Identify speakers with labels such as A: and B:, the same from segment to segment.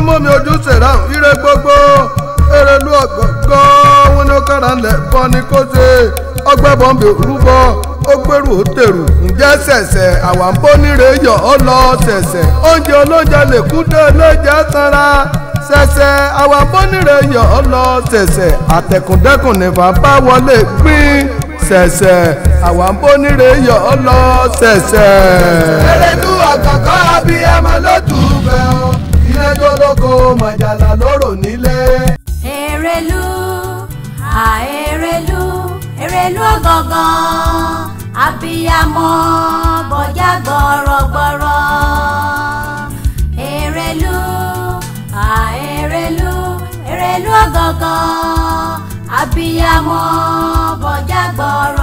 A: tí ojú ṣèrà ń ire gbogbo erelu ọ̀gbọ̀ngọ́ wọn ni ó kára lẹ̀
B: bọ́ ni kó ṣe ọgbẹ́ bọ́m̀bì òrúbọ ó gbèrú ó tèrú ǹjẹ́ ṣẹ̀ṣẹ̀ àwa ń bó níre yọ̀ ọ́ lọ oúnjẹ olóúnjẹ lè kú dé sanra àwa ń lọ erelu
C: dájọ́ lóko
D: màjàlá lóró nílé. èrèlú àèrèlú
E: èrèlú ọ̀gọ̀ngàn abiyamọ bọjá gbọrọgbọrọ. èrèlú àèrèlú èrèlú ọ̀gọ̀ngàn abiyamọ bọjá gbọrọ.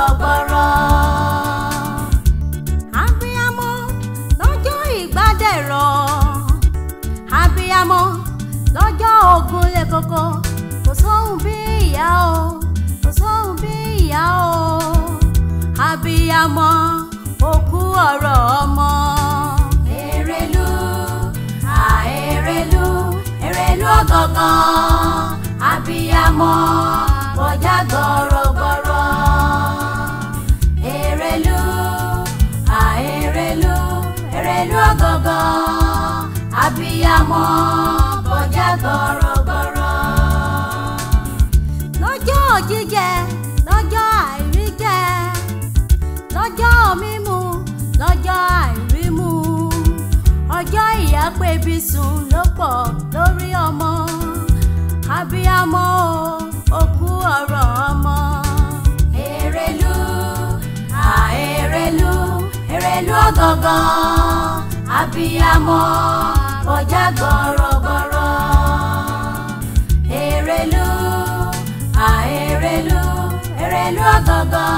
E: sóko kò sóhun bí ìyá o kò sóhun bí ìyá o abiyamọ òkú ọ̀rọ̀ ọmọ.
A: Èrèlú
E: àèrèlú Èrèlú ọ̀gọ̀ngàn abiyamọ bọ̀já gbọ̀rọ̀gbọ̀rọ̀. Èrèlú àèrèlú Èrèlú ọ̀gọ̀ngàn abiyamọ bọ̀já gbọ̀rọ̀. jíjẹ lọ́jọ́ àìríjẹ lọ́jọ́ mímu lọ́jọ́ àìrímu ọjọ́ ìyá pébi sùn ló pọ̀ lórí ọmọ abiyamọ o òkú ọ̀rọ̀ ọmọ. Èrèlú à Èrèlú Èrèlú ọ̀gọ̀ngàn abiyamọ ọ̀jágọ̀rọ̀. rẹ̀ lọ́gọ̀gọ̀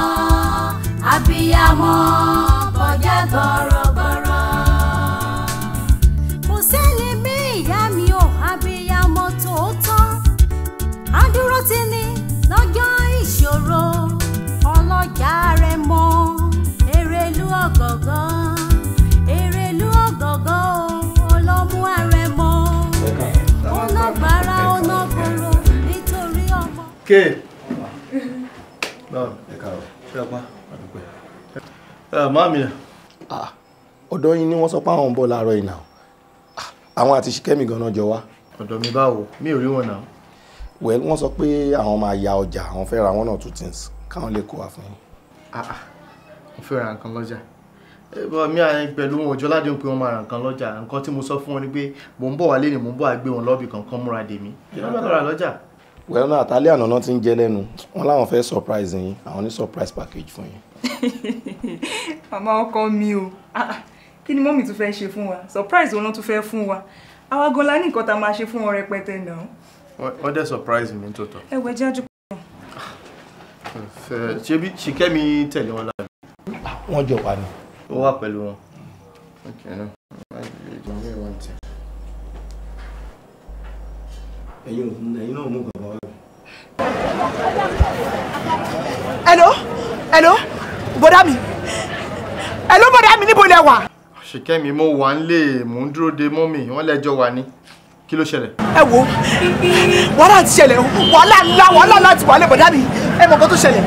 E: àbíyamọ kọjá
A: gbọ̀rọ̀gbọ̀rọ̀.
E: kò sẹ́ni bí ìyá mi ò àbíyamọ tòótọ́ adúró ti ní lọ́jọ́
A: ìṣòro
E: ọlọ́jà rẹ̀ mọ Èrèlú ọ̀gọ̀gọ̀ Èrèlú ọ̀gọ̀gọ̀ ọlọ́mú àrẹ̀mọ ọlọ́gbàrá ọlọ́gbòrò nítorí
C: báwo ẹ káàárọ̀ ṣé ọgbọ́n àdúpẹ́.
F: ẹ má mi. ọ̀dọ́ yín ni wọ́n sọ pé àwọn ń bọ̀ láàárọ̀ yìí náà àwọn àti ṣìkẹ́mi gan-an jọ wá. ọ̀dọ̀ mi báwo mi ò rí wọn náà. well wọ́n sọ pé àwọn máa ya ọjà àwọn fẹ́ ra one or two things káwọn lè kó wa fún yín.
C: mo fẹ́ ra nǹkan lọ́jà mi àyàn pẹ̀lú wọn òjò ládùn pé wọ́n máa ra nǹkan lọ́jà nǹkan tí mo sọ fún wọn ni pé mò ń bọ̀ wálé ni mò ń bọ̀ àgbé wọn
F: lọ́bì kankan múra dèmí.
C: ìjọba lọ́ra lọ́jà
F: well náà àtàlẹ́ àná náà ti ń jẹ́ lẹ́nu wọn láwọn fẹ́ surprise yín àwọn ní surprise package fún yín.
C: màmá ọkọ mi o ah, ah, kí ni mọ́mì tún fẹ́ ṣe fún wa surprise wọn tún fẹ́ fún wa àwa gan la ní nǹkan tá a máa ṣe fún wọn rẹpẹtẹ náà. wọ́n dẹ̀ surprise mi tó tọ̀. ẹ wẹ jájú. Ah, ṣebí ṣìkẹ́mi tẹ̀lé wọn láàyè. wọ́n jọ wà ní. ó wà pẹ̀lú wọn hello hello Bodami. hello Bodami, ni níbo lẹ wà. ṣìkẹ́mi mo wà ń lè mò ń dúró de mọ́mì wọ́n lẹ́jọ́ wà ní kí ló ṣẹlẹ̀. ẹ wo wàhálà ti ṣẹlẹ̀ wàhálà ńlá wàhálà ńlá ti wà lẹ́ bọ́dá mi ẹ mọ̀ kó tó ṣẹlẹ̀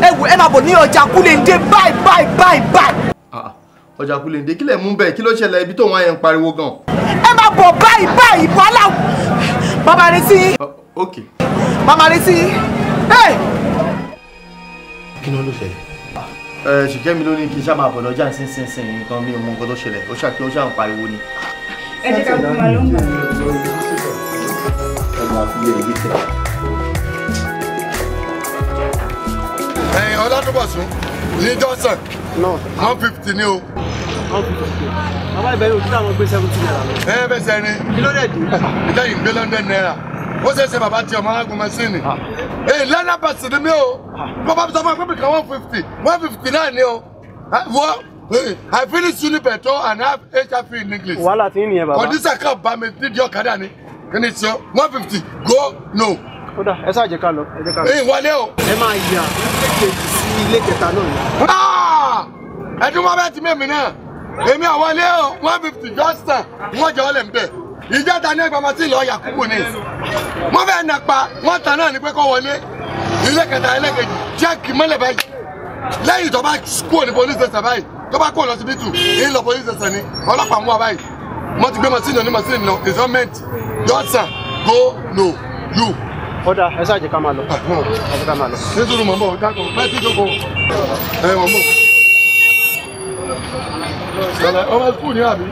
C: ẹ wo ẹ máa bọ̀ ní ọjà Kúlẹ̀ndé báyìí báyìí báyìí báyìí ah, ah, ọjà Kulende kílẹ̀ mú bẹ́ẹ̀ kí ló ṣẹlẹ̀ ibi tó wọn Màmá retí. Oh, ok. Màmá retí. Kí ló ló ṣẹlẹ̀? ẹ ṣìkẹ́ mi ló ní kí n ṣáà máa bọ̀ lọ́jà sínsìnsìn nǹkan mi ò mọ nǹkan tó ṣẹlẹ̀ ó ṣàkí ó ṣàǹ pariwo ni.
A: ẹ jẹ́ ká gbọ́n máa ló ń gbà.
B: ẹyin ọlọ́dúnbọ̀sùn ní johnson one fifty ni one fifty pé bàbá ìbẹ̀rẹ̀ òtún àwọn gbé seventy naira lọ. ẹ bẹ sẹ ni kí ló dé dé. ìtẹ̀yìn gbé london naira ó ṣe é ṣe bàbá tí ọmọ alágún mẹ́sìnì. ee lẹ́nà bàtì ni mí o bàbá mi sọ fún mi pé fifty one fifty náà ni o wọ́n. Hey, I finish Unibeto and have HIV in English. Wàhálà ti ń nìyẹn bàbá. Kọ̀dísà kan bá mi dídí ọ̀kadà ni. Kí ni sọ? One fifty go no. Kódà ẹ sáà jẹ́ ká lọ. Ẹ jẹ́ ká lọ. Ẹ wọlé o. Ẹ máa yà ilé kejì sí náà èmi àwọn ilé one fifty justin wọ́n jẹ́ ọlẹ̀ nbẹ̀ ìjẹta ní ẹgbẹ́ ọmọtí lọ yakubu ní wọ́n fẹ́ nàpa wọ́n tàn náà ní pé kọ́ wọlé ilé kẹta ilé kejì jẹ́ẹ̀kì mọ́lẹ̀ báyìí lẹ́yìn tó bá kú òní police station báyìí tó bá kú òní ọsibítù ń lọ police station ni ọlọ́pàá mú wa báyìí wọ́n ti gbé mọ́síìnì oní mọ́síìnì náà ìsọ́mẹ́ǹt justin go no you. ọ̀dà ẹ ṣáà jẹ́ ká máa lọ. Ah, nítorí mọ̀ ń bọ̀ dákọ̀ mẹ́tí jókòó ẹ̀ wọ̀n bọ̀ ṣẹlẹ̀ ọmọ skul ní àbí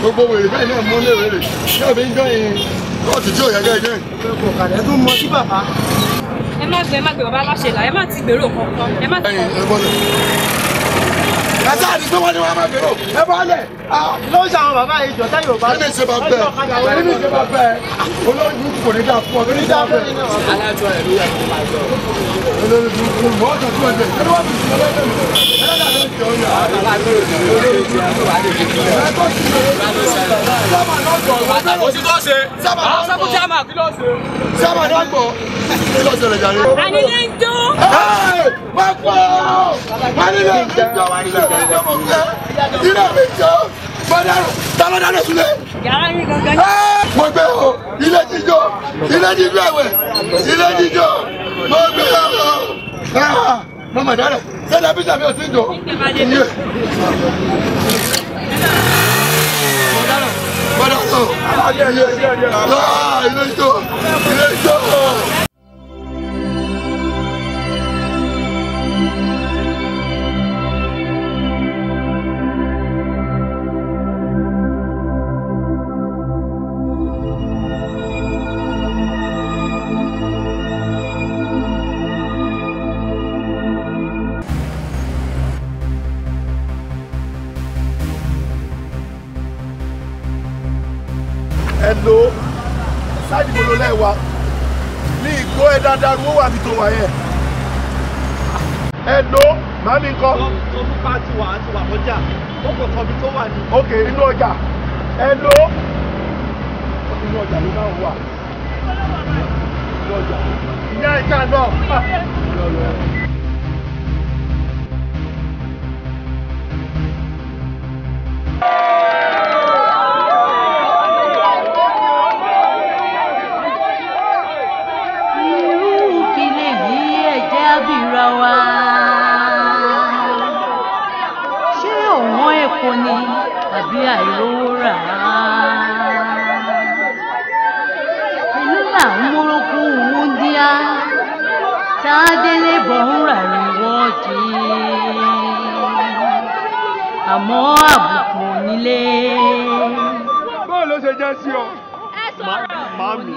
B: gbogbo wèrè bẹ́ẹ̀ náà mú léwé rè ṣé àbí ń jọyìn kóòtù tí ò yẹ gẹ́gẹ́. ẹ tún mọ sí bàbá. ẹ má
G: gbé ẹ má gbé bàbá aláṣẹ là ẹ má ti gbèrò kankan ẹ má ti
B: kàtà àti pé wọ́n ní wọ́n máa bèrò ẹ bọ́ lẹ̀. ló ń bàbá yìí jọ táyọ̀ bá. ẹni ṣe bá bẹ ẹni ṣe bá bẹ olórí kò ní dà fún ọ kò ní dà fún ọ. alájọ ẹ kó máa jọ. olórí burúkú mọ ọjọ́ tó ẹgbẹ́ ẹni wọn bìí ṣe lọ́jọ́ Ani le ń jó. Má pọ̀! Ani le ń jó ọmọ fẹ ilé mi jọ gbọdọrọ tálọ dáná sílẹ̀. mo gbé o ilé jíjọ ilé jíjọ ẹwẹ ilé jíjọ mo gbé o mama dáná sẹdá bí sàmì ọtí jọ iye. gbọdọrọ gbọdọrọ ilé jíjọ ilé jíjọ.
F: ló lẹ́wà ní ìkó ẹ dáadáa owó wà nítorí wà yẹn ẹ ló màámi ńkọ́. tó fúnpa ti wà á wà lọ́jà ó kò kọ́ mi tó wà ní. ok inú ọjà ẹ ló inú ọjà ló máa wà ìyá ìka náà.
A: Thank wa. Ṣé ọ̀wọ́n epo ni àbí àìrówó rà á? Ìlú là ń múrúkú wúndíá, tá a délé bọ̀ ń rà rìwọ́ọ̀dì.
G: Àmọ́ àbùkù nílé. Báwo ló ṣe jẹ́ sí ọ?
A: Ẹ sọ̀rọ̀. Màmí.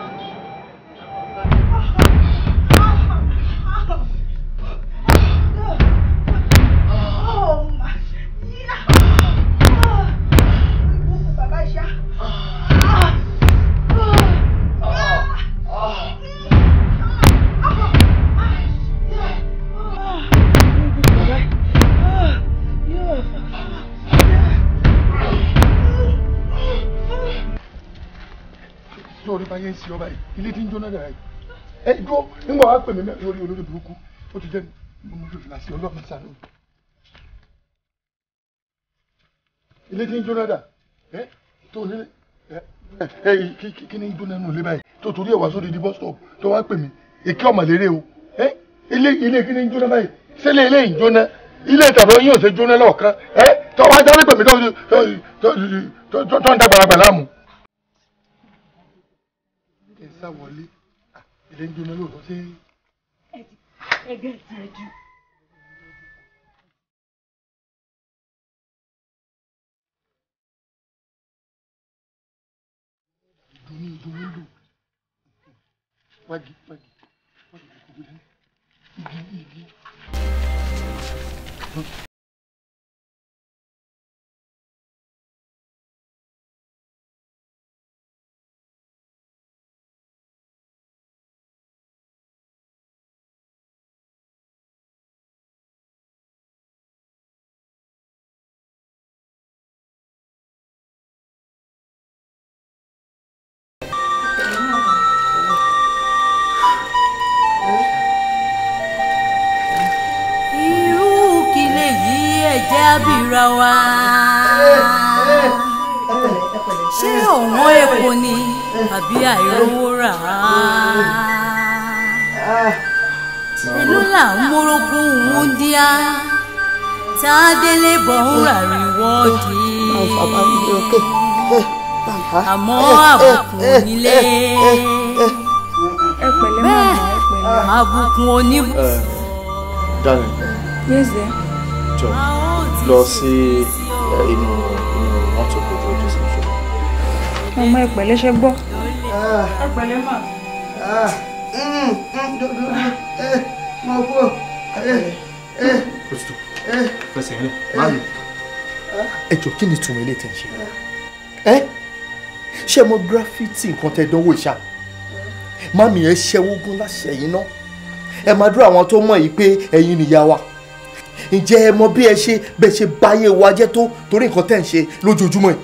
H: ayé ń sí ọba yìí ilé tí ń jóná dàrá yìí ẹ dúró nígbà wàá pè mí mẹ́rin lórí olórí burúkú ó ti jẹ́ mi mo fìfìlà sí ọlọ́run sáré o ilé tí ń jóná dà ẹ tó nílé ẹ kí ni ń jóná nù lé báyìí tó torí ẹ̀ wá sóde di bus stop tó wàá pè mí èké ọ̀màlérè o ẹ ilé ilé kí ni ń jóná báyìí sẹ́lẹ̀ ilé ń jóná ilé ìtàbọ̀ yín ò ṣe jóná lọ́ọ̀kan ẹ tọ́wọ́ ajá lẹ́pẹ̀mí tó ń dàgbàlagbà láàmú
A: sá wọlé èdè ń gbóná lóòótọ́ ṣé. ẹgbẹ́ ti ẹ dùn. ìdùnnú ìdùnnú lò wági wági wági kòkòrò igi igi.
E: àbí àìrówó rà á. ìlú là ń mórógún wúndíá tá a délé bọ̀ ń rà rìwọ́ọ̀dì. àmọ́ àbùkù nílé bẹ́ẹ̀ àbùkù oníbùsùn.
C: Eh, jọ lọ sí eh, inú inú mọ́tò kò dúró dé sí ìṣòro. ọmọ ìpẹ̀lẹ́ṣẹ́ gbọ́. Ah. ẹ pẹ̀lẹ́ mà. Ah. Mm, mm, eh, mo kú eh, eh, o. fẹsẹ̀ yẹn lẹ̀ máa ah. mi. ẹ jọ kí ni tùmọ̀ ilé tẹ̀ ń ṣe. ẹ ṣé mo gírafítì nǹkan tẹ dánwò ṣá mami ẹ ṣẹwógún láṣẹ yìí ná ẹ máa dúró àwọn tó mọ̀ yìí pé ẹ̀yin nìyá wa ǹjẹ́ ẹ mọ bí ẹ ṣe bẹ́ẹ̀ ṣe báyé wa jẹ́ tó torí nǹkan tẹ̀ ń ṣe lójoojúmọ́ yìí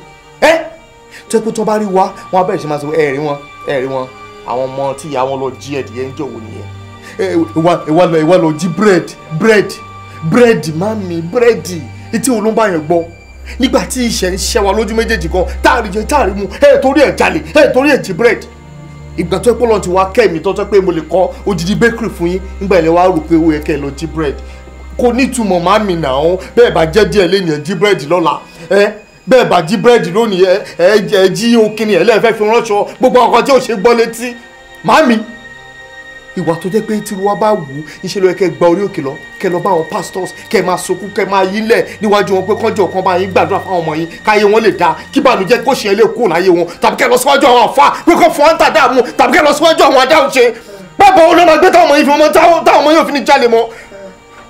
C: tó yẹ pé tí wọ́n bá rí wa wọ́n á bẹ̀rẹ̀ sí máa sọ ẹ̀rí wọn ẹ̀rí wọn àwọn ọmọ tí ìyá wọn lọ jí ẹ̀dìyẹ ń jòwó nìyẹn ìwà lọ jí bread bread bread mami búrẹ́dì etí òun ló ń bá yẹn gbọ́ nígbà tí ìṣẹ̀ ń ṣẹ́ wa lójú méjèèjì kan táàrí jẹ táàrí mu ẹ̀ torí ẹ̀ jalè ẹ̀ torí ẹ̀ jí bread ìgbà tó ẹ pọ́lọ́ ti wá kẹ́mi tọ́tọ́ pé mo lè kọ́ odidi bakery fún yín nígbà ilẹ̀ wa rò pé owó yẹ kẹ́ ẹ lọ jí bread
B: kò ní ìtumọ̀ mami náà bẹ́ẹ̀ bá jẹ́ díẹ̀ lẹ́yìn ẹ̀ jí bread lọ́la Eh bẹ́ẹ̀ bá jí búrẹ́dì lónìí ẹ ẹ jí okini ẹ lẹ́ẹ̀fẹ́ fi ránṣọ gbogbo ọkọ tí ò ṣe gbọ́ létí
C: màámi ìwà tó jẹ́ pé tiruwa bá wù ú iṣẹ́ ló yẹ kẹ́ gba orí òkè lọ kẹ́ lọ bá àwọn pastors kẹ́ máa sunkún kẹ́ máa yílẹ̀ níwájú wọn pé kọ́jọ́ kan bá yín gbàdúrà fáwọn ọmọ yín káyé wọn lè dáa kí bànújẹ́ kó ṣe é lè kú láyé wọn tàbí kẹ́ lọ síwájú àwọn àfa pé kó fọ́n ń tà dáàmú tàbí kẹ́ lọ
B: síwájú àwọn adáhùnṣe bàbá wọn ló máa gbé táwọn ọmọ yín fi mọ táwọn ọmọ yín ò fi ní jalè mọ́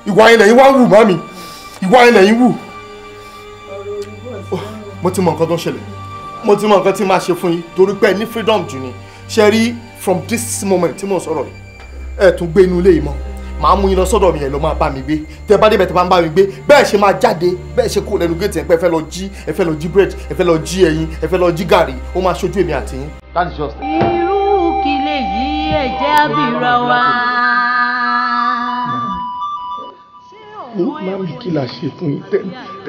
B: ìwà ilẹ̀ yín wá wù mami ìwà ilẹ̀ yín wù
C: mo ti mọ nǹkan tó ń ṣẹlẹ̀ mo ti mọ nǹkan tí máa ṣe fún yín torí pé ní freedom jù ni ṣe rí from this moment tí mo sọ̀rọ̀ yìí ẹ tún gbé inú ilé yìí mọ́ màá mú yín lọ sọ́dọ̀ mi yẹn lọ máa bá mi gbé tẹ bá débẹ̀ tẹ bá ń bá mi gbé bẹ́ẹ̀ ṣe máa jáde bẹ́ẹ̀ ṣe kó lẹ́nu géètì yẹn pé ẹ fẹ́ lọ jí ẹ fẹ́ lọ jí bread ẹ fẹ́ lọ jí ẹyin ẹ fẹ́ lọ jí gàrí ó máa ṣojú èmi àti yín.
F: that is just it. irú
E: kìlè yìí ẹ̀jẹ̀ àbírà wa.
H: mami kí la ṣe fún yín tẹ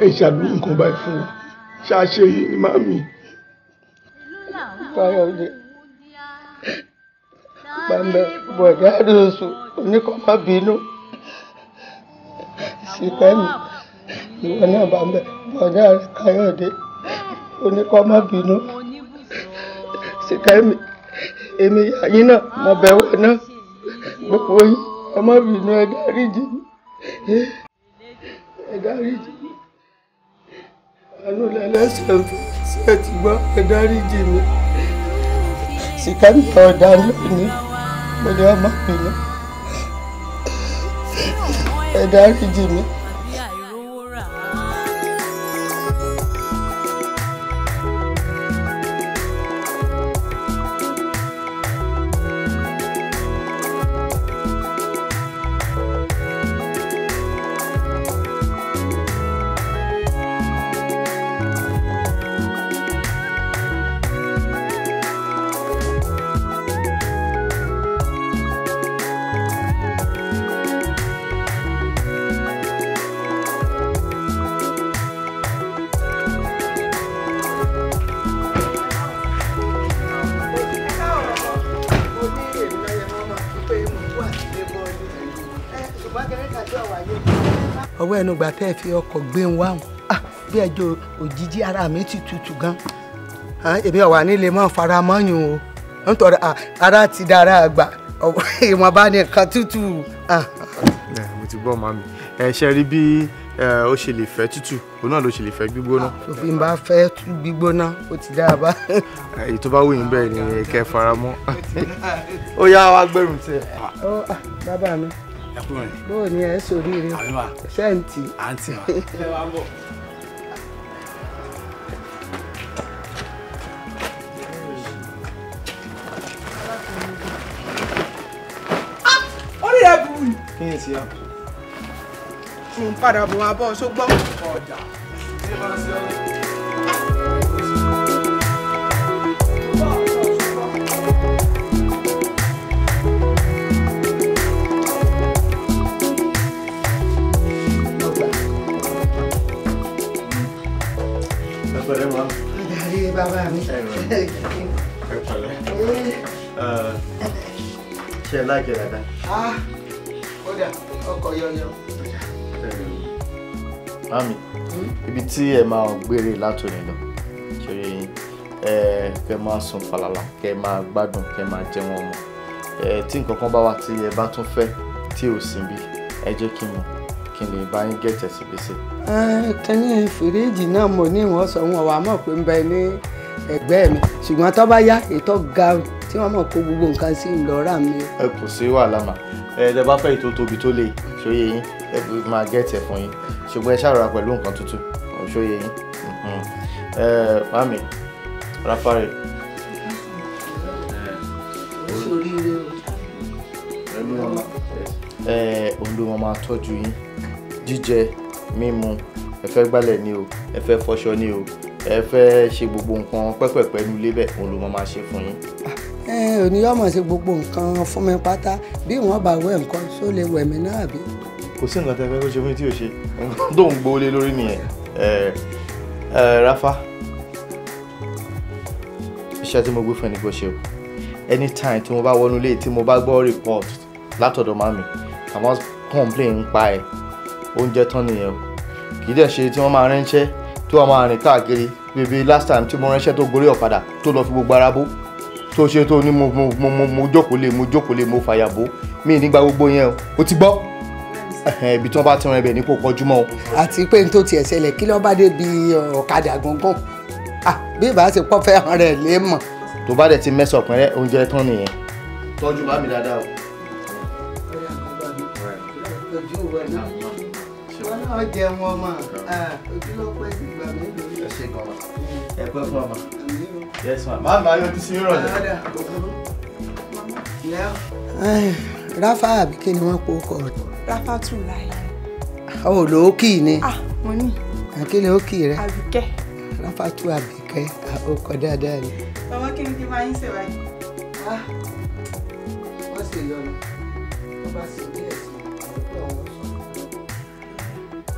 H: ẹ ṣàlùkùn báyìí fún wa
F: ṣàṣe yìí ni màmí
H: fáyọ̀dé pàmẹ́
F: bọ̀dáàdì oṣù oníkọ́mọ́ bínú
H: sípẹ́mi ìwọ náà pàmẹ́ bọ̀dáàdì káyọ̀dé oníkọ́mọ́ bínú sípẹ́mi èmi yàyín náà mo bẹ̀wọ̀ náà gbogbo yín ọmọ bínú ẹ dáríjì ẹ dáríjì àánú lẹ́lẹ́sẹ̀ ń
C: fẹ́ sí ẹ̀ tí gbọ́ ẹ dáríjì mi sìkẹ́ńtà ọ̀dà lónìí mo ní ọmọ mi ní ẹ dáríjì mi. ọwọ́ ẹnu gbà tẹ́ ẹ fi ọkọ̀ gbé ń wá wọn ah, bí ẹjọ́ òjijì ara mi ti tutù gan ah, èmi ọ̀wà nílé mọ́ fara mọ́yùn o nítorí ah, ara ti dára àgbà ìwọ̀nba nìkan tútù. mo ti gbọ́ màmí ẹ ṣe rí bí o ṣe lè fẹ́ tútù òun náà ló ṣe lè fẹ́ gbígbóná. òfin bá fẹ́ tú gbígbóná ó ti dáa bá.
D: èyí tó bá wù yín bẹ́ẹ̀ ni kẹ́ ẹ fara mọ́
A: ó
C: yá wa gbẹ̀rùn tiẹ̀. bàbá mi ẹkùnrin. bóò ni ẹ ṣoríire ṣẹ́ǹtì. àǹtí wa. ẹ wá ń ah! orí rẹ burú ni. kí ni ti yá. n padà bọ̀ wá ṣó gbọ́. ọjà ṣé máa ń ṣe ọ́. pẹ̀lẹ́ ma. adarí bàbá mi. ẹ pẹ̀lẹ́ ṣe láìkẹ́ dada. kódà ọkọ̀ yọyọ. mami ibi tí ẹ máa gbére látòní lọ ṣeré yín kẹ máa sùn falala kẹ máa gbádùn kẹ máa jẹun ọmọ tí nǹkan kan bá wà tí ẹ bá tún fẹ́ tí ò sí bí ẹ jẹ́ kí n mọ̀ kí n lè bá yín gẹ̀tẹ̀ sí gbèsè. tẹ́lẹ̀ fìríìjì náà mo ní wọ́n sọ wọn wàá mọ̀ pé ń bẹ ní ẹ̀gbẹ́ mi ṣùgbọ́n tó bá yá ètò ga tí wọ́n mọ̀ kó gbogbo nǹkan sí ìlọ́ra mi. ẹ kò sí wàhálà mà ẹ ẹ bá fẹ́ ètò tóbi tó lè ṣòye yín ẹ máa gẹ̀tẹ̀ fún yín ṣùgbọ́n ẹ ṣàrọ̀ra pẹ̀lú nǹkan tútù ṣòye yín. Mm-hmm. ẹ mami rafare. ẹ òun ló máa tọ́jú yín jíjẹ mímu ẹ fẹ́ gbálẹ̀ ni o ẹ fẹ́ fọṣọ ni o ẹ fẹ́ ṣe gbogbo nǹkan pẹ́pẹ̀pẹ́ nu ilé bẹ́ẹ̀ òun ló máa ṣe fún yín. Ah, òní yóò mọ̀ sí gbogbo nǹkan fún mi pátá bí wọ́n bá wẹ̀ nǹkan tó lè wẹ̀ mí náà bí. kò sí nǹkan tí a fẹ́ kó ṣe fún mi tí ò ṣe nǹkan tó ń gbowó lórí nìyẹn Rafa iṣẹ́ tí mo gbé fún ẹni kò ṣe o anytime tí mo bá wọnú ilé tí mo bá gbọ́ report látọ̀dọ̀ mami i complain ń pa ẹ̀ oúnjẹ tán nìyẹn kì í dẹ̀ ṣe tí wọ́n máa ránṣẹ́ tí wọ́n máa rìn káàkiri bèbè last time tí mo ránṣẹ́ tó gorí ọ̀padà tó lọ fi gbogbo ara bó tó ṣe tó ní mo mo mo mo jókòó lé mo jókòó lé mo fàyà bó mi nígbà gbogbo yẹn o o ti gbọ́ ibi tí wọ́n bá ti rìn ibẹ̀ ní kò kọjú mọ́ o. àti pé n tó tiẹ̀ ṣẹlẹ̀ kí lọ́ọ́ bá dé bi ọ̀kadà gangan bí ìbá ṣe pọ́ rẹ̀ lé mọ̀. tó bá dẹ̀ ti mẹ́sàn ọ̀pẹ́ rẹ̀ oúnjẹ tán ìwọ náà jẹ wọn mọ ojú ló pẹ́ sí ìgbà mélòó. ẹ ṣe gan ma ẹ pẹ́ fún ọmọ yes àbí kí ni wọ́n po ọkọ rẹ̀. ráfà tù láì. o lò ni. ah mo ní. àkílẹ̀ ó kì í rẹ. àbíkẹ́. ráfà tù àbíkẹ́ ó kọ dáadáa ni. ọmọ kí ni kí n máa yín ṣe báyìí. Ah, wọ́n ṣe yọnu wọ́n bá ṣe bí ẹ̀sìn ọ̀pọ̀ ọ̀hún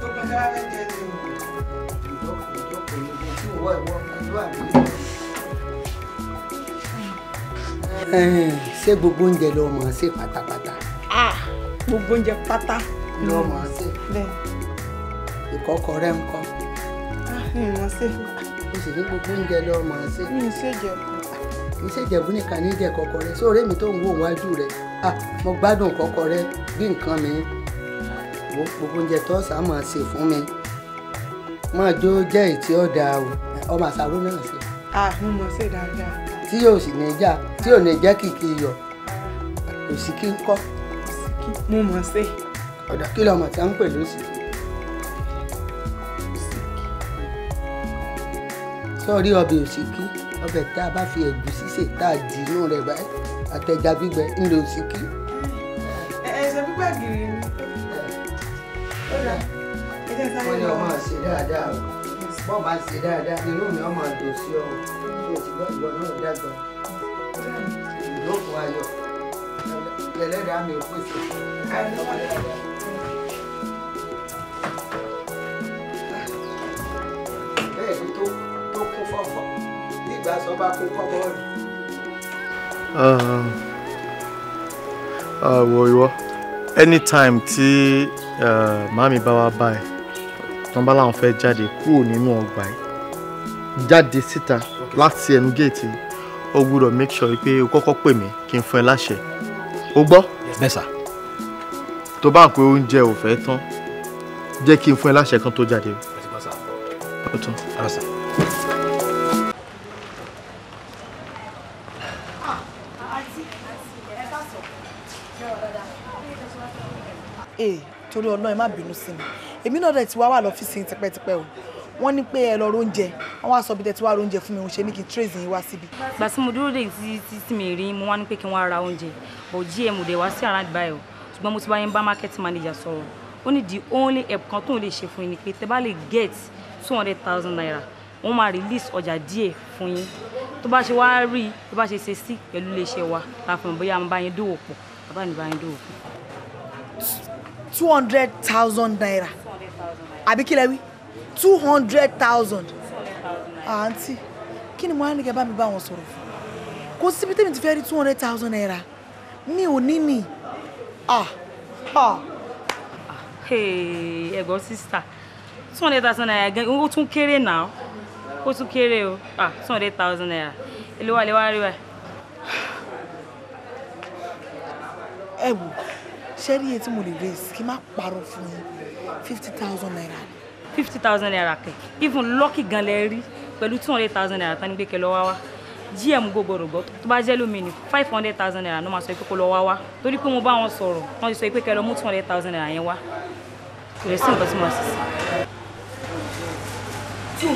C: tó kọjá ẹ̀jẹ̀ ni o. ìjọkùn ìjọkùn ni kò tí ò wọ ìwọ àdúrà mi. ṣé gbogbo oúnjẹ ló mọ̀ ọ́n ṣe pátápátá. gbogbo oúnjẹ pátá ló mọ̀ ọ́n ṣe. ìkọ́kọ̀ rẹ̀ ń kọ́. ìmọ̀ ṣe. o sì ní gbogbo oúnjẹ ló mọ̀ ọ́n ṣe. mi ò ṣe jẹ ìṣèjẹ̀bú nìkan ní ìjẹ́ kọ̀kọ̀ rẹ̀ sóòrè mi tó ń wò wájú rẹ̀ mo gbádùn kọ̀kọ̀ rẹ̀ bí nǹkan mi wo gbogbo oúnjẹ tó sá máa ṣe fún mi máa jó jẹ́ ìtí ọ̀dà o ọmọ àṣàrò náà ṣe. ah mo mọ̀ ṣe dáadáa. tí yóò sì ní já tí yóò ní jẹ́ kìkì iyọ̀ kò sí kí n kọ́. kò sí kí mo mọ̀ ṣe. ọ̀dà kí lọ́mọ tí a ń pè lóṣìṣẹ́. sọ́ọ̀rí ọbẹ̀ òsìkí ọbẹ̀ tá a bá fi ẹ̀gúsí ṣe tá a dì inú rẹ̀ báyìí àtẹja gbígbẹ ńlẹ̀ òsìkí. ẹ ẹ sọ pípẹ́ gírí wọ́n ní ọmọ ṣe dáadáa anytime tí màmí bá wá báyìí tán bá láwọn fẹ́ jáde kúrò nínú ọgbà yìí jáde síta láti ẹnu géètì ó gbúdọ̀ make sure pé o kọ́kọ́ pè mí kí n fún ẹ láṣẹ o gbọ́. bẹ́ẹ̀ sà. tó bá ń pe oúnjẹ ò fẹ́ tán jẹ́ kí n fún ẹ láṣẹ kan tó jáde.
A: ẹ
C: ti
G: ee eh, torí ọlọ́run má bínú sí mi èmi náà dẹ̀ ti wá wà lọ́fíìsì yín tipẹ́tipẹ́ o wọ́n ní pé ẹ lọ róúnjẹ wọ́n wá sọ bí tẹ́ ti wá róúnjẹ fún mi òun ṣe ní kí n trace yín wá síbi.
C: gbà tí mo dúró dé tí tí tí mi rí mo wá ní pé kí n wá ra oúnjẹ bò gm ò dé wá sí àrà báyìí o ṣùgbọ́n mo ti bá yín bá market manager sọ̀rọ̀ ó ní the only help kan tóun lè ṣe fún yín ni pé tẹ́ bá lè get two hundred thousand naira wọ́n máa release ọjà díẹ̀ fún yín tó bá ṣe wá rí tó bá ṣe ṣe sí pẹ̀lú iléeṣẹ́ wa láàfin bóyá mo bá yín dòwò pọ̀
G: two hundred thousand naira àbí kílẹ̀ wí two hundred thousand àǹtí kí ni mo á ní kẹ́ bá mi bá wọn sọ̀rọ̀ fún kò síbi tèmi ti fẹ́ rí two naira
E: mi ò ní nì ah ah. ẹ̀gbọ́n sísá two hundred thousand naira gan owó tún kéré náà ó tún kéré
C: o ah two hundred naira èlò wà lè wá rí wa. ẹ wò ṣé rí iye tí mo lè raise kí n má parọ́ fún yín
G: fifty thousand naira. fifty thousand naira kẹ even lucky gan lẹ rí pẹ̀lú two hundred thousand naira tán ní pé kẹ lọ wá wá gm gbogbo gbọ́ tó bá jẹ́ lómi ni five hundred thousand naira ló máa sọ pé kó lọ wá wá torí pé mo bá wọn sọ̀rọ̀ wọ́n ti sọ pé kẹ mú two hundred thousand naira yẹn wá
C: kò lè sí nǹkan tí mo sì sí. two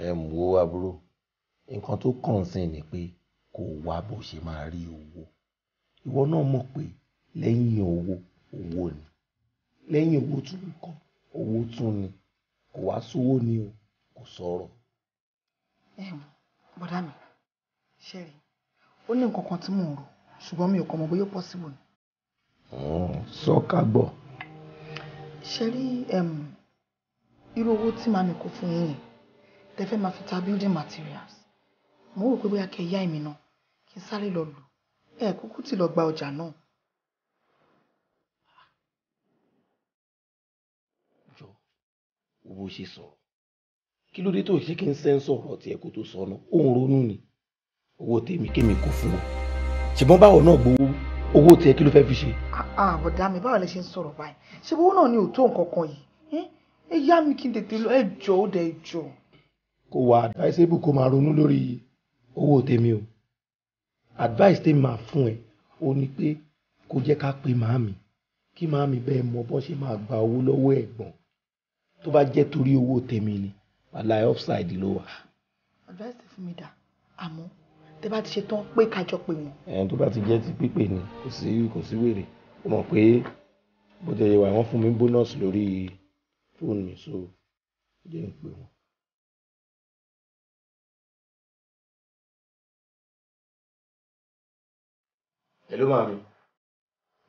F: ń wo àbúrò nǹkan tó kàn sí ni pé kó o wá bó ṣe máa rí owó. Ìwọ náà mọ̀ pé lẹ́yìn owó, owó ni. Lẹ́yìn owó tún nǹkan, owó tún ni. Kò wá sówó ni o, kò sọ̀rọ̀.
G: Ẹ wo, bọ̀dá mi, ṣé ẹ rí? Ó ní nǹkan kan tí mò ń rò, ṣùgbọ́n mi ò kàn mọ̀ bóyá possible ni.
F: Ọ̀n, sọ ká gbọ́.
G: Ṣé irú owó tí màmí kó fún yín yẹn, tẹ máa fi ta building materials. Mo rò pé bóyá kẹ́ yá èmi náà kí n sáré lọ lù ẹ kúkú tí lọ gba ọjà
F: náà. jọ owó ṣe sọ̀rọ̀ kí ló dé tó ṣe kí n sẹ́ ń sọ̀rọ̀ ọ̀tí ẹ̀ kó tó sọ ọ́nà òun ronú ni owó tèmi kémi kò fún ọ ṣùgbọ́n báwo náà gbowó owó tiẹ̀ kí ló fẹ́ fi ṣe.
G: àbọ̀dá mi báwo lẹ ṣe ń sọ̀rọ̀ báyìí ṣé owó náà ni ò tó nǹkan kan yìí ẹ yá mi kí n tètè lọ ẹ jọ ó dẹ jọ.
F: kò wá advisable kó máa ronú lórí owó tèmi o advice tèmi máa fún ẹ o ni pé kó jẹ́ ká pe màámi kí màámi bẹ́ẹ̀ mọ bọ́n ṣe máa gba owó lọ́wọ́ ẹ̀gbọ́n tó bá jẹ́ torí owó tèmi ni wàláì offside ló wà.
G: advice fún mi dà àmọ́ tẹ bá ti ṣe tán pé kájọ pé wọn. ẹ̀ẹ́n tó bá ti jẹ́
F: ti pípé ni kò sí kò sí wèrè ó mọ̀ pé bó ti yẹ wà wọ́n fún mi bónọ́ọ̀sì lórí
A: fóònù mi so ó jẹ́ ń pè hello màmí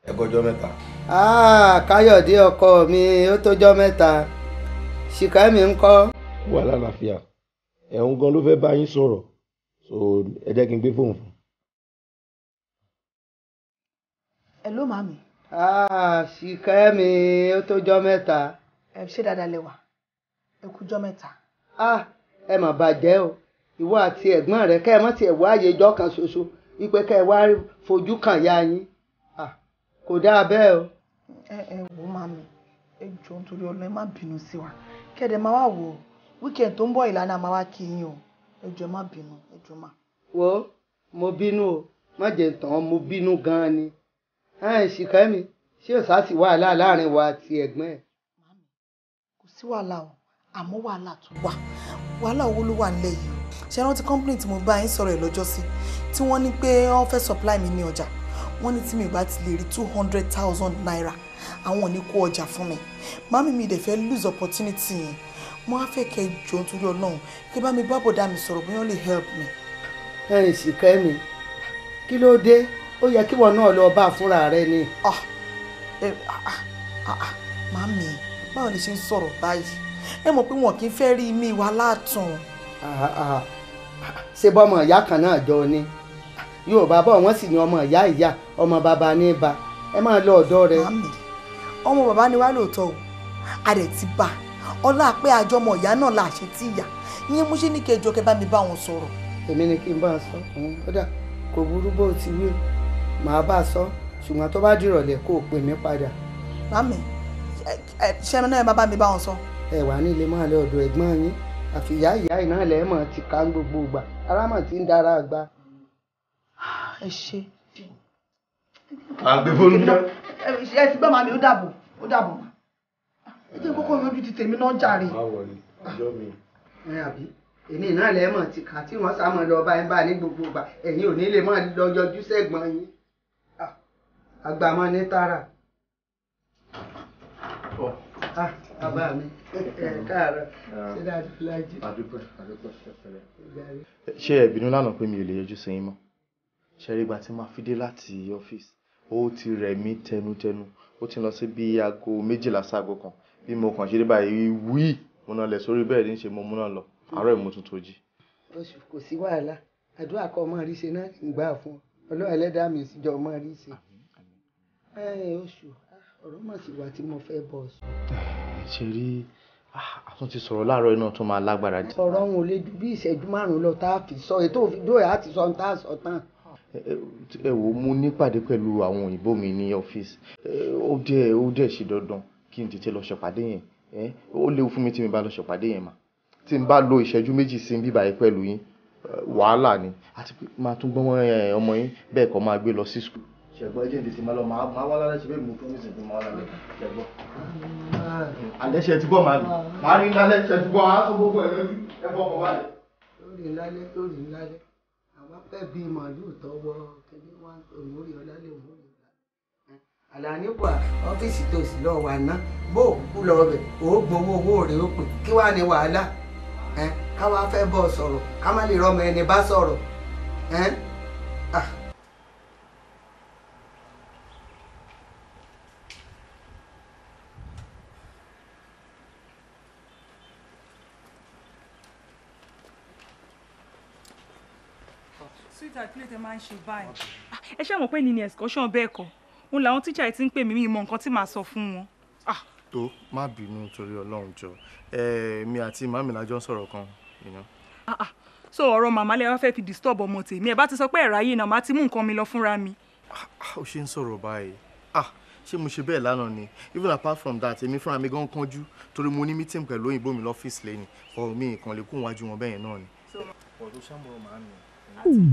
A: ẹ kọjọ mẹ́ta. Ah, káyọ̀dé ọkọ mi ó tójọ́ mẹ́ta
F: ṣìkẹ́mi ń kọ́. wà lálàáfíà ẹ̀hún gan ló fẹ́ bá yín sọ̀rọ̀ so ẹ jẹ́ kí n gbé fóònù fún.
G: hello màmí. Ah, ṣìkẹ́mi ó tójọ́ mẹ́ta. ẹ ṣe dáadáa lẹ́wà ẹ kújọ́ mẹ́ta.
C: Ah, ẹ mà bàjẹ́ o ìwọ àti ẹ̀gbọ́n rẹ kẹ́ ẹ mọ́ tiẹ̀ wá àyè ìjọ kan ṣoṣo. So, so wípé kẹ́ ẹ wá fojú kàn ya yín kò dáa bẹ́ẹ̀ o.
G: ẹ ẹ wò ó màmí ẹ jọ nítorí ọlọ́run ẹ má bínú sí wa kẹ́ẹ̀dẹ̀ máa wá wò ó wíkẹ̀ǹd tó ń bọ̀ ìlànà máa wá kí yín o ẹ jọ má bínú ẹ jọ má.
C: wo mo bínú o má jẹ́ tán mo bínú gan-an ni ṣìkẹ́mi ṣé ò sá sí wàhálà láàrin wa àti ẹ̀gbọ́n ẹ̀.
G: kò sí wàhálà o àmọ́ wàhálà tó wà wàhálà owó ló wà nílẹ̀ yìí ṣe rántí company tí mo bá yín sọ̀rọ̀ ẹ̀ lọ́jọ́ sí tí wọ́n ní pé wọ́n fẹ́ supply mi ní ọjà wọ́n ní tí mi
C: bá ti lè rí two hundred thousand naira àwọn ò ní kó ọjà fún mi Mami mi dẹ̀ fẹ́ lose opportunity yẹn mo á fẹ́ kẹ́ jọ nítorí ọlọ́run kí bá mi bá bọ̀dá mi sọ̀rọ̀ bóyá ó lè help me. ẹ ẹ sì kẹ́ mi kí ló dé ó yẹ kí wọn náà lọ bá a fúnra rẹ ni. Ah, ah, ah, Mami. báwo lè ṣe ń sọ̀rọ̀ báyìí ẹ mọ̀ pé wọn kì í fẹ́ rí mi wà látàn ṣé bọ́mọ ìyá kan náà jọ ni yorùbá bọ̀ wọ́n sì ní ọmọ ìyá ìyá ọmọ bàbá ní ba ẹ máa lọ ọ̀dọ́ rẹ. mami ọmọ bàbá ni wàá lóòótọ́ o a rẹ̀ ti bá ọlá pé àjọ ọmọ ìyá náà là ṣe tí ìyá ìyẹn mú ṣe ní kẹjọ kẹ bá mi bá wọn sọ̀rọ̀. èmi ni kí n bá a sọ kódà kò burú bó ti wí màá bá a sọ ṣùgbọ́n tó bá dìrọ̀lẹ́ kó o pè mí padà. mami ṣẹ́ni náà ẹ má bá mi bá wọn sọ. ẹ wà ní ilé máa lọ ọ̀dọ̀ ẹ̀gbọ́n yín àti ìyá ìyá iná ilẹ̀ ti ká gbogbo ìgbà ara mọ̀ ń dára àgbà.
G: ẹ ṣe. àgbẹ̀ fóònù náà. ẹ ti gbọ́ màmí ó dàbò ó dàbò mà. ẹ jẹ́ kókó mi ojú ti tèmi náà jàre. mi. èmi ti tí
C: wọ́n sá lọ bá bá ní gbogbo
F: bàbá mi káàárọ̀ ṣé dájú fúlájì. àdúpẹ́ àdúpẹ́ ṣẹlẹ̀. ṣé ẹ bínú lánàá pé mi ò lè yọjú sí yín mọ́ ṣẹ́rígbà tí máa fi dé láti ọ́fíìsì ó ti rẹ̀ mí tẹnutẹnu ó ti lọ sí bí aago méjìlá sáago kan bí mo kàn ṣe dé báyìí wíì mo náà lẹ̀ sórí bẹ́ẹ̀ ní ṣe mo múná lọ àárọ̀ ìmú tuntun jí.
C: oṣù kò sí wàhálà àdúrà kọ ọmọ rí ṣe náà ń gbà fún ọ ọlọ́run ẹlẹ́dàá mi sì jọ ọmọ rí ṣe. oṣù ọ̀rọ̀ mà sì wà tí mo fẹ́ bọ̀
F: sọ. ṣe
C: rí ah, a tún ti sọ̀rọ̀ láàárọ̀ iná tó máa lágbára jù. ọ̀rọ̀ òun ò lè ju bí ìṣẹ́jú márùn-ún lọ tá a fi sọ ètò òfìdó ẹ̀ á ti sọ tá a sọ tán.
F: ẹ wo mo nípàdé pẹ̀lú àwọn òyìnbó mi ní ọ́fíìsì ó dẹ̀ ó dẹ̀ ṣe dandan kí n tètè lọ ṣèpàdé yẹn ó léwu fún mi tí mi bá lọ ṣèpàdé yẹn mà tí n bá lo ìṣẹ́jú méjì sí bíbá yìí pẹ̀lú yín wàhálà ni àti pé máa tún gbọ́n ọmọ yín bẹ́ẹ̀ kọ́ máa gbé lọ sí school ṣẹ̀gbọ́n ẹjẹ́ ìdìsí máa lọ máa wá lálẹ́ ṣe bẹ́ẹ̀ mú promise fún máa lálẹ́ ṣẹ̀gbọ́n. alẹ́ ṣe ti bọ́ máa lò máa rí lálẹ́ ṣe
C: ti bọ́ á sọ gbogbo ẹ̀ lójú ẹ bọ́ ọkọ̀ báyìí. lórí lálẹ́ lórí lálẹ́ àwa fẹ́ bí màálù tọwọ́ kẹ́lẹ́ wá òmùrí ọ̀làlẹ́ òmùrí àlàníwà ọ́fíìsì tó sì lọ wà ná bó kú lọ rẹ̀ ó gbowó owó rẹ̀ ó pè kí wàá ní wàhálà káwa fẹ́ bọ́ sọ̀rọ̀ ká má lè rọmọ ẹni bá sọ̀rọ̀. lè tẹ máa ń ṣe báyìí. Ah, ẹ ṣe mọ̀ pé ní ni excursion bẹ́ẹ̀ kọ́ òun làwọn tíjà yìí ti ń pè mí mi mọ nǹkan tí màá sọ fún wọn. Ah. tó má bínú torí ọlọ́run jọ èmi àti màmí lájọ ń sọ̀rọ̀ kan. Ah, so ọ̀rọ̀ màmá lè wá fẹ́ fi disturb ọmọ tèmi ẹ̀ bá ti sọ pé ẹ̀rọ ayé náà má ti mú nǹkan mi lọ fúnra mi. ó ṣe ń sọ̀rọ̀ báyìí ṣé mo ṣe bẹ́ẹ̀ lánàá ni even apart from that èmi fúnra mi gan kánjú torí mo ní meeting pẹ̀lú òyìnbó mi lọ́fíìsì lẹ́yìn ọ̀rọ̀ mi ìkànlẹ̀kùn wájú wọn bẹ́ẹ̀ náà ni.
A: ọ̀rọ̀ sábà máa ń nù Hello,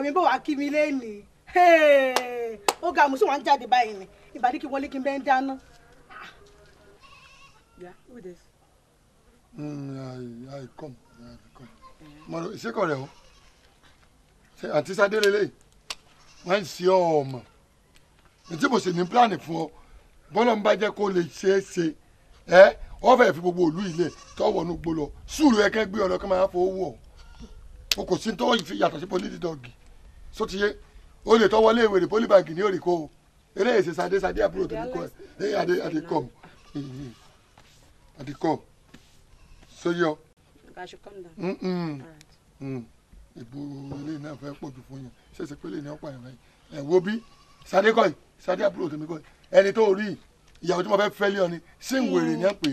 C: ọkọ mi bó wàá kí mi lẹ́nìí ó ga àmúṣe wọn jáde báyìí ni ìbàdí kí wọlé kí n bẹ́ẹ̀ ń dáná.
B: mọ̀rọ̀ mm, ìṣèkọ̀ rẹ̀ o àti sadé lélẹ̀ wọ́n ń ṣe ọmọ ètí mo sì ní pílánì fún ọ bọ́lá ń bá jẹ́ kó lè ṣeé ṣe ẹ́ wọ́n fẹ́ẹ́ fi gbogbo ìlú ilẹ̀ tọ́wọ́ ní gbó lọ sùúrù ẹ̀kẹ́ gbé ọ̀rọ̀ kí wọ́n máa fowó wọ̀ o kò sí tó yàtọ̀ sí polítì dọ́ọ̀gì sotiye o lè tọwọ́ lé ìwèrè poli bank ní òrìkó o eré èsè sade sade àbúrò tó ní kọ ẹ ẹ adé adé kọ adé hmm, hmm. kọ sọyọ. Hmm, ìbò ilé náà fẹ́ pọ̀ jù fún yẹn ṣẹ̀ṣẹ̀ pé lè ní ọ̀pá yẹn ẹ̀ wo bí sade kọ́ yìí sade àbúrò tó ní kọ́ ẹni tó rí ìyàwó tí mo fẹ́ fẹ́ lé ọ ni sí ìwèrè ní ẹ̀ pé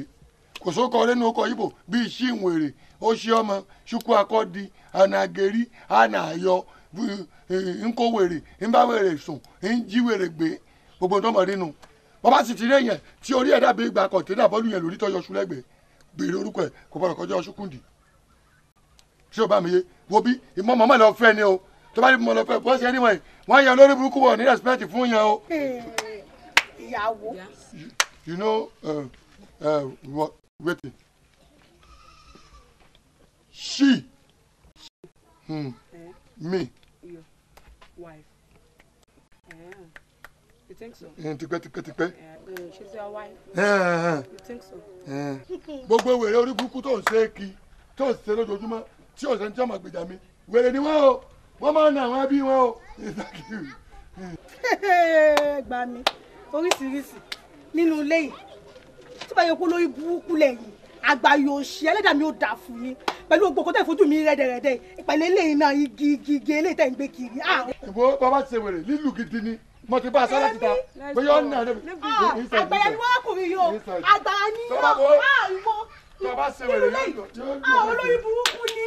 B: kò sókọ lẹ́nu ọkọ̀ yìí bò bíi ṣí ìwèrè ó ṣí ọmọ ṣukwu akọ́di anageri anayọ ń wèrè ń wèrè sùn ń wèrè gbé gbogbo tó mọ̀ wọ́n bá sì ti rí tí orí ẹ̀dá bíi gba kọ̀ǹténà bọ́ọ̀lù yẹn lórí tọ́jọ́ sulẹ́gbẹ̀ẹ́ gbèrè orúkọ ẹ̀ kò gbọ́dọ̀ kọjá ọṣù kùndì o bá mi yé wo bí ìmọ̀ mọ̀mọ́ lọ fẹ́ ni o tó bá ní mọ̀ lọ fẹ́ bọ́ ẹni wọ̀nyí wọ́n yẹ olórí burúkú wọ̀ ní respect fún yẹn o. ìyàwó. you know uh, uh, what, wetin she
A: hmm, eh? me
C: wife. Yeah. You think so? tipẹ́ tipẹ́ tipẹ́. she's your wife. Yeah, eh, eh. you think so? Eh.
B: gbogbo wèrè orí burúkú tó ń ṣe é kí tó ń ṣe lójoojúmọ́ tí ò sẹ́ni tí wọ́n máa mi wèrè ni wọ́n o wọ́n máa ń na àwọn ẹbí wọn o. gbà mí oríṣiríṣi nínú ilé yìí tí báyọ̀
C: kó lórí burúkú lẹ́yìn àgbáyé òṣì ẹlẹ́dàá mi ò dà fún yín pẹ̀lú gbogbo kó tẹ̀ fojú mi rẹ́dẹ̀rẹ́dẹ̀ ìpẹ̀lẹ́ lẹ́yìn náà igi igi igi eléyìí tẹ̀ ń gbé kiri. Ah! ìwọ bàbá ti ṣe wèrè lílù gidi ni
B: mo ti bá a sálà títa
C: bóyá ó nà ní. àgbàyà ni ah! wọn kùnrin yìí o
A: àgbàyà
E: ni
C: yóò
B: irú lẹ́yìn àwọn olórí
C: burúkú ni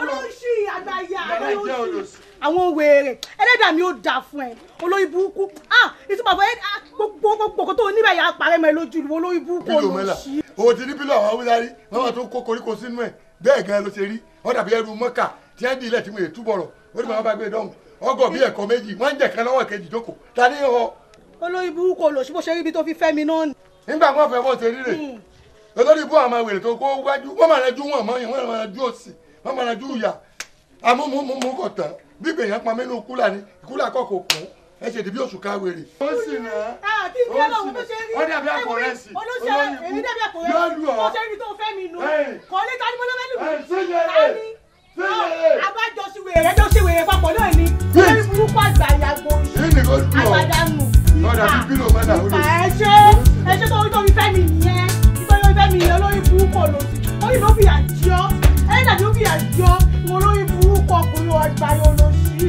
C: olóṣì àgbàyà olóṣì àwọn wèrè ẹlẹ́dàá mi ò dà fún ẹ olórí
B: burúkú ah ìtumọ̀ àbọ̀ ah, gbogbo gbogbo tó níbẹ̀ yà á parẹ́ mọ́ ẹ lójú ìlú olórí burúkú olóṣì. owó ti ní bílọ̀ àwọn awúdarí wọ́n máa tó kó koríko sínú ẹ̀ bẹ́ẹ̀ gan-an ló ṣe rí wọ́n dàbí ẹrú mọ́kà tí ẹ́ di ilẹ̀ tí mo yẹ túbọ̀ rọ̀ ó ní màá bá gbé dọ́hùn ọgọ́ bíi ẹ̀kọ́ méjì wọ́n ń jẹ̀ kan lọ́wọ́ kejì jókòó ta ní ọ. olórí burúkú olóṣì bó ṣe rí ibi tó fi fẹ́ mi náà. nígbà wọn fẹ́ bọ́ ṣe rí rè lọ́tọ́rí bó àwọn wèrè tó kó wájú wọ́n máa rẹjú wọn mọ́ yẹn wọ́n máa rẹjú òsì wọ́n máa rẹjú ìyà amúmúmú kọ̀ tán bí gbèyàn pa mẹ́nu kúlà ni kúlà kọ̀ kò kún ẹ ṣe ìdìbí oṣù káwèrè. ó sì ná
A: ó sì ná ó dàbí àpò rẹ sí olóṣèlú
C: èmi dàbí àpò rẹ sí olóṣèlú tó fẹ́ mi nù kọ́ lé tani mo ló fẹ́ lù mí tani abájọ sí wèrè jọ sí wèrè papọ̀ náà ni lórí burúkú àgbà ìyàgbọ́ àgbàdànù ìfà ìfà ẹ ṣe ẹ ṣe tó ń tóbi fẹ́ mi nìyẹn fẹ́mi yẹn olórí burúkú lò sí oyinbo fìyà jẹ ọ́ ẹ̀yìn dàbí ó fìyà jẹ ọ́ ìwọ olórí burúkú ọkùnrin lọ sí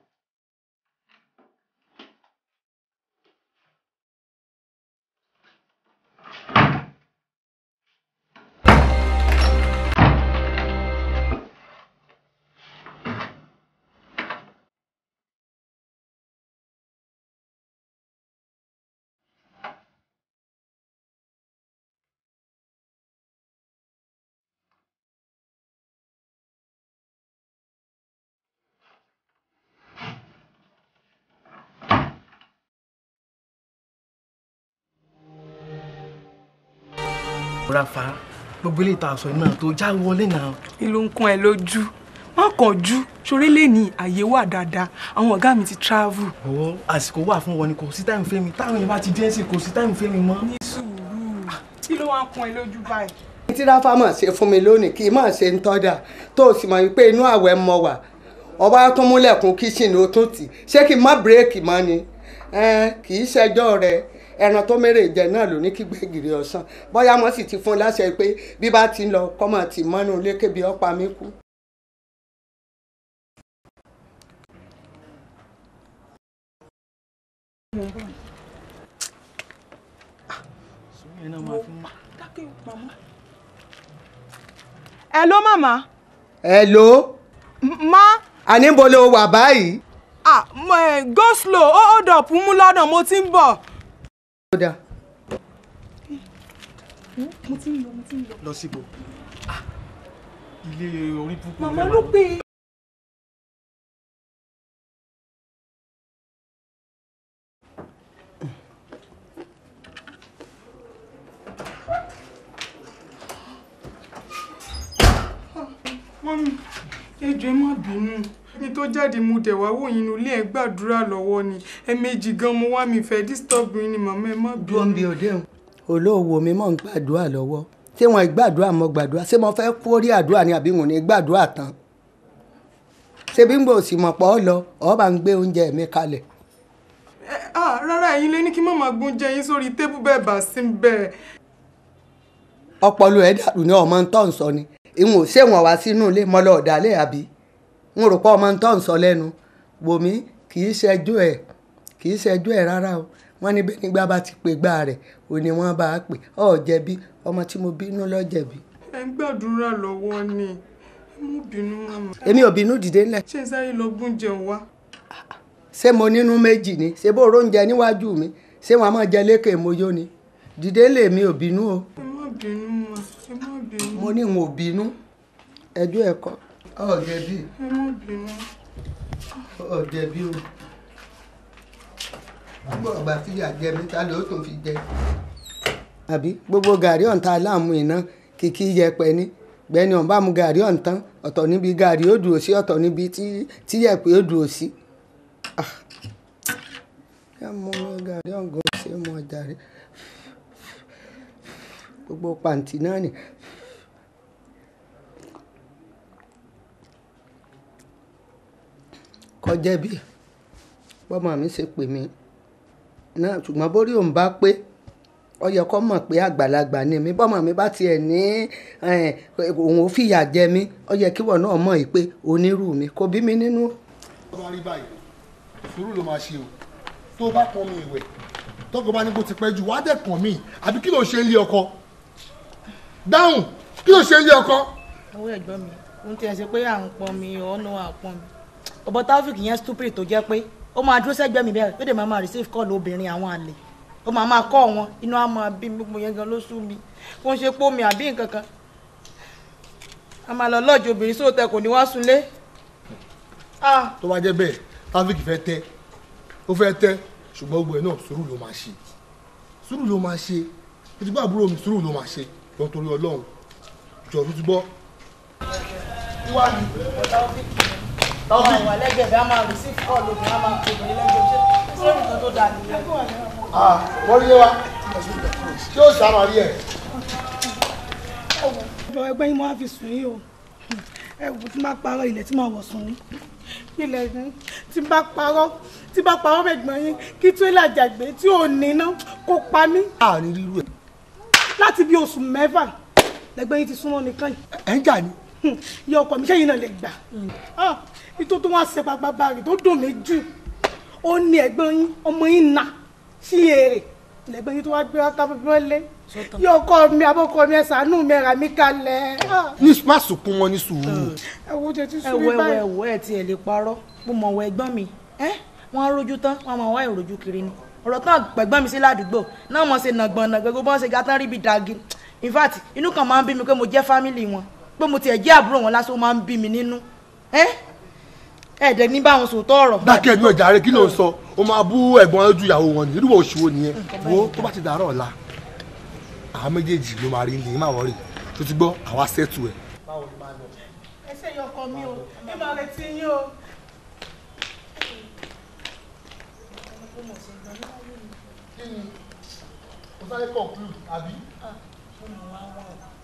F: ráfáráfá gbogbo ilé ìta àṣọ náà tó já wọlé náà.
C: ìlú ẹ lójú má kàn jú sórí lè ní àyè wà dáadáa àwọn ọ̀gá mi ti travel. ọwọ àsìkò wà fún wọn kò sí táìmù fẹmi táwọn yẹn bá ti dé sí kò sí táìmù fẹmi mọ. ní sùúrù ah, kí ló wàá kún ẹ lójú báyìí. tí ráfà máa ṣe fún mi lónìí kí máa ṣe ń tọ́jà tó o sì mọ̀ wípé inú àwẹ̀ mọ wà ọba tó múlẹ̀kùn kíṣìnì ó tún tì ṣé kí n má bírèkì mọ́ ni kì í ṣẹjọ́ rẹ̀ ẹran tó mẹ́rẹ̀ jẹ náà ló ní kí gbẹ̀gìrì ọ̀sán bóyá wọ́n sì ti fún láṣẹ pé bí bá ti lọ kọ́mọ̀ ti mọ́nú lékébí ọ̀pá mi kú. Hello màmá. Hello. má. àní bolo wà báyìí. ah eh, go slow hold up mú lọ́nà mo ti ń bọ̀ kódà.
A: mo ti ń lọ mo ti ń lọ. lọ síbo ah, ilé orí púpọ̀. màmá ló pè é.
C: mọ́mí ẹ jọ̀ọ́ má bínú ní tó jáde mo dẹ̀ wá wò yín nílé ẹ̀ gbàdúrà lọ́wọ́ ni ẹ̀ẹ̀mejì gan mo wá mi fẹ́ disturb yín ni màmá ẹ má bí. bọ́m̀bì òde o olóòwò mi mọ̀ ń gbàdúrà lọ́wọ́ ṣé wọn gbàdúrà mọ́ gbàdúrà ṣé mo fẹ́ kú orí àdúrà ni àbí wọn ní gbàdúrà tán ṣé bí n bò sì mọ̀ pọ̀ ọ́ lọ ọ́ bá ń gbé oúnjẹ mi kalẹ̀ ah rárá ẹ̀yin lé ní kí mọ̀mọ́ gbóúnjẹ yín sórí tébù bẹ́ẹ̀ bá sí bẹ́ẹ̀. ọpọlọ ẹ dàrú ni ọmọ ń tọ́ ń sọ ni ìwọ̀n ṣé wọn wá sínú ilé mọ́lọ́ọ̀dálẹ̀ àbí n rò pé ọmọ ń tọ́ ń sọ lẹ́nu wò mí kì í ṣẹjú ẹ̀ kì í ṣẹjú ẹ̀ rárá o wọ́n ní bẹ́ẹ̀ nígbà bá ti pè gbà rẹ̀ ò ní wọ́n bá a pè ọ́ jẹ̀bi ọmọ tí mo bínú lọ jẹ̀bi. ẹ ń gbàdúrà lọ́wọ́ ni mo bínú mọ́. èmi ò bínú dìde ńlẹ̀. ṣé sáré lọ gúnjẹ wá. ṣé mo nínú méjì ni ṣé bó oróúnjẹ níwájú mi ṣé wọn máa jẹ lékè mo yó ni dìde ńlẹ̀ mi ò bínú o. ẹ má bínú ma ẹ má bínú. mo ní n ò bínú ẹjọ́ ẹ̀kọ́ ọ̀jẹ̀bí. Debbie oh Debbie ọ̀jẹ̀bí o. gbọ́ ọ̀gbà fìyà jẹ mi ta ló tún fi jẹ. àbí gbogbo gàrí ọ̀ǹta láàmú iná kìkì yẹpẹ ni gbẹ́ni ọ̀n bá mu gàrí ọ̀ǹtán ọ̀tọ̀ níbi gàrí ó dùn sí ọ̀tọ̀ níbi tí yẹ̀pẹ̀ ó dùn sí. ẹ mú mi ọ̀ǹgọ̀ ṣé mo jàre gbogbo pàǹtí náà ni kọjá bí bọ́mọ mi ṣe pè mí náà ṣùgbọ́n bórí òun bá pé ó yẹ kó mọ̀ pé àgbàlagbà ni mi bọ́mọ mi bá tiẹ̀ ní eh, òun ò fìyà jẹ mí ó yẹ kíwọ náà mọ̀ yìí pé onírú mi kò bí mi nínú.
B: tó bá rí báyìí sùúrù ló máa ṣe o tó bá pọn mi ìwẹ̀ tọ́kọ bá ní kó ti pẹ́ jù wá dẹ̀ kàn mí àbí kí ló ṣe ń lé ọkọ dáhùn kí ló ṣe ń lé ọkọ.
C: owó ẹ̀gbọ́n mi ohun tí ẹ ṣe pé à ń pọn mi ọ̀nà àpọn mi ọbọ taofik yẹn stupid tó jẹ́ pé ó máa dúró sẹ́gbẹ̀ẹ́ mi bẹ́ẹ̀ ó dẹ̀ máa máa receive call obìnrin àwọn àlè ó máa máa kọ́ wọn inú á máa bí gbogbo yẹn gan ló sú mi kó ń ṣe pómi àbí nǹkan kan a máa lọ lọ́ọ̀jì
B: obìnrin sóò tẹ kò ní wá sunlé. Ah. tó bá jẹ́ bẹ́ẹ̀ taofik fẹ́ tẹ́ ó fẹ́ tẹ́ ṣùgbọ́n gbogbo ẹ̀ náà sùúrù ló máa ṣe sùúrù ló máa ṣe ìdìbò àbúrò mi sùúrù ló máa ṣe lọ ọlọ́run jọ̀ọ́ ti gbọ́
C: ọmọ ìwà lẹ́gbẹ̀ẹ́ a máa receive call lóbi a máa tóbi lẹ́gbẹ̀ẹ́ ṣé ṣé nǹkan tó dáa nìyẹn.
B: Ah, wọ́n rí wa fi sùn yìí
C: o ẹ̀wù tí máa parọ́ ilẹ̀ tí máa wọ̀ sùn ní ilẹ̀ yìí tí bá parọ́ tí bá parọ́ mẹ́gbọ̀n yín kí tó ìlàjà tí ò ní kó pa mí. láàrin rírú ẹ. láti bí oṣù mẹ́fà lẹ́gbẹ́ ti súnmọ́ nìkan yìí. ẹ ń jà ni ìyá ọkọ mi sẹ́yìn náà lè gbà ìtò mm. ah, tó wá ṣe bàbá rẹ̀ tó dùn mí jù ó ní ẹgbẹ́ yín ọmọ yín nà sí èrè lẹ́gbẹ́ yín tó wá gbé akábẹ́bẹ́ lé ìyá ọkọ mi abọ́kọ mi ẹ ṣàánú mi ra mi kalẹ̀. Ah.
B: ní má sunkún wọn ní sùúrù.
A: Mm.
C: ẹ wo tètè sùúrù báyìí. ẹ wọ ẹ wọ ẹ tiẹ̀ lè parọ́ mo mọ̀ wọ ẹ̀gbọ́n mi wọ́n á rójú tán wọ́n á máa wá ìrójú kiri ni ọ̀rọ̀ tán pẹ̀gbọ́n mi sí ládùúgbò náà wọ́n ṣe nàgbọ̀n nàgbẹ̀gbọ́ bọ́n ṣe gátán ríbi dàgí in fact inú kan máa ń bí mi pé mo jẹ́ fámìlì wọn pé mo tiẹ̀ jẹ́ àbúrò wọn lásán ó máa ń bí mi nínú ẹ́ ẹ̀ẹ́dẹ̀ ní báwọn sòótọ́ ọ̀rọ̀. dákẹ́
B: ẹ̀dùn ẹ̀jà rẹ kí ló ń sọ ó máa bú ẹ̀gbọ́n ojú ìyàwó wọn ní irúwọ̀ oṣù wo nìyẹn wo tó bá ti dàárọ̀ ọ̀la àwọn méjèèjì ló máa rí ní má wọ́n rì tó ti gbọ́ àwa ṣètù ẹ̀.
C: ẹ ṣe yọkọ mi o ẹ máa retí yín o. Hmm.
B: mo sáré conclude àbí. Ah,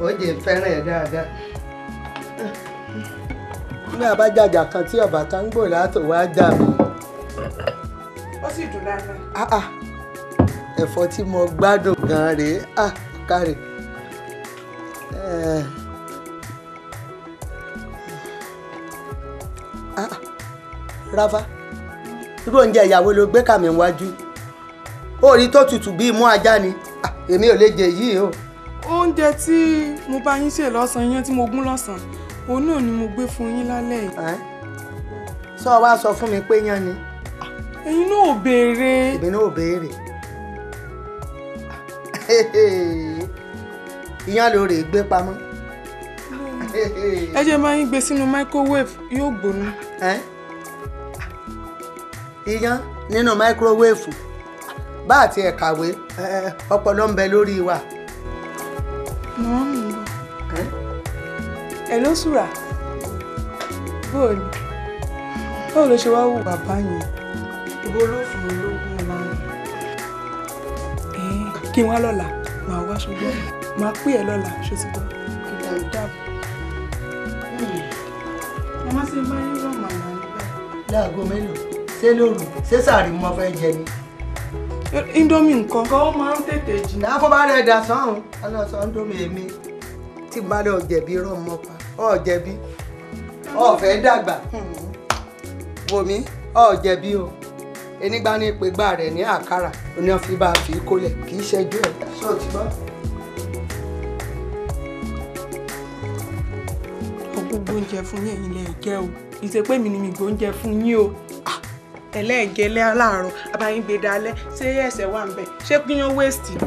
C: ó jẹ fẹ́ràn ẹ̀ dáadáa. ní àbájáde kan tí ọba kan ń gbò látò wá jà mí. ó sì dùn dáadáa. Ah, ah. ẹ̀fọ́ tí mo gbádùn gan-an rèé ah, kárẹ̀. Eh. ráfá irú oúnjẹ ìyàwó ló gbé kàmí wájú ó rí tó tutù bíi mú ajá ni èmi ò lè jẹ yìí o oúnjẹ tí mo bá yín ṣe lọ́sàn-án iyán tí mo gún lọ́sàn-án òun náà ni mo gbé fún yín lálẹ́ yìí. sọ wá sọ fún mi pé yán ni. Ah, ẹ̀yin náà ò béèrè. èmi náà ò béèrè. iyán ló rè é gbé pamọ́. ẹ jẹ́ máa ń gbé sínú microwave yóò gbóná. iyán nínú microwave bá àti ẹ̀kàwé ọpọlọ ń bẹ lórí wa. Mọ́mí mi. Ẹ ló súra. Bóò ni? Báwo ló ṣe wá wù bàbá yẹn? Ìwọ ló fún mi lógún ọmọ mi. Kí n wá lọ́la, màá wá ṣùgbọ́n. Màá pè ẹ́ lọ́la, ṣe ti gbọ́. Ìgbà ò dàbọ̀. Màmá ṣe bá yín rọ̀ màmá nígbà. Láago mélòó? Ṣé lóru? Ṣé sàárì mo fẹ́ jẹ ni? Eh, indomie nǹkan. kò máa ń tètè jì. náà kó bá rẹ̀ dà sọ́hún aláṣọ indomie mi tí bá rẹ̀ ọ̀jẹ̀bí rọ̀ mọ́ pa ọ̀jẹ̀bí
A: ọ̀fẹ́ dàgbà
C: wòmí ọ̀jẹ̀bí o enigba ní ìpè gbà rẹ̀ ní àkàrà oní ọ̀fi bá a fi kólẹ̀ kì í ṣẹ́jú ẹ̀. ṣé o ti gbọ́. gbogbo oúnjẹ fún yẹn ilé ẹ̀jẹ̀ o ìṣèpé mi ni mi gbóúnjẹ fún yín o ẹlẹ́ẹ̀gẹ́lẹ́ láàárọ̀ abayíngbèdálẹ́ ṣé ẹ̀sẹ̀ wà ń bẹ̀ ṣé pínyán wéèstì ni.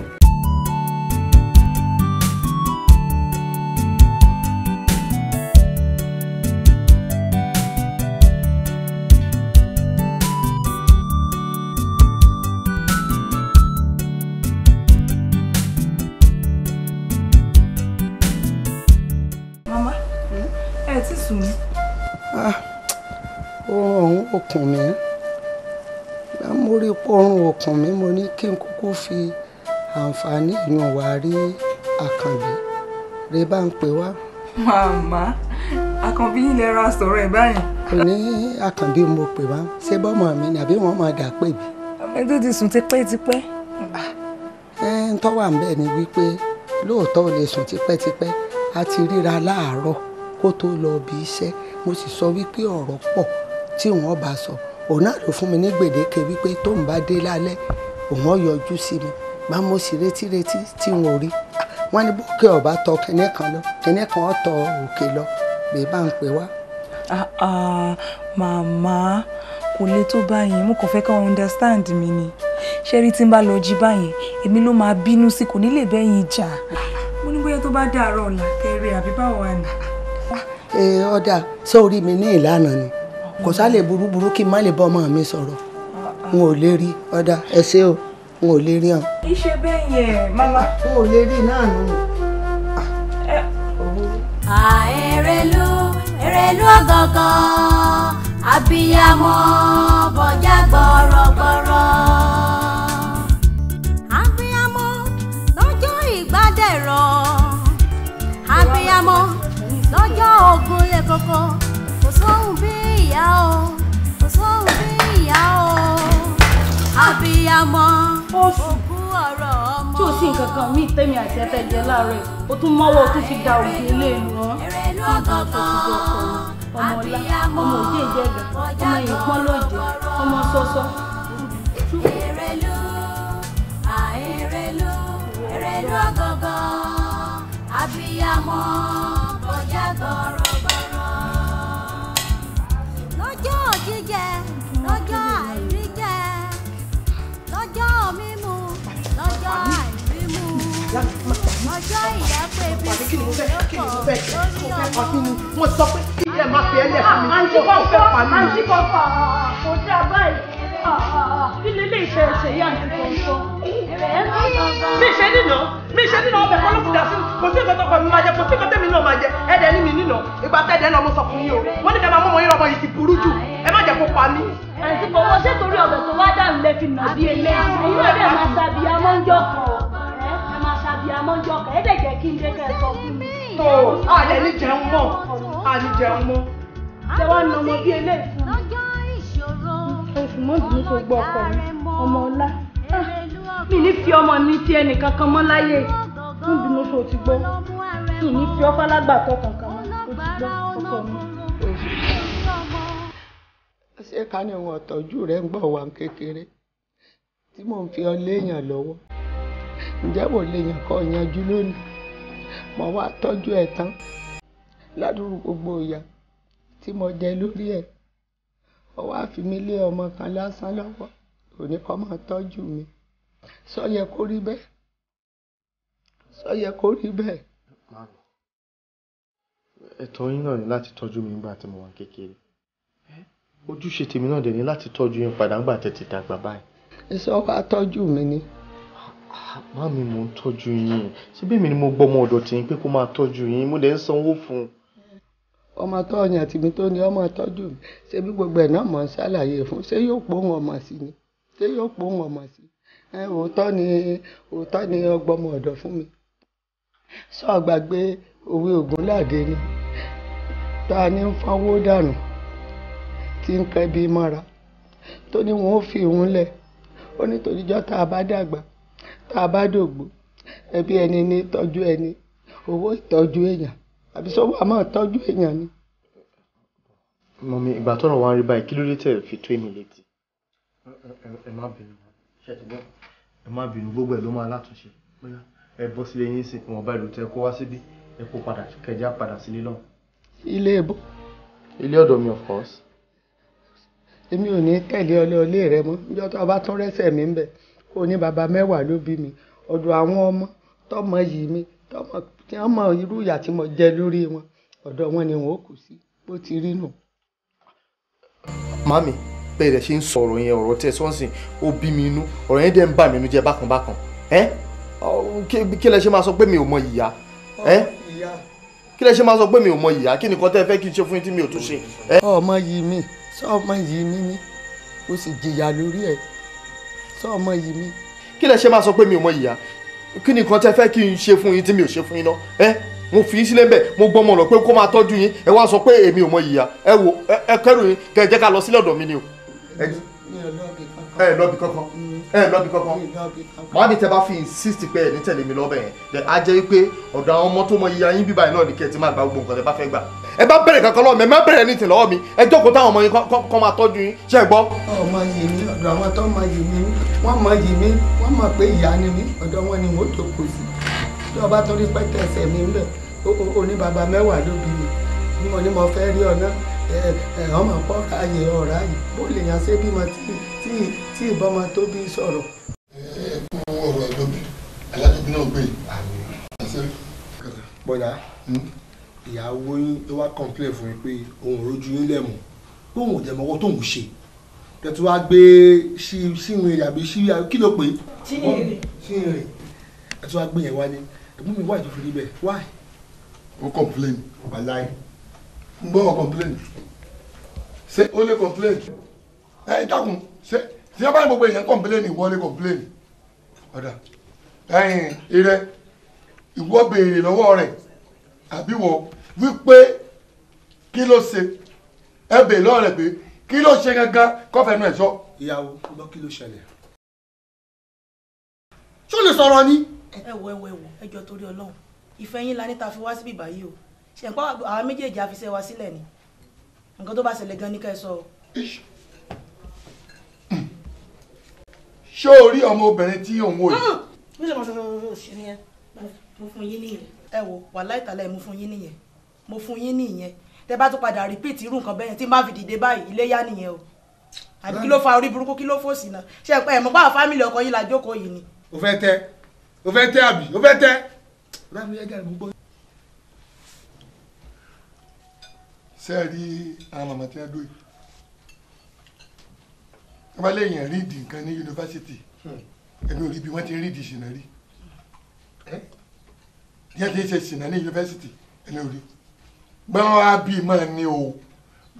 C: ọ̀hún òkun oorun òkùn mi mo ní kí n kúkú fi àǹfààní ìyún wa rí àkànbí rẹ bá ń pè wá.
E: màmá àkànbí yìí lè ra
C: sọ̀rọ̀ ẹ̀ báyìí. kò ní àkànbí mo pè wá ṣé bọ́mọ mi ni àbí wọ́n máa dà pè mí. ọmọ tó ti sùn tipẹ́ tipẹ́. ẹ ń tọ́wà ń bẹ̀ ni wípé lóòótọ́ lè sùn tipẹ́tipẹ́ a ti ríra láàárọ̀ kó tó lọ bí iṣẹ́ mo sì sọ wípé ọ̀rọ̀ pọ̀ tí wọ́n bá sọ òun náà ló fún mi ní gbèdéke wípé tó ń bá dé lálẹ́ òun ó yọjú sí mi máa mo sì retí retí tí n ò rí wọn ní bókè ọba tọ kẹne kan lọ kẹne kan ó tọ òkè lọ bèè bá ń pè wá. màmá kò le tó báyìí mo kàn fẹ́ kí wọ́n understand mi ni ṣẹ́rí tí n bá lọ jí báyìí èmi ló máa bínú sí kò ní lè bẹ́yìn jà
E: mo ní bóyá tó bá dàárọ̀ ọ̀la kẹrẹ àbí báwo wà ní.
C: ọ̀dà sórí mi ní ìlànà ni kò sálẹ̀ burúburú kí n má lè bá ọmọ mi sọ̀rọ̀ n ò lè rí ọ̀dà ẹ ṣé o n ò lè rí ọ.
E: kì bẹ́ẹ̀ yẹn mama. n ò lè rí náà nù. àẹrẹlú ẹrẹlú ọgọgọ abiyamọ bọjá gbọrọgbọrọ. abiyamọ lọ́jọ́ ìgbádẹ̀rọ̀ abiyamọ lọ́jọ́ ogun yẹ kọ́kọ́ ìyá o kò sóhun bí ìyá o abiyamọ òkú ọ̀rọ̀ ọmọ. tí o sì nǹkan kan mí tẹ́mi àti ẹ̀tẹ́jẹ láàárọ̀ ẹ̀ o tún mọ́wọ́ o tún fi da òkè ilé ìlú wọn. èrè ló gọ̀gàn ọmọ ọlá ọmọ òjì ìjẹgà ọmọ ìpọn lójì kọjá gbọrọ lọ́jọ́ jíjẹ lọ́jọ́ àìríjẹ lọ́jọ́ mímu lọ́jọ́ àìrímu lọ́jọ́ ìyẹ́pẹ̀ bí sùn lọ́pọ̀ lórí ọmọ.
B: mo kò fẹ́ pa mí.
G: àǹtí ah, kò
E: fà ṣe
G: yá àǹtí kò mi ṣe nínà mi ṣe nínà ọbẹ̀ kọ́ ló kù dà sí kò sí ìkọ́tọ̀ pẹ̀lú máa jẹ kò sí ìkọ́tọ̀ mi náà máa jẹ ẹ̀dẹ̀ ní mi nínà ìgbà tẹ̀ ẹ̀dẹ̀ náà mo sọ fún yín o wọ́n ní ká máa mú ọmọ yín lọ́mọ yìí ti burú jù ẹ má jẹ́ kó pa mí. àǹtí kò wọ́n ṣètò orí ọ̀bẹ tó wá dànù lẹ́ fi nà bí ẹlẹ́ ẹ̀yin náà dẹ̀ máa ṣàbí amọ́njọ́
E: kan ẹ̀
G: máa ṣàbí amọ́njọ́ kan ẹ̀ dẹ̀ jẹ́ kí n jẹ́ kẹ́ ẹ sọ fún mi. tó àlẹ́ ní jẹun mọ́ àlẹ́ jẹun mọ́ ṣé mi ní fi ọmọ mi ti ẹnì kankan mọ́ láyé ń bínú sọ ti gbọ́ mi ní fi ọfà lágbàtọ́
E: kankan mọ́ ó ti gbọ́ ọkọ mi.
G: ṣé ká ní wọn ọ̀tọ́jú rẹ̀ ń gbọ́ wá kékeré
H: tí mò ń fi ọ léèyàn lọ́wọ́ ǹjẹ́ wò léèyàn kọ́ yanjú lónìí
G: mo wá tọ́jú ẹ̀ tán ládùúgbò gbogbo ìyá tí mo jẹ lórí ẹ; ọ wá fi mí lé ọmọ kan lásán lọ́wọ́ òní kọ́ máa tọ́jú mi. sọ yẹ kó rí bẹ́ẹ̀ sọ yẹ kó
H: rí bẹ́ẹ̀.
A: mami
F: ẹ̀tọ́ yín náà ni láti tọ́jú mi nígbà tí mo wà kékeré ojúṣe tèmi náà dẹ̀ ni láti tọ́jú yín padà nígbà tètè dàgbà báyìí. ìṣe ọba tọ́jú mi ni. mami mo ń tọ́jú yín síbí èmi ni mo gbọ́mọ ọ̀dọ̀ tí yín pé kó máa tọ́jú yín mo dẹ̀ ń sanwó fún un ọmọ tó ọyàn tìmí tó
C: ní ọmọ tọ́jú mi ṣé bí gbogbo ẹ̀ náà mọ̀ ń ṣàlàyé fún ṣé yóò pòun ọmọ sí ni ṣé yóò pòun ọmọ sí ni òótọ́ ni òótọ́ ni ọgbọ́mọ ọ̀dọ̀ fún mi sọ gbàgbé òwe ògúnlàdé ni ta ni ń fọwọ́
G: dànù tí ń pẹ́ bí mọ́ra tó ní wọn ó fi òun lẹ̀
C: ó ní tòníjọ́ tá a bá dàgbà tá a bá dògbò ẹbí ẹni ní tọ́jú ẹni owó ìtọ́jú èèyàn àbí sọ́wọ́ a máa tọ́jú èèyàn ni.
F: mọ̀mí ìgbà tọ́rọ̀ wá ń rí báyìí kí ló dé tẹ̀ fi tó èmi létí. ẹ má bẹ̀rù ṣe ti ẹ má bínú gbogbo ẹ̀ ló máa látúnṣe bóyá ẹ bọ́ sílé yín sí wọn bá ìlú tẹ kó wá síbí ẹ kó padà kẹjá padà sílé náà. ilé ebo ilé ọ̀dọ̀ mi of course.
G: èmi ò ní tẹ̀lé ọlẹ́ ọlé rẹ mọ́ níjọ́ tó o bá tún rẹ́sẹ̀ mi ń bẹ̀ ó ní bàbá mẹ́wàá ló bí mi ọ̀dọ̀ àwọn ọmọ tọmọ yìí mi tọmọ tí wọ́n mọ irú ìyà tí mo jẹ lórí wọn ọ̀dọ̀ wọn ni wọn ò kù sí bó ti rí nù.
F: mami bẹ́ẹ̀ ṣe ń sọ ọ̀rọ̀ yẹn ọ̀rọ̀ tẹ̀ sọ́nsìn ó bí
C: mi inú ọ̀rọ̀ yẹn dẹ̀ ń bà mí inú jẹ́ bákan bákan ẹ́ kí lẹ ṣe máa sọ pé mi ò mọ ìyá ẹ́ kí lẹ ṣe máa sọ pé mi ò mọ ìyá kí nìkan tẹ́ fẹ́ kí n ṣe fún yín tí mi ò tún ṣe. ọmọ yìí mi sọ ọmọ yìí mi ni ó sì jìyà lórí ẹ sọ ọmọ yìí mi. kí lẹ ṣe máa sọ pé mi ò mọ ìyá kí nìkan tẹ́ fẹ́ kí n ṣe fún yín tí mi ò ṣe fún yín náà ẹ́ mo fi sílẹ̀ bẹ́ẹ̀ mo gbọ́mọ lọ pé kó máa tọ́jú yín ẹ wá sọ pé èmi ò mọ ìyá ẹ wò ẹ kẹ́rù yín kẹ́ jẹ́ ká lọ sílẹ̀ ọ̀dọ̀ mi ni o ẹ
B: lọ́bì kankan ẹ lọ́bì kankan mm.
C: màá ní tẹ bá fi insist pé ẹ ní tẹ̀lé mi lọ́bẹ̀ yẹn then á jẹ́ pé ọ̀dọ̀ àwọn ọmọ tó mọ yíya yín bíbá yìí náà ni kí ẹ ti máa gba gbogbo nǹkan tẹ bá fẹ́ gbà. ẹ bá bẹ̀rẹ̀ kankan lọ́wọ́ mi ẹ má bẹ̀rẹ̀ ní tìlọ́wọ́
B: mi ẹ jókòó táwọn ọmọ yín kọ́ máa tọ́jú yín ṣe é gbọ́.
C: ọmọ yìí mi ọ̀dọ̀ àwọn tó mọ yìí mi wọ́n mọ yìí mi wọ́n mọ̀ pé ìyá ni mi ọ̀dọ̀ wọn ni mo jókòó sí tí ọba tó rí pẹ́tẹ́sẹ̀ mi ń bẹ̀ oní baba mẹ́wàá ló bí mi mo ní mo fẹ́ rí ọ náà ọmọ pọ́ka yẹ ọ̀rá yìí bó lè yàn ṣe bímọ tí ìbọmọ tó bí
B: sọ̀rọ̀. ẹ kú ọ̀rọ̀ ẹ̀dọ́ bí alájọbí náà gbé bọ́dà hmm? ìyàwó yín ló wá kọ́ńpìlẹ̀ fún mi pé òun rojú yín lẹ̀ mọ́ pé òun ò dẹ̀ mọ́wọ́ tóun ṣe tẹ̀tù wá gbé sínú èrè àbí sírí kí ló pé sínú èrè tẹ̀tù wá gbé yẹn wá ní ẹ̀gbọ́n mi wáyé tó fi rí bẹ́ẹ̀ wáyé. ó kọ́ńpìlẹ̀ wàláì ń gbọ́ complain ṣé ó lè complain ẹ dákun ṣé tí wọ́n bá ní gbogbo èèyàn complain ìwọ lè complain ọ̀dà ẹ̀yìn irẹ ìwọ béèrè lọ́wọ́ rẹ̀ àbí wọ wípé kí ló ṣe ẹ béèrè lọ́wọ́ rẹ̀ pé kí ló ṣe gangan kọ́fẹ́nu ẹ̀ sọ. ìyàwó gbọ́ kí ló ṣẹlẹ̀. ṣó lè sọ̀rọ̀ ni.
C: ẹ wọ ẹ wọ ẹ wọ torí Ọlọ́run ìfẹ́ yín la ní ta fi wá síbí báyìí o ṣẹ̀pá àwọn méjèèjì àfiṣẹ́ wa sílẹ̀ ni nǹkan tó bá ṣẹlẹ̀ gan ní ká ṣé
B: o rí ọmọ obìnrin tí òun wò yìí. Hmm.
C: bí ṣe mo ṣe mo ṣe nìyẹn mo fún yín nìyẹn. ẹ wo wàhálà ìtàlẹ̀ mo fún yín nìyẹn mo fún yín nìyẹn tẹ bá tún padà repeat irú nǹkan bẹ́yẹn tí n fi dìde báyìí iléyà nìyẹn o àbí kí ló fa orí burúkú kí ló fòsì náà ṣe é pé ẹ̀mọ́ fámìlì ọkọ yìí la jókòó yìí ni.
B: o fẹ́ tẹ́ o fẹ́ tẹ́ àbí o fẹ́
C: tẹ́.
B: ṣe é rí àwọn màmá tí wọ́n dóyè wọ́n bá léèyàn rídìí nǹkan ní yunifásitì hmm. èmi ò rí bí wọ́n ti rídìí ṣìnà rí díẹ̀ tí ń ṣe ṣìnà ní yunifásitì èmi ò rí gbọ́n wá bí mọ́ ni o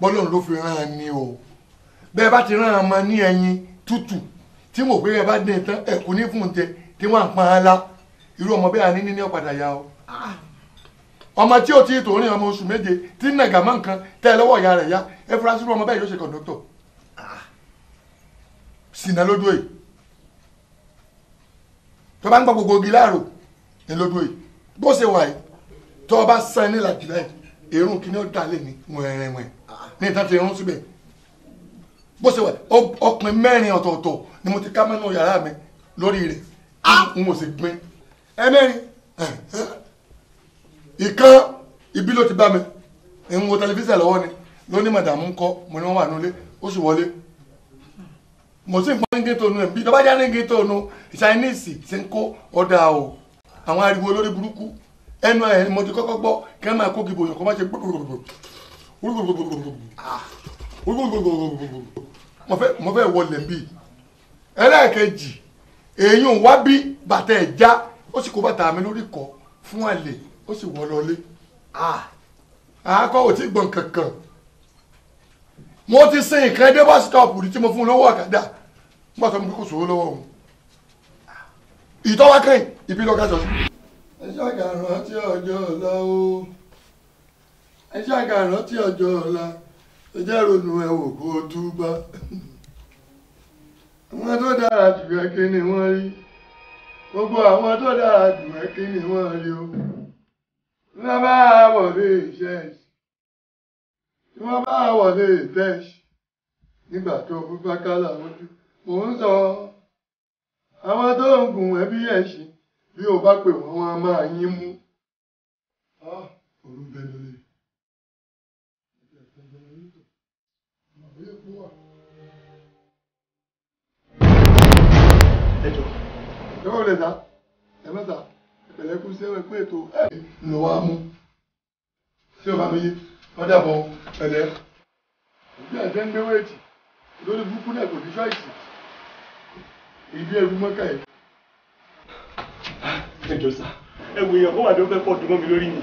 B: bọ́lọ́run ló fi rán an ni o bẹ́ẹ̀ bá ti rán an mọ́ ní ẹyin tútù tí mo pé ẹ bá dín tán ẹ̀kú ní fún un jẹ tí wọ́n á án la irú ọmọ bẹ́ẹ̀ ni ní ọ̀padà ya o. Ah ọmọ tí o ti tò rìn ọmọ oṣù méje tí nàgà mọ nǹkan tẹ lọ́wọ́ ìyá rẹ̀ yá ẹ fura sínú ọmọ bẹ́ẹ̀ yóò ṣe kọ̀ǹdọ́tọ̀ ah. sìnà lójú èyí tó bá ń gbọ́ gbogbo ogi láàrò ní lójú èyí bó ṣe wà yìí tó o bá san ní làjì láì èrún kìíní ó dà lé ní wẹ̀rẹ̀wẹ̀ ah. ní ìtàn ti irun síbẹ̀ bó ṣe wà ọkùnrin mẹ́rin ọ̀tọ̀ọ̀tọ̀ ni mo ti ká mẹ́nu yàrá mi lórí rẹ̀ ah. n ò sì gbin ẹ mẹ́rin ìkan ibi ló ti bá mi ń wo tẹlifíṣàn lọ́wọ́ ni lóní màdàmú ń kọ́ mo ní wọ́n wà nílé ó sì wọlé mo sì ń pọ́n nígbè tónú ẹ̀ bí ìjọba jáde nígbè tónú chinese ti ń kó ọ̀dà o àwọn ariwo olórí burúkú ẹnu ẹ̀ mo ti kọ́kọ́ gbọ́ kí wọ́n máa kó gìbò yàn kó ṣe mo fẹ́ wọlé bíi ẹlẹ́ẹ̀kejì èèyàn wá bí bàtà ẹ̀ já ó sì kó bàtà mi lórí kọ́ fún àlè ó sì wọ́ lọlé àákọ́ ò tí gbọ̀n kankan mo ti sin nǹkan dé bus stop rí tí mo fún un lówó ọ̀kadà nígbà tó mo kò sòwò lọ́wọ́ òun ìtọ́wá kẹ́yìn ìbí lọ́gà jọ. ẹ ṣàgàrán tí ọjọ́ ọ̀la o ẹ ṣàgàrán tí ọjọ́ ọ̀la ẹ jẹ́ ronú ẹ wò kó o túbà àwọn tó dára
H: jù ẹ́ kí ni wọ́n rí gbogbo àwọn tó dára jù ẹ́ kí ni wọ́n rí o tí wọ́n bá wọlé ṣẹ́ẹ̀ṣì tí wọ́n bá wọlé tẹ́ṣì nígbà tó fún bákálà lójú mò ń sọ àwọn tó ń gùn ẹbí ẹ̀ṣin bí o bá pè wọ́n wọ́n á máa yín mú. olùbẹ̀ lórí. ẹ jọ. ẹ wọlé ta ẹ mẹ́ta pẹ̀lẹ́kùn sí ẹ̀wẹ̀ pé ètò ẹ̀ lọ wá mú tí ọba mi yé wọ́n dàbọ̀ pẹ̀lẹ́ ìbí ẹ̀jẹ̀ ń gbé wéètì lórí burúkú náà kò ní ṣọ́ọ̀ṣì ìbí ẹ̀rú mọ́kà yìí. ẹjọ sá ẹ wò èèyàn kó wà lóko ẹ̀kọ́ dùnmọ́ mi lórí mi.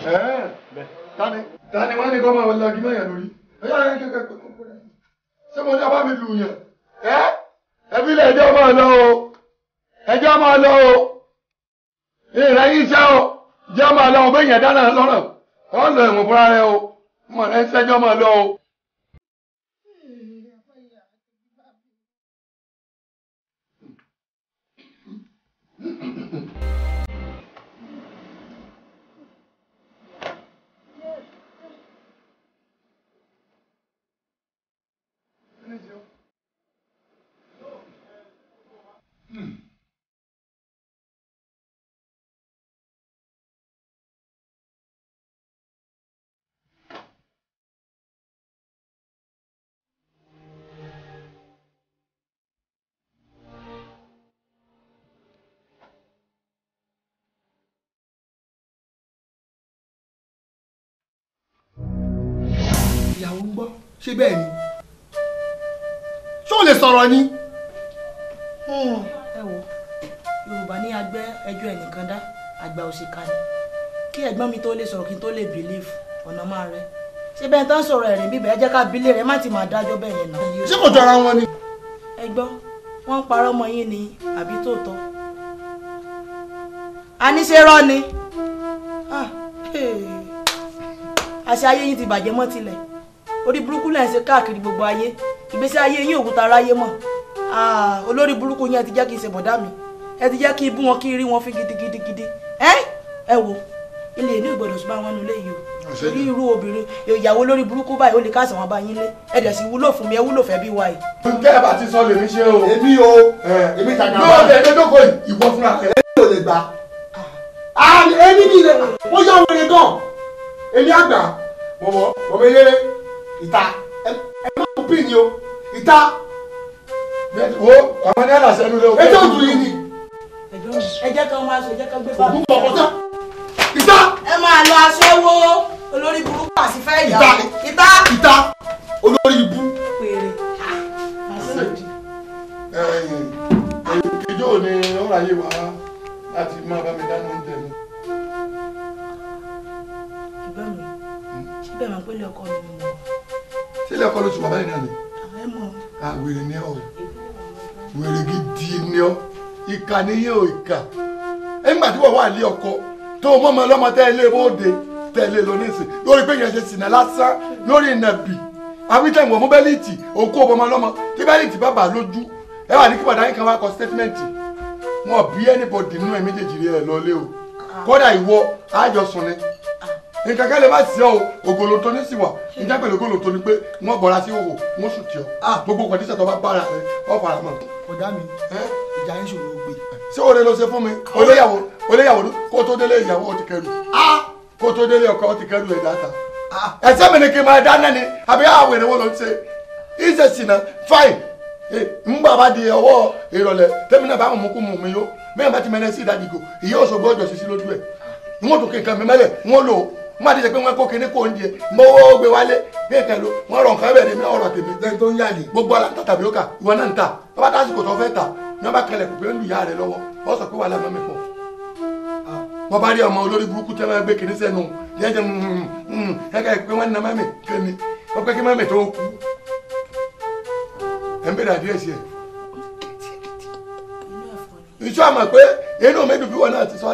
H: tani tani wọn ni kọ́ máa wọlé ọdún mẹ́yàn lórí ẹ̀yà rẹ̀ kékeré kọ́kọ́ ṣé mo ní abá mi lù yàn ẹ́ ẹbí lẹ̀ ẹjọ́ máa lọ o ẹjọ́ máa lọ o ìrẹ́ iṣẹ́ o jẹ́ máa lọ bẹ́yẹn dáná lọ́rọ̀ ọ̀ lọ ẹ̀wọ̀n fúnra rẹ o mọ̀ rẹ ń sẹ́jọ́ máa lọ o.
A: ìyàwó ń gbọ́ ṣé bẹ́ẹ̀ ni ṣé o lè sọ̀rọ̀ ni. Hmm,
C: ẹ wo yorùbá ní agbẹ́ ẹjọ́ ẹnìkan dá àgbà òṣìkà ni kí ẹ̀gbọ́n mi tó lè sọ̀rọ̀ kí n tó lè bìlíf ọ̀nà máa rẹ ṣé bẹ́ẹ̀ tán sọ̀rọ̀ ẹ̀rìn bíbẹ̀ ẹ jẹ́ ká bílé rẹ má ti máa dájọ́ bẹ́ẹ̀ yẹn náà. ṣé kò jọra wọn ni. ẹ gbọ́ wọ́n ń parọ́ ọmọ yín ni àbí tòótọ́ a ní ni ah, àṣà ayé yín ti bàjẹ́ mọ́ tilẹ̀ orí burúkú lẹ́yìn ṣe káàkiri gbogbo ayé ìgbésí ayé yín òkúta aráyé mọ̀ ah, olórí burúkú yín ẹ ti jẹ́ kí n ṣe bọ̀dá mi ẹ ti jẹ́ kí n bú wọn kí n rí wọn fi gidigidigidi ẹ ẹ wo ilé inú ìgbọ̀dọ̀ ṣùgbọ́n àwọn ilé yìí o torí irú obìnrin ìyàwó lórí burúkú báyìí ó lè káàsán wọn bá yín lé ẹ dẹ̀ sì wúlò fún mi ẹ wúlò fẹ́ bí wa yìí. ǹjẹ́ ẹ bá ti sọ lèmi ṣe o. èmi
B: o èmi tàgà bá. lóòótọ́ ẹgbẹ́ jókòó ìwọ fúnra rẹ̀. èmi ò lè gbà. Ah, èmi ni ilẹ̀ wọ́n yá gan. èmi àgbà mọ̀mọ́ mọ̀mọ́ eléré ìta ẹ má kó pin ni o ìta. wo àwọn ní àlàsẹ ló lé o. ẹjọ́ òdu yìí ni.
C: ẹ
E: jẹ́ ká máa ṣe jẹ́ ká gbé fáwọn. òkú
B: pọ̀ pọ̀tán. ìta.
C: ẹ máa lọ aṣọ wo olórí burúkú àti fẹ́ yà. ìta ìta ìta olórí ibú.
B: pèrè ìjọ ni ọ̀rọ̀ ayé wa láti máa bá mi dáná oúnjẹ mi.
C: ẹgbẹ́ mi ṣé máa ń pélé ọkọ mi
B: bẹ́ẹ̀ kọ́ ló ti wà báyìí náà ni. àwèrè ah, ni ọ wèrè gidi ni ọ ìkà ni yóò ìkà ẹgbà tí wọ́n wà lé ọkọ tó o mọ́mọ́ lọ́mọ tẹ́ ilé bóde tẹ̀lé lónìí sí lórí pé yẹn ṣe sìnà lásán lórí ìnàbì àwítẹ̀wọ̀n mú bẹ́líìtì òkú ọmọ lọ́mọ tí bẹ́líìtì bá bà lójú ẹ wà ní kí bàdá yín kan wá kọ sítẹ́tímẹ́ǹtì wọn bí ẹnìbọ̀dì nínú ẹ̀ méjèèjì rẹ̀ lọ́lé o
A: ah. kódà
B: ìwọ àjọsùn ni nǹkan kan lè sí ọ o ògolo tó ní sì wà níjà pẹ̀lú ògolo tó ní pé wọ́n bọ̀ra sí òwò wọ́n sùn tí ọ gbogbo kọ̀díṣẹ̀ tó bá bára rẹ wọ́n fara mọ́. ọ̀gá mi ìjà yín ṣòro gbé. ṣé oore ló ṣe fún mi oléyàwó oléyàwó kó tó délé ìyàwó ti kẹrù kó tó délé ọkọ ti kẹrù ẹ̀ dáta ẹsẹ̀ mi ni kí n máa dáná ni àbí àwẹ̀ ni wọ́n lọ ṣe ìṣe mi mẹ́lẹ̀ wọ́n lò ó má ti ṣe pé wọn kó kinní kó oúnjẹ mọ́wọ́ gbé wálé bí nǹkan ló wọn rọ nǹkan bẹ́ẹ̀ ni wọn rọ tèmi. lẹ́yìn tó ń yá yìí. gbogbo ala tàbí ó kà ìwọ náà ń ta bàbá tá àsìkò tó fẹ́ ta ní wọn bá kalẹ̀ kò pé ń lu ìyá rẹ lọ́wọ́ wọn sọ pé wà lámà mi pọ̀. wọn ah. bá rí ọmọ olórí burúkú tí wọn gbé kinní sẹ́nu jẹ́jẹ́ ẹ̀ka ìpè wọn nà mami kémi wọn pé kí mami tó kú. ẹ̀ ń bèrè àdíyẹ sí ẹ̀. ìṣọ́ àmọ̀ pé inú mi dùbí wọn náà ti sọ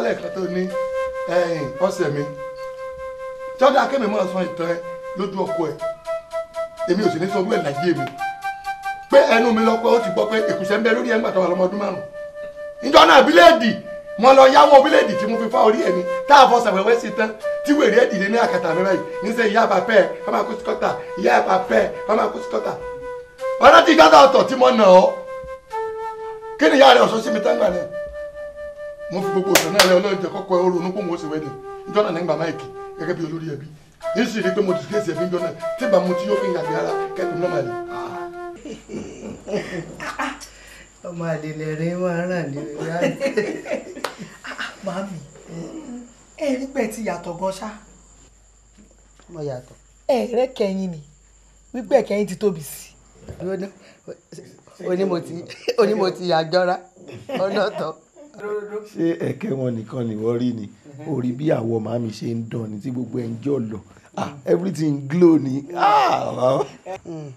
B: mi sọ́dọ̀ akémi máa sọ ìtàn ẹ lójú ọkọ ẹ èmi ò sì ní sọ wíwẹ̀ láyé mi pé ẹnu mi lọ pé ó ti gbọ́ pé èkùsẹ́ ń bẹ lórí ẹgbẹ́ àtàwọn ọmọ ọdún márùn-ún ìjọ náà bíléèdì mo lọ yáwó bíléèdì tí mo fi fa orí ẹ̀ mi tá a fọ sàwẹ́wẹ́ sí tán tí wèrè ẹ̀ dìde ní àkàtà mi báyìí níṣẹ́ ìyá àbàpẹ́ ẹ̀ ọmọ akóso kọ́tà ìyá àbàpẹ́ ẹ̀ ọmọ akóso kọ́tà ọ̀rẹ́ ti gbádùn ọ̀tọ̀ tí mo nà ọ́ kí ni ìyá rẹ̀ ọ̀ṣọ́ sí mi tán gbà náà mo fi gbogbo òṣèlú náà rẹ̀ ọlọ́ọ̀jẹ̀ kọ́kọ́ ẹ̀ ó ronú pòun ó sì wẹ́dẹ̀ ìjọ náà ní gbà gẹ́gẹ́ bí olórí ẹbí yìí sì rí i pé mo disgrace ẹbí jọ náà tí bàá mo ti yóò fi ń yàgbé ara kẹ́kọ̀ọ́ náà máa lè. ọmọ àdìlẹ̀ rẹ máa
C: ń ràn ní orí àná. màámi ẹ rí pé ti yàtọ̀ gan ṣá. mo yàtọ̀. ẹ rẹ kẹyìn ni wípé kẹyìn ti tóbi sí i. oní mo ti yàjọra ọlọ́tọ̀
F: ṣé ẹ̀kẹ́ wọn nìkan ni wọ́n rí ni orí bí àwọ̀ màmí ṣe ń dán ni tí gbogbo ẹ̀ ń jọ lọ ah everything glow ni ah.
C: Mm.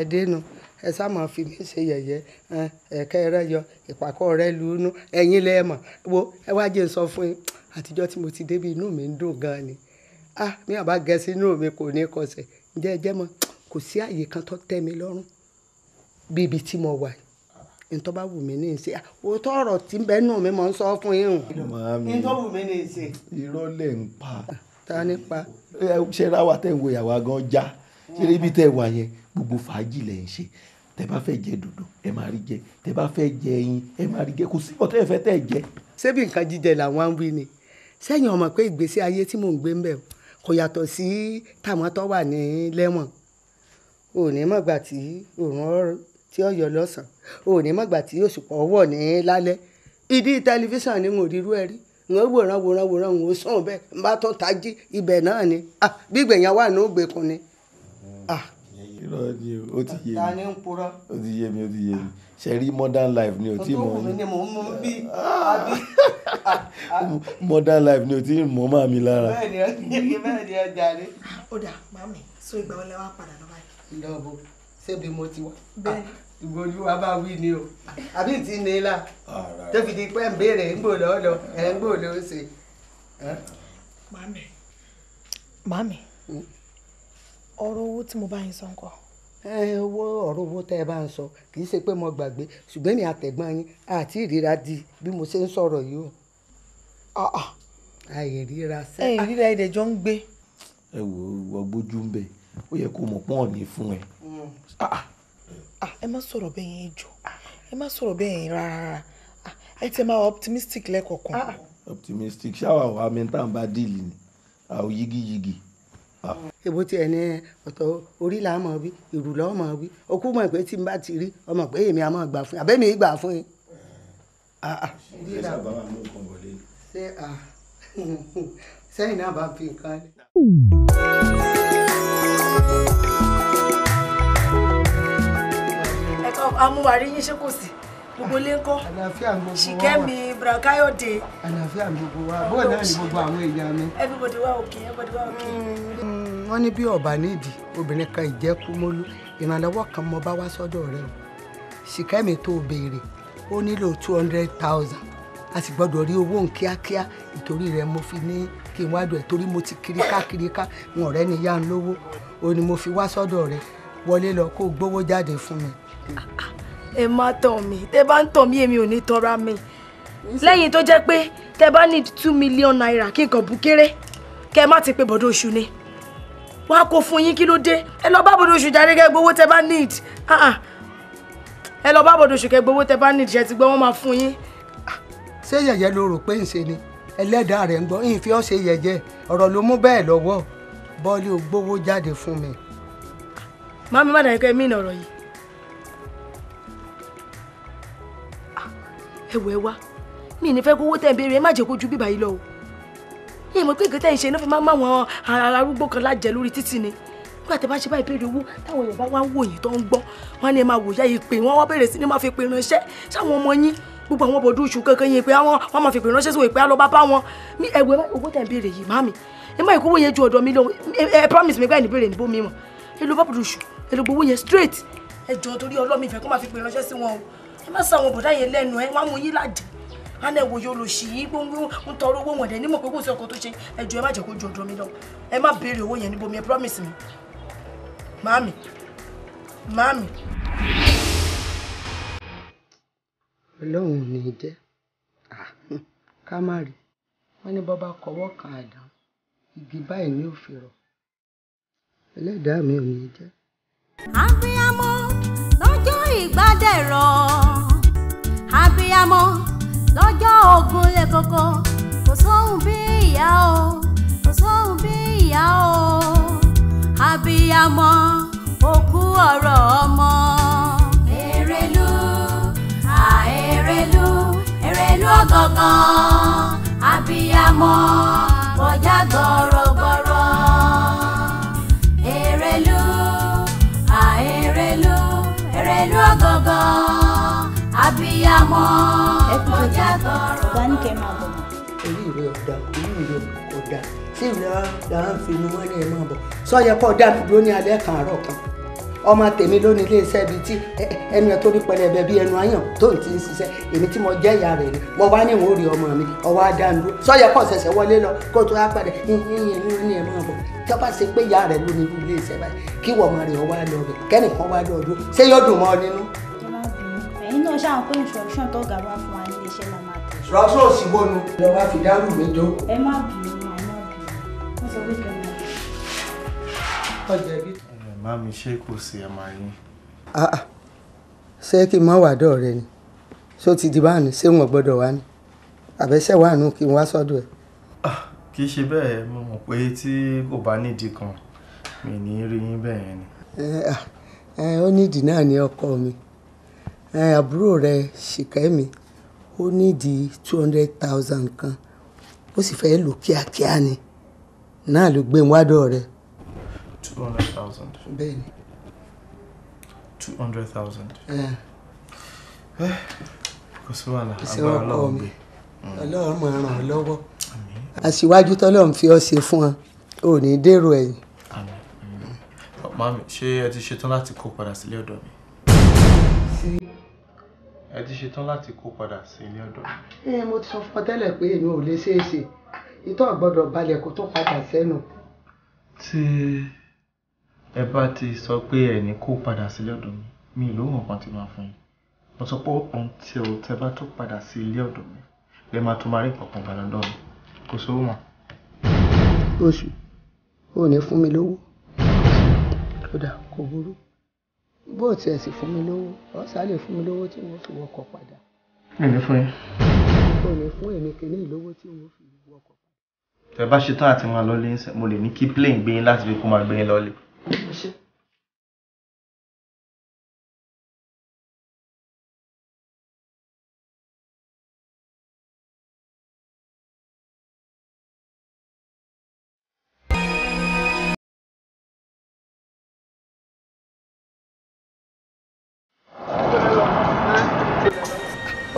C: ẹ̀dínú ẹ sá máa fi mí ṣe yẹ̀yẹ́ ẹ̀kẹ́ rẹ yọ ìpàkọ́ rẹ lu inú ẹ̀yìn lẹ́ẹ̀mọ̀ wo ẹ wá jẹ́ n sọ fún yín àtijọ́ tí mo ti débi inú mi ń dùn gan ni ah mi àbá gẹ̀ẹ́sì inú mi kò ní kọsẹ̀ ǹjẹ́ ẹ jẹ́ mọ́ kò sí àyè kan tó tẹ́ mi lọ́rùn bíbi tí mo wà yìí ntọ́ bá wù mí ní ìṣe òótọ́ ọ̀rọ̀ tí ń bẹ nù mí mọ̀ ń sọ fún yín o ntọ́ wù mí ní ìṣe. irọ́ lẹ̀ ń pa.
F: ta ni pa. ṣé ráwa tẹ̀ ń wo ìyàwó agan já ṣé ibi tẹ̀ wà yẹn gbogbo fàájì lẹ̀ ń ṣe tẹ bá fẹ́ jẹ dòdò ẹ máa rí jẹ tẹ bá fẹ́ jẹ ẹyin ẹ máa
C: rí jẹ kò sí ọ̀tẹ́ ẹ̀fẹ́ tẹ̀ jẹ. ṣebí nǹkan jíjẹ làwọn ń wí ni sẹ́yìn ọmọ pé ìgbésí ayé tí mò ń gbé ń bẹ̀ kò yàtọ̀ sí tàmọ́tọ́ wà ní lẹ́wọ̀n òní mọ̀gbà tí òun tí ó yọ lọ́sàn òní mọ̀gbà tí ṣùpọ̀ ọwọ́ ní lálẹ́ ìdí tẹlifíṣàn ni n ò rírú ẹrí, rí n ò wòran wòran wòran n ò bẹ́ẹ̀ n bá tají ibẹ̀ náà ni bí gbẹ̀yàn wà ní ògbẹ́kùn ni.
F: irọ́ ni o ti yé mi o ti yé mi o ti yé mi modern life ni o ti mọ̀ modern life ni o ti mọ̀ máa mi lára.
C: ó dà màmí so ìgbà wọlé wa padà mo ti wá. ìgbòlúwa bá wí ni o. àbí tí ní la tó fi di pé ń béèrè ń gbò lọ́dọ̀ ẹ̀ ń gbò ló ṣe.
G: màmí màmí hmm? ọ̀rọ̀ owó tí mo bá yín sọ ń kọ́.
C: owó ọ̀rọ̀ owó tẹ́ ẹ bá ń sọ kì í ṣe pé mo gbàgbé ṣùgbọ́n ní àtẹ̀gbọ́n yín àti ìríra di bí mo ṣe ń sọ̀rọ̀ yìí o. àìríra ah, ah. sẹ́. àìríra ẹ̀dẹ̀ jọ ń gbé.
F: ẹ wo ọgbójú ń bẹ ó yẹ kó mọ̀ pọ́n ọ̀ ní fún ẹ.
G: Hmm. Ah, Ah, ẹ má sọ̀rọ̀ bẹ́ẹ̀ yẹn jọ ah, ẹ má sọ̀rọ̀ bẹ́ẹ̀ yẹn rárá
C: ah, ẹ ti máa optimistic lẹ́kọ̀ọ̀kan.
F: optimistic ṣáwa wa mi tá à ń bá díìlì ni àwọn yigiyigi.
C: èbó ti ẹni ọ̀tọ̀ orí là á mọ̀ wí ìrù lọ́ mọ̀ wí okú mọ̀ pé tí n bá ti rí ọmọ pé èmi á mọ̀ gbà fún yín àbẹ́mi gbà fún yín. ṣé sábà máa mú nǹkan wọlé. sẹ́yìn náà bá fi nǹkan. amúwárí yín ṣé kò sí gbogbo ilé ńkọ́ ṣìkẹ́mi brakayode. àlàáfíà gbogbo wa bóyá náà ni gbogbo àwọn èèyàn mi. everybody wa okay everybody wa okay. Mm, wọ́n ní bí ọba nídìí obìnrin kan ìjẹ́kúmólú ìrànlọ́wọ́ kan mo bá wá sọ́dọ̀ rẹ o ṣìkẹ́mi tó béèrè ó nílò two hundred thousand a sì gbọ́dọ̀ rí owó ń kíákíá ìtorí rẹ mo fi ní kí n wá dùn ẹ̀ torí mo ti kiri ká kiri ká wọn ọ̀rẹ́ ni yá ń lówó o ni mo fi wá sọ́dọ̀ rẹ wọlé lọ kó gbówó jáde fún mi ẹ má tàn mí tẹ bá ń tàn mí èmi ò ní tọra mi lẹ́yìn tó jẹ́ pé tẹ bá ní two million naira kí nǹkan bú kéré kẹ má ti pé bọ̀dọ̀ oṣù ni wàá kó fún yín kí ló dé ẹ lọ bá bọ̀dọ̀ oṣù jáde kẹ gbowó tẹ bá need ah, ah. ẹ lọ bá bọ̀dọ̀ oṣù kẹ gbowó tẹ bá need ṣe ti gbọ́ wọ́n máa fún yín. Ah, ṣé yẹ̀yẹ́ ló rò pé ń ṣe ni ẹlẹ́dàá rẹ̀ ń gbọ́ ìfi ọ́ ṣe yẹ̀yẹ́ ọ̀rọ̀ ló mú bẹ́ẹ̀ lọ́wọ́ bọ́ọ̀lì ò gbowó jáde fún mi. màmí má dàgbé mí nà ọ̀rọ̀ yìí ẹwọ ẹ wá mi ní fẹ́ kówó tẹ̀ ń béèrè ẹ má jẹ́ kó ju bíbá yìí lọ o ẹ mọ̀ pé nǹkan tẹ̀ ń ṣe náà fi máa ń máwọn arúgbó kan lájẹ lórí títì ni nígbà tẹ bá ṣe báyìí béèrè owó táwọn èèyàn bá wá ń wò yín tó ń gbọ́ wọn ni ẹ máa wòyá yìí pé wọn wá bẹ̀rẹ̀ sí ni máa fi pè ránṣẹ́ sáwọn ọmọ yín gbogbo àwọn bọ̀dú oṣù kankan yẹn pé àwọn wọn máa fi pè ránṣẹ́ sí wọn pé á lọ bá bá wọn ní ẹ̀wẹ̀ owó tẹ̀ ń béèrè yìí màmí ẹ má ìkówó yẹn ju ọ̀dọ̀ mi lọ ẹ promise mi gbá ìní béèrè níbo mi mọ̀ ẹ lọ bá oṣù ẹ gbowó yẹn straight ẹ jọ torí ọlọ́mìfẹ́ kó máa fi pè ránṣẹ́ sí wọn o má sọ àwọn bọ̀dá yẹn lẹ́nu ẹ wọ́n á mú yín lájà á náà wòye olùsí yìí gbóngbó ń tọrọ owó wọn dẹ̀ nímọ̀ pé kò sí ọkọ̀ tó ṣe ẹ jọ̀ọ́ ẹ má jẹ́ kó ju mi ẹ má béèrè owó yẹn níbo mi ẹ promise mi maami maami.
G: ọlọ́run ò ní jẹ́ ká má rí
C: wọ́n ní bọ́ bá kọwọ́ kan àdán igi báyìí ní òfin rọ̀
G: ẹlẹ́dàá mi ò ní jẹ́.
E: lọ́jọ́ kókó kò sóhun bí ìyá o kò sóhun bí ìyá o abiyamọ òkú ọ̀rọ̀ ọmọ. Èrèlú
A: àèrèlú
E: Èrèlú ọ̀gọ̀ngàn abiyamọ bọ̀já gọ̀rọ̀gọ̀rọ̀. Èrèlú àèrèlú Èrèlú ọ̀gọ̀ngàn abiyamọ bọ̀já gọ̀rọ̀.
C: ọjà tí ìlọ làwọn fi inú wọn ní ẹ máa bọ̀ sọ́yẹ kọ́ dá mi alẹ́ kàárọ̀ kan ọmọ tèmi ló ní iléeṣẹ́ ibi tí ẹnu ẹ tó ní pẹlẹbẹ bíi ẹnu ayàn tó ń ti ń ṣiṣẹ́ èmi tí mo jẹ́ ìyá rẹ̀ ni mo wá ní ìwòrì ọmọ mi ọwọ́ adáńdó sọ́yẹ kọ́ ṣẹ̀ṣẹ̀ wọlé lọ kó tó á padà yíyan ló ní ẹ máa tó bá ṣe pé ìyá rẹ̀ ló ní irú iléeṣẹ́ báyìí kí wọ́n ọmọ rẹ̀ ọwọ́ àlọ́ rẹ̀ kẹ́nìkan wá lọ́ọ́dún ṣé yóò dùn mọ́ ọ nínú.
E: ẹ̀yin náà ṣáà ń tó gà wá fún wa ní
C: iléeṣẹ́ It's a weekend. Ọjọ́ ibi. Má mi ṣe kò sí ẹ̀ máa yín. Ah, ah. Ṣé kí n má wà dọ̀ rẹ ni? Ṣó ti di báàní? Ṣé wọn gbọ́dọ̀ wá ni? Àbẹ́ṣẹ́ wà nù kí n wá sọ́dọ̀ ẹ̀. Ah, kì í ṣe bẹ́ẹ̀ mo mọ̀ pé tí kò bá nídìí kan mi ní rí yín bẹ́ẹ̀ yẹn ni. Ó nídìí náà ni ọkọ mi. Àbúrò rẹ̀ Ṣìkẹ́mi ó nídìí two hundred thousand kan ó sì fẹ́ lò kíákíá ni náà ló gbé wádọ̀ rẹ. two hundred thousand. bẹ́ẹ̀ni.
D: two hundred thousand. Eh, kò sí wàhálà agbára ọlọ́run gbé. Mm. ọlọ́run mọ̀ ràn ọ́ lọ́wọ́.
C: aṣíwájú tọ́lọ́run fi ọ́ ṣe fún ọ ò ní dèrò ẹ̀yìn.
D: Mm. mami ṣé ẹ ti ṣetán láti kó
F: padà sílé ọ̀dọ̀ mi. ẹ ti ṣetán láti kó padà sílé ọ̀dọ̀ mi.
G: ẹ ah, eh, mo ti sọ fún ọ tẹ́lẹ̀ pé èmi ò lè ṣeé ṣe ìtọ́ àgbọ́dọ̀ balẹ̀ kó tó
F: padà sẹ́nu. tí ẹ bá ti sọ pé ẹnì kó padà sí lọ́dọ̀ mi mi ló hàn kan ti máa fún yín mo sọ pé o tẹ bá tó padà sí ilé ọ̀dọ̀ mi lẹ máa tún máa rí nǹkan kan gbà lọ́dọ̀ mi kò sówó mọ́.
C: oṣù ò ní fún mi lówó kódà kò burú bó tiẹ̀ sì fún mi lówó ọ̀sà lè fún mi lówó tí wọ́n fi wọkọ̀ padà.
A: èmi fún
F: yín. ò ní fún èmi kìíní ìlówó tí wọ́n fi tẹ bá ṣetán àti máa
A: lọ lé ń sẹ mo lè ní kí plane gbé yín láti fi kó máa gbé yín lọlé.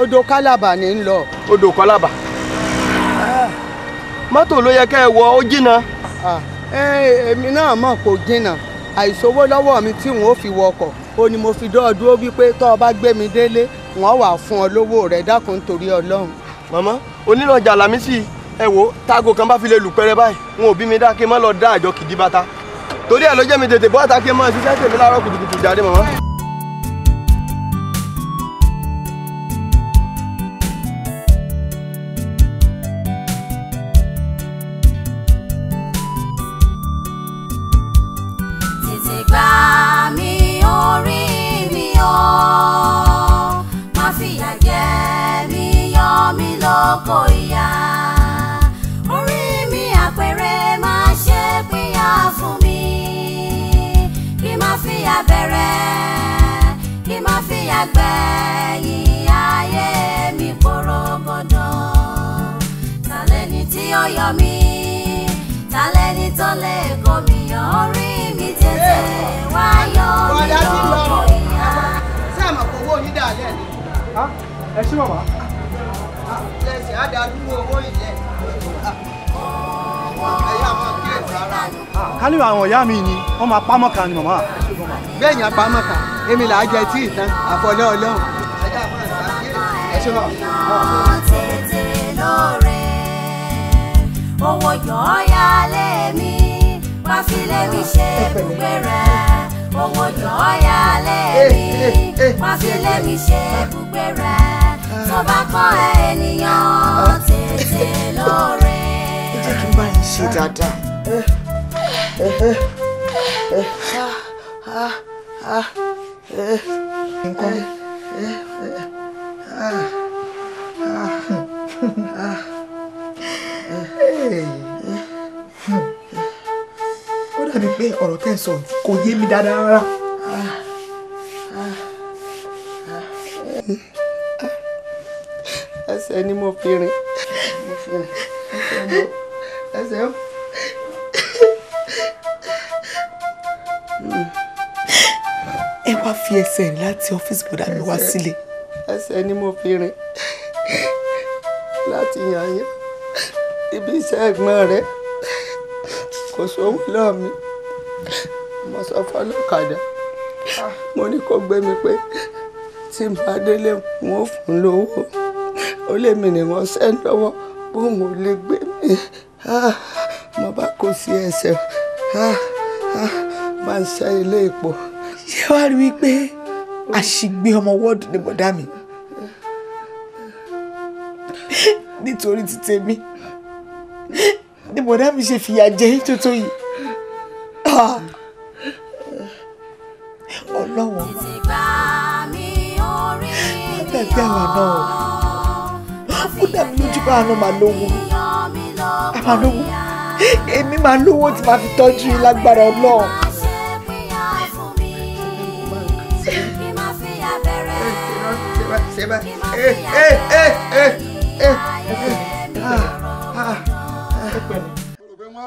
A: odò kálábà
C: ni ń lọ. odò kálábà mọ́tò ló yẹ kẹ́ ẹ wọ ó jìnnà. èmi náà mọ̀ kó jìnnà àìsówó lọ́wọ́ mi tí wọ́n fi wọkọ̀ ó ní mo fi dọ́ọ̀ dúró wípé tọ́ ọ bá gbé mi délé wọ́n wà fún ọ lówó rẹ̀ dákun nítorí ọlọ́run. màmá onílọ̀jà làmísì ẹ wo táago kan bá fi lè lù pẹrẹ báyìí wọn ò bí mi dá kí n má lọ dá àjọ kìdí bàtà torí ẹ ló jẹ́ mi tètè bọ́ àtàkì máa ṣiṣẹ́ tèmi láàárọ̀ kùtùkùtù jáde màmá. padà sí lọ sí àmọ̀ kò owó onídàálẹ̀ ni. ẹ ṣí bàbá. lẹ́sẹ̀ àdàlú owó ilẹ̀ ẹ̀yà máa àwọn ìyá mi ni wọ́n máa pámọ́ kan ni màmá. bẹ́ẹ̀ ni àpamọ́ kan èmi là á jẹ tí ìtàn àfọlẹ́ ọlọ́run.
D: ẹ ṣe bàbá.
E: tètè lóore owó yọ̀ọ́ yálé mi wá fi lé mi ṣe é rẹ̀ owó dọ̀ọ́yà lẹ́ẹ̀mí eh, eh, eh, má fi lẹ́mi ṣe gbogbo rẹ̀ ah. tó bá kọ́ ènìyàn ah. tètè lóore. ẹ jẹ́
C: kí n bá yín ṣe dáadáa. nǹkan Ah dàbí pé ọ̀rọ̀ tẹ́ ń sọ kò yé mi dáadáa rárá. ẹsẹ̀ ni mo fi rìn mo fi rìn ẹsẹ̀ ó. ẹ wá fi ẹsẹ̀ rìn láti ọ́fíìsì bọ̀dá mi wá sílé. ẹsẹ̀ ni mo fi rìn láti yàn yàn ibi iṣẹ́ ẹ̀gbọ́n rẹ̀ kò sówó náà mi mo sọ fọlọ́kadà mo ní kó gbé mi pé tí n bá délé wọn ò fún lówó ó lè mi ni wọn ṣẹ́ ń lọ́wọ́ bóun ò lè gbé mi ah, mo bá kó sí ẹsẹ̀ ah, ah, máa ń ṣe ilé epo. ṣé wàá rí i pé àṣìgbé ọmọ wọ́ọ̀dù ni bọ̀dá mi nítorí ti tèmi bọ̀dá mi ṣe fìyà jẹ yín tuntun yìí ọlọ́wọ́ bẹ̀bẹ̀ àwa náà ó dàbí lójú bá àánú máa lówó àmà lówó èmi máa lówó tí máa fi tọ́jú yín lágbára ọlọ́run.
E: Eba, eba, eba,
B: eh, eh,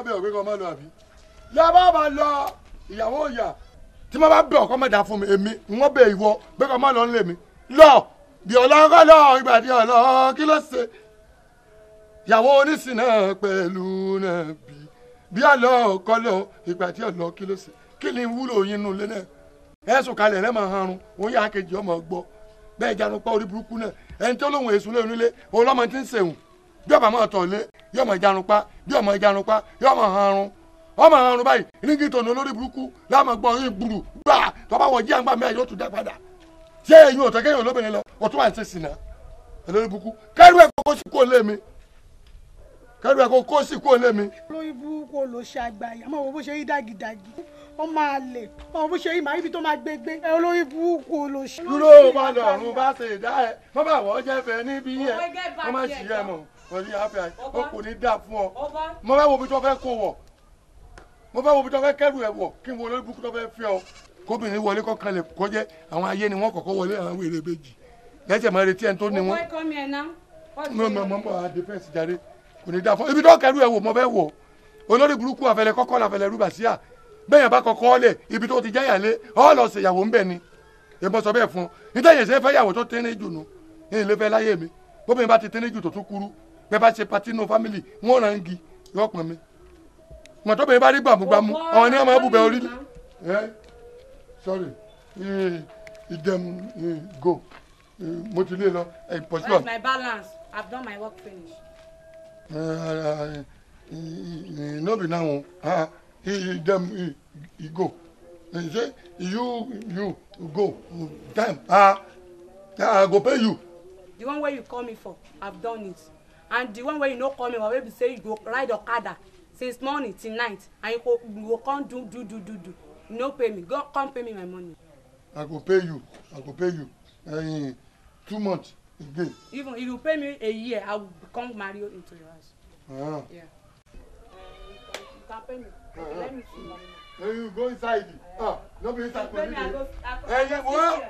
B: máa bẹ̀ ọ̀gbẹ́ kan máa lọ àbí yá bá lọ ìyàwó ìyà tí máa bá bẹ̀ ọ̀kọ́ máa dà fún mi èmi wọ́n bẹ̀ ìwọ bẹ́ kan máa lọ nílé mi lọ bí ọlọ́kọ́ lọ ìgbà tí ọ̀lọ́ kí ló ṣe ìyàwó oníṣìí náà pẹ̀lú náà bí bí ọlọ́kọ́ lọ ìgbà tí ọ̀lọ́ kí ló ṣe kí ni wúlò yín nulẹ̀ náà ẹ̀sùn kalẹ̀ rẹ̀ máa harun òun yà á kejì ọmọ gbọ́ bẹ́ẹ̀ jánu pa orí burúkú náà ẹni tó lóun èso lé onílé òun lọ́mọ ti ń sèwọ̀n bí ọba máa tàn lé yóò mọ ìjarun pa yóò mọ ìjarun pa yóò mọ ọrùn ọmọ ọrùn báyìí nígi tòun olórí burúkú láàmú gbọ́n yín gbùrù gbà tọ́ba wọ̀ jí àgbà mẹ́rin yóò tún dá padà ṣé èyí ò tẹ́ kéèyàn lóbìnrin lọ ó tún wà ní sísìn náà olórí burúkú kẹ́rù ẹ̀ kókó sí kó lé mi kẹ́rù ẹ̀ kókó sí kó lé mi. olórí burúkú
C: ló ṣe àgbàyà mọ̀ wọ́n bó ṣe yí dàgídàgí ó máa lè ọ̀hún bó ṣe yìí máa ibi tó máa gbégbé
A: ẹ
B: olórí burúkú ló ṣe. dúró balọ̀ ọ̀run bá ṣe dá ẹ mọ́ bá wọ́ jẹ́fẹ̀ẹ́ níbí ẹ wọ́n má ṣì yẹ mọ́ pẹ̀lú happy eye o kò ní dà fún ọ mo fẹ́ wo bí tó fẹ́ kó wọ̀ mo fẹ́ wo bí tó fẹ́ kẹ́rù ẹ̀ wọ̀ kí n wo lórí búkú tó fẹ́ fi ọ. kóbìnrin wọlé kọ́kan lè kó jẹ́ àwọn ayé ni wọ́n kọ́kọ́ wọlé àwọn wèrè méjì lẹ́sẹ̀ máa retí ẹni tó ní wọn. mo mọ mọ mọ àdéfẹ́sì jáde kò ní dà fún ibi tó kẹ́rù ẹ̀ wọ̀ mo fẹ́ wọ̀ olórí burúkú àfẹlẹ kọ́kọ́ làfẹlẹ rúbà síà bẹ́ẹ̀ yẹn bá kọ́kọ́ lẹ̀ ibi tó ti jẹ́yà lé ọ bóbi bá ti tẹ́rẹ́ jù tó tún kúrú bẹ bá ṣe pati nù fámìlì wọn ràn gi yọ pọn mi wọn bá rí gbàmúgbàmú àwọn ni wọn máa bù bẹ orí ẹ sorry ìdẹ̀mú go mo ti lé lọ pọ̀jù. where is
E: my balance i have done my work finish.
B: no be now o ah, ah. ìdẹ̀mú go ṣe you you go time ah i go pay you.
C: the one wey you call me for i have done it and the one wey you no call me or wey be say you go ride okada since morning till night and you go you go come do do do do do you no pay me go come pay me my money.
B: i go pay you i go pay you uh, two months again.
C: even if you pay me a year i will come marry you into your house. Uh ah. -huh. yeah. campaign. Uh, ah, ah. Let me see.
B: Then you go inside. Uh, ah, no be inside for me. Ẹyin wo?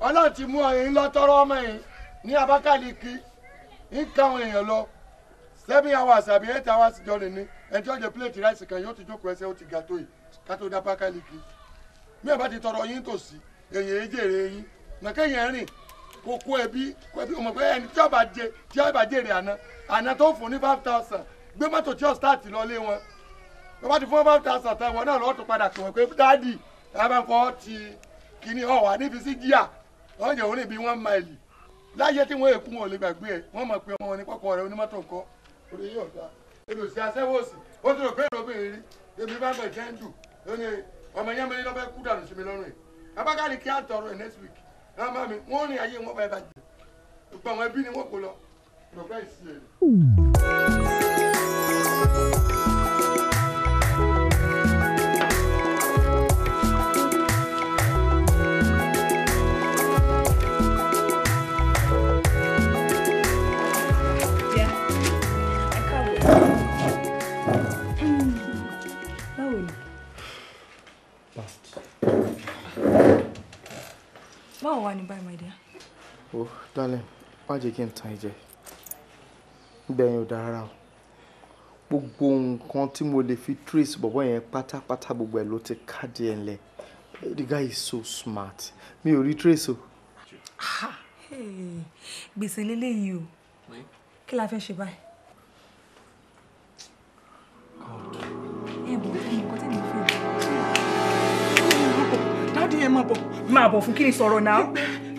B: Ọlọ́run ti mú ọyìn lọ tọrọ ọmọ yìí ní Abakaliki ń káwọn èèyàn lọ seven hours àbí eight hours journey ni ẹjọ́ jẹ plate rice kan yóò ti jókòó ẹsẹ̀ ó ti ga tó yìí ká tó dá pákálíkì mi ò bá ti tọrọ yín tòsí èèyàn èjèrè yín nàkẹ́yìn rìn kó kó ẹbí kó ẹbí ọmọ pé ẹni tí ọba jẹ tí ọba jèrè àná àná tó fún ní five thousand gbé mọ́tò tí ó start lọ lé wọn tó bá ti fún five thousand tán wọn náà lọ́ọ́ tó padà kàn wọ́n pé dáàdì ẹ bá ń fọ́ ti kíní ọ̀wà níbi sí díà wọ́n one mile láyé tí wọ́n èkú wọn ò lè gbàgbé ẹ̀ wọ́n mọ̀ pé ọmọ wọn ní kọ́kọ́ rẹ̀ onímọ́tò ńkọ́ orí yóò dá èmi ò ó ti rò pé ìrọ̀bìnrin rí èmi bá bẹ̀ jẹ́ lónìí ọmọ yẹn mi lọ́bẹ̀ kú dànù sí mi lọ́rùn yìí abákàlì kí á tọrọ ẹ̀ next week náà má mi wọ́n rìn ayé wọn bá ẹ bàjẹ́ gbogbo ẹbí ni wọ́n kó lọ ìrọ̀pẹ́
E: ìsìn èrè. báwo wà ní báyìí my dear.
C: Oh, darling má jẹ́ kí n tan ẹ jẹ gbẹ̀yìn ò dára o gbogbo nǹkan tí mo lè fi trace bọ̀bọ̀ yẹn pátápátá gbogbo ẹ̀ ló ti káàdì ẹ̀ lẹ̀ the guy is so smart mi ò rí trace o.
G: gbèsè lélẹ́yìí o
E: kí la fẹ́ ṣe báyìí.
C: ẹ bọ̀ ẹ nǹkan tí mo fi. dáàdi ẹ máa bọ̀ máa bọ̀ fún kí n sọ̀rọ̀ náà.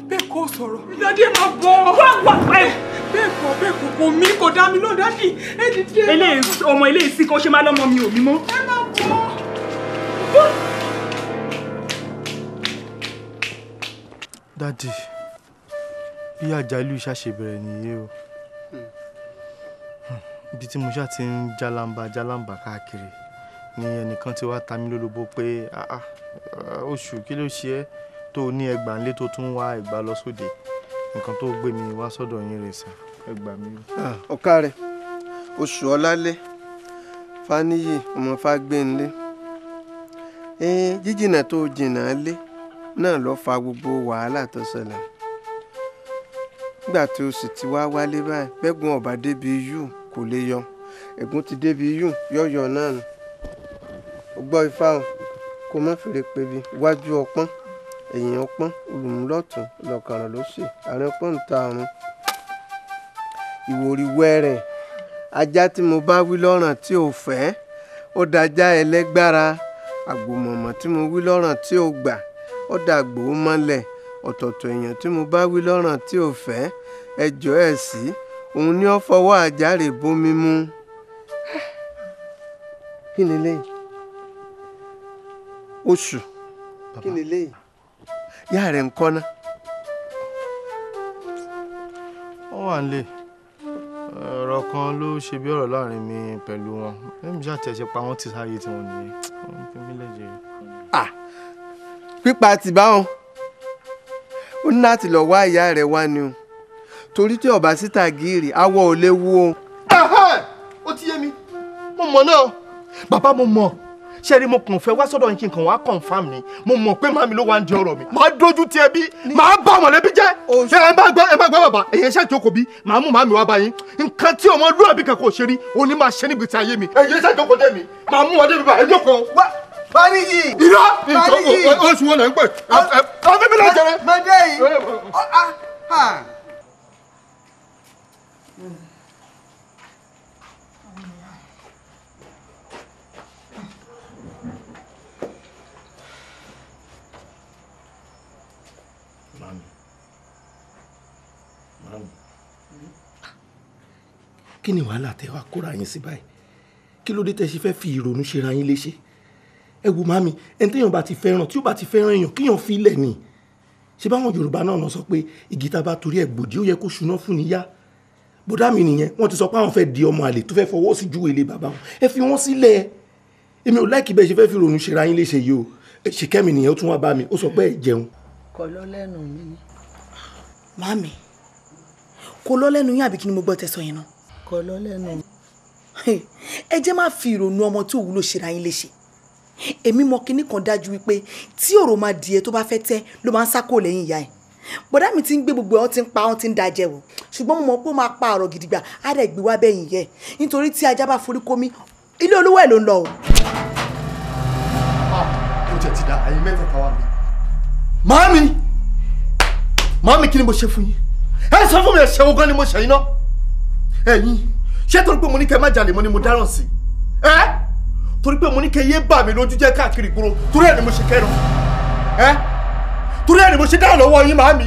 C: bẹ́ẹ̀ kò sọ̀rọ̀ dádì ẹ máa bọ̀. wá wá ẹ. bẹ́ẹ̀ kọ́ bẹ́ẹ̀ kọ́ kò mí kò dá mi lọ́dọ̀ dádì ẹ ti di ẹ. eléyìí ọmọ eléyìí sí kan ṣe máa lọ́mọ mi ò mí mọ́.
A: ẹ máa bọ̀.
C: dádì bí àjálù iṣẹ́ ṣe bẹ̀rẹ̀ nìyẹn o hmm, ibi tí mo ṣáà ti ń jalamba jalamba káàkiri ni ẹnìkan ti wá ta mí lólobó pé ah, ah, oṣù kí ló ṣe é tó ní ẹgbà ńlé tó tún wá ẹgbà lọ sóde nǹkan tó gbé mi wá sọ́dọ̀ yín rè sà ẹgbà mi.
A: Ah,
D: ọ̀ka rẹ̀ oṣù ọ̀làlẹ̀ faniyi ọmọ fagbẹ́nlé jíjìnà tó jìnà lé náà ló fa gbogbo wàhálà tó ṣẹlẹ̀ nígbà tó sì ti wá wálé báyìí bẹ́gùn ọ̀bà débi yù kò lè yọ ẹ̀gún ti débi yù yọ̀yọ̀ náà nù ó gbọ́ ifá o kó má fèrè pébi iwájú ọpọ́n ẹ̀yìn ọpọ́n olùmúlọ́tún lọ́kànràn lósì àárín ọpọ́n ń ta ọ̀run ìwòrì wẹ́rẹ̀ ajá tí mo bá wí lọ́ràn tí ò fẹ́ ó dájá ẹlẹ́gbára àgbòmọ̀mọ̀ tí mo wí lọ́ràn tí ò gbà ó dàgbò ó mọ́lẹ̀ ọ̀tọ̀ọ̀tọ̀ èèyàn tí mo bá wí lọ́ràn tí ò fẹ́ ẹjọ́ ẹ̀ sí òun ni ó fọwọ́ àjàrè bómi mú. kí ni lẹ́yìn oṣù kí ni lẹ́yìn yáàrẹ̀ ń kọ́ ná.
C: wọ́n wà nílé ọ̀rọ̀ kan ló ṣe bí ọ̀rọ̀ láàrin mi pẹ̀lú wọn ẹ̀mí ṣàtẹ̀ ṣe pa wọ́n ti sáyé tiwọn nìyẹn wọ́n fi mí lẹ́jẹ̀.
D: pípa ti báwọn ó ní láti lọ wá ìyá rẹ̀ wá ni o torí tí ọba síta gírì
C: awọ ò léwu o. ó ti yé mi mo mọ̀ náà bàbá mo mọ̀ ṣe rí mo kàn fẹ́ wá sọ́dọ̀ yín kí n kàn wá confam ni mo mọ̀ pé màmí ló wá ń di ọ̀rọ̀ mi màá dojú ti ẹbí màá bá mọ̀lẹ́bí jẹ́ ẹ má gbọ́ ẹ má gbọ́ bàbá ẹ̀yẹn ṣe àjòkò bí màá mú màmí wá
B: bá yín nǹkan tí ọmọ lúwà bí kankan ò ṣe rí òní máa ṣe níbi tí ayé mi ẹ̀yẹn ṣe àjòkò dé mi màá mú wọlé mi bá ẹjọ́ kan. Báníyì! Irọ́! Báníyì! Oṣù wọn náà ń pè. Afẹ́fẹ́ náà jẹrẹ. Mọ̀dé yìí.
F: kí ni wàhálà tẹ wá kóra yín sí báyìí kí ló dé tẹ ṣe fẹ́ fi ìrònú ṣe ra yín léṣe ẹ wù mami ẹni téèyàn bá ti fẹ́ràn tí ó bá ti fẹ́ràn èèyàn kíyàn fi ilẹ̀ ni ṣé báwọn yorùbá náà lọ sọ pé igi tá a bá torí ẹ̀ gbòdì ó yẹ kó ṣúná fún níyà bọ́dá mi nìyẹn wọ́n ti sọ pé àwọn fẹ́ di ọmọ àlè tó fẹ́ fọwọ́ sí ju ilé bàbá wọn ẹ fi wọ́n sílẹ̀ èmi ò láìkí bẹ́ẹ̀ ṣe fẹ́ fi rònú ṣe ra yín léṣe yìí o ṣìkẹ́mi nìyẹn ó tún wá bá mi ó sọ pé ẹ jẹun.
C: kò lọ lẹ́nu mami kò lọ lẹ́nu yín àbí kí ni mo gbọ́ tẹ yẹn náà kọ́ lọ lẹ́nu. ẹ jẹ́ má fi ìrònú ọmọ tí òwúlò ṣera yín léṣe èmi mọ kinní kan dájú wípé tí òrò máa di ẹ tó bá fẹ́ tẹ́ ló máa ń sá kó lẹ́yìn ìyá ẹ̀ bọ̀dá mi ti ń gbé gbogbo ẹ̀ wọ́n ti ń pa wọ́n ti ń dajẹ́ o ṣùgbọ́n mo mọ̀ pé ó máa pa ọ̀rọ̀ gidigba á dẹ̀ gbé wá bẹ́yìn yẹ nítorí tí ajá bá forí komi ilé olówó ló ń lọ o.
B: Ah, ó jẹ ti da àyè mẹ́tẹ̀ẹ̀ta wà mí. màámi
C: màámi kí ni mo ṣe fún yín ẹ sọ fún mi ẹ ṣe ogún ni mo ṣe yín náà ẹ̀yin ṣé torí pé mo ní kẹ́ má jalè mo ni mo dáràn sí ẹ́ torí pé
B: mo ní kẹ́ yé bà mí lójú jẹ́ káàkiri ìgboro torí ẹ̀ ni mo ṣe kẹ́ràn ẹ́ torí ẹ̀ ni mo ṣe dáhùn lọ́wọ́ yín màámi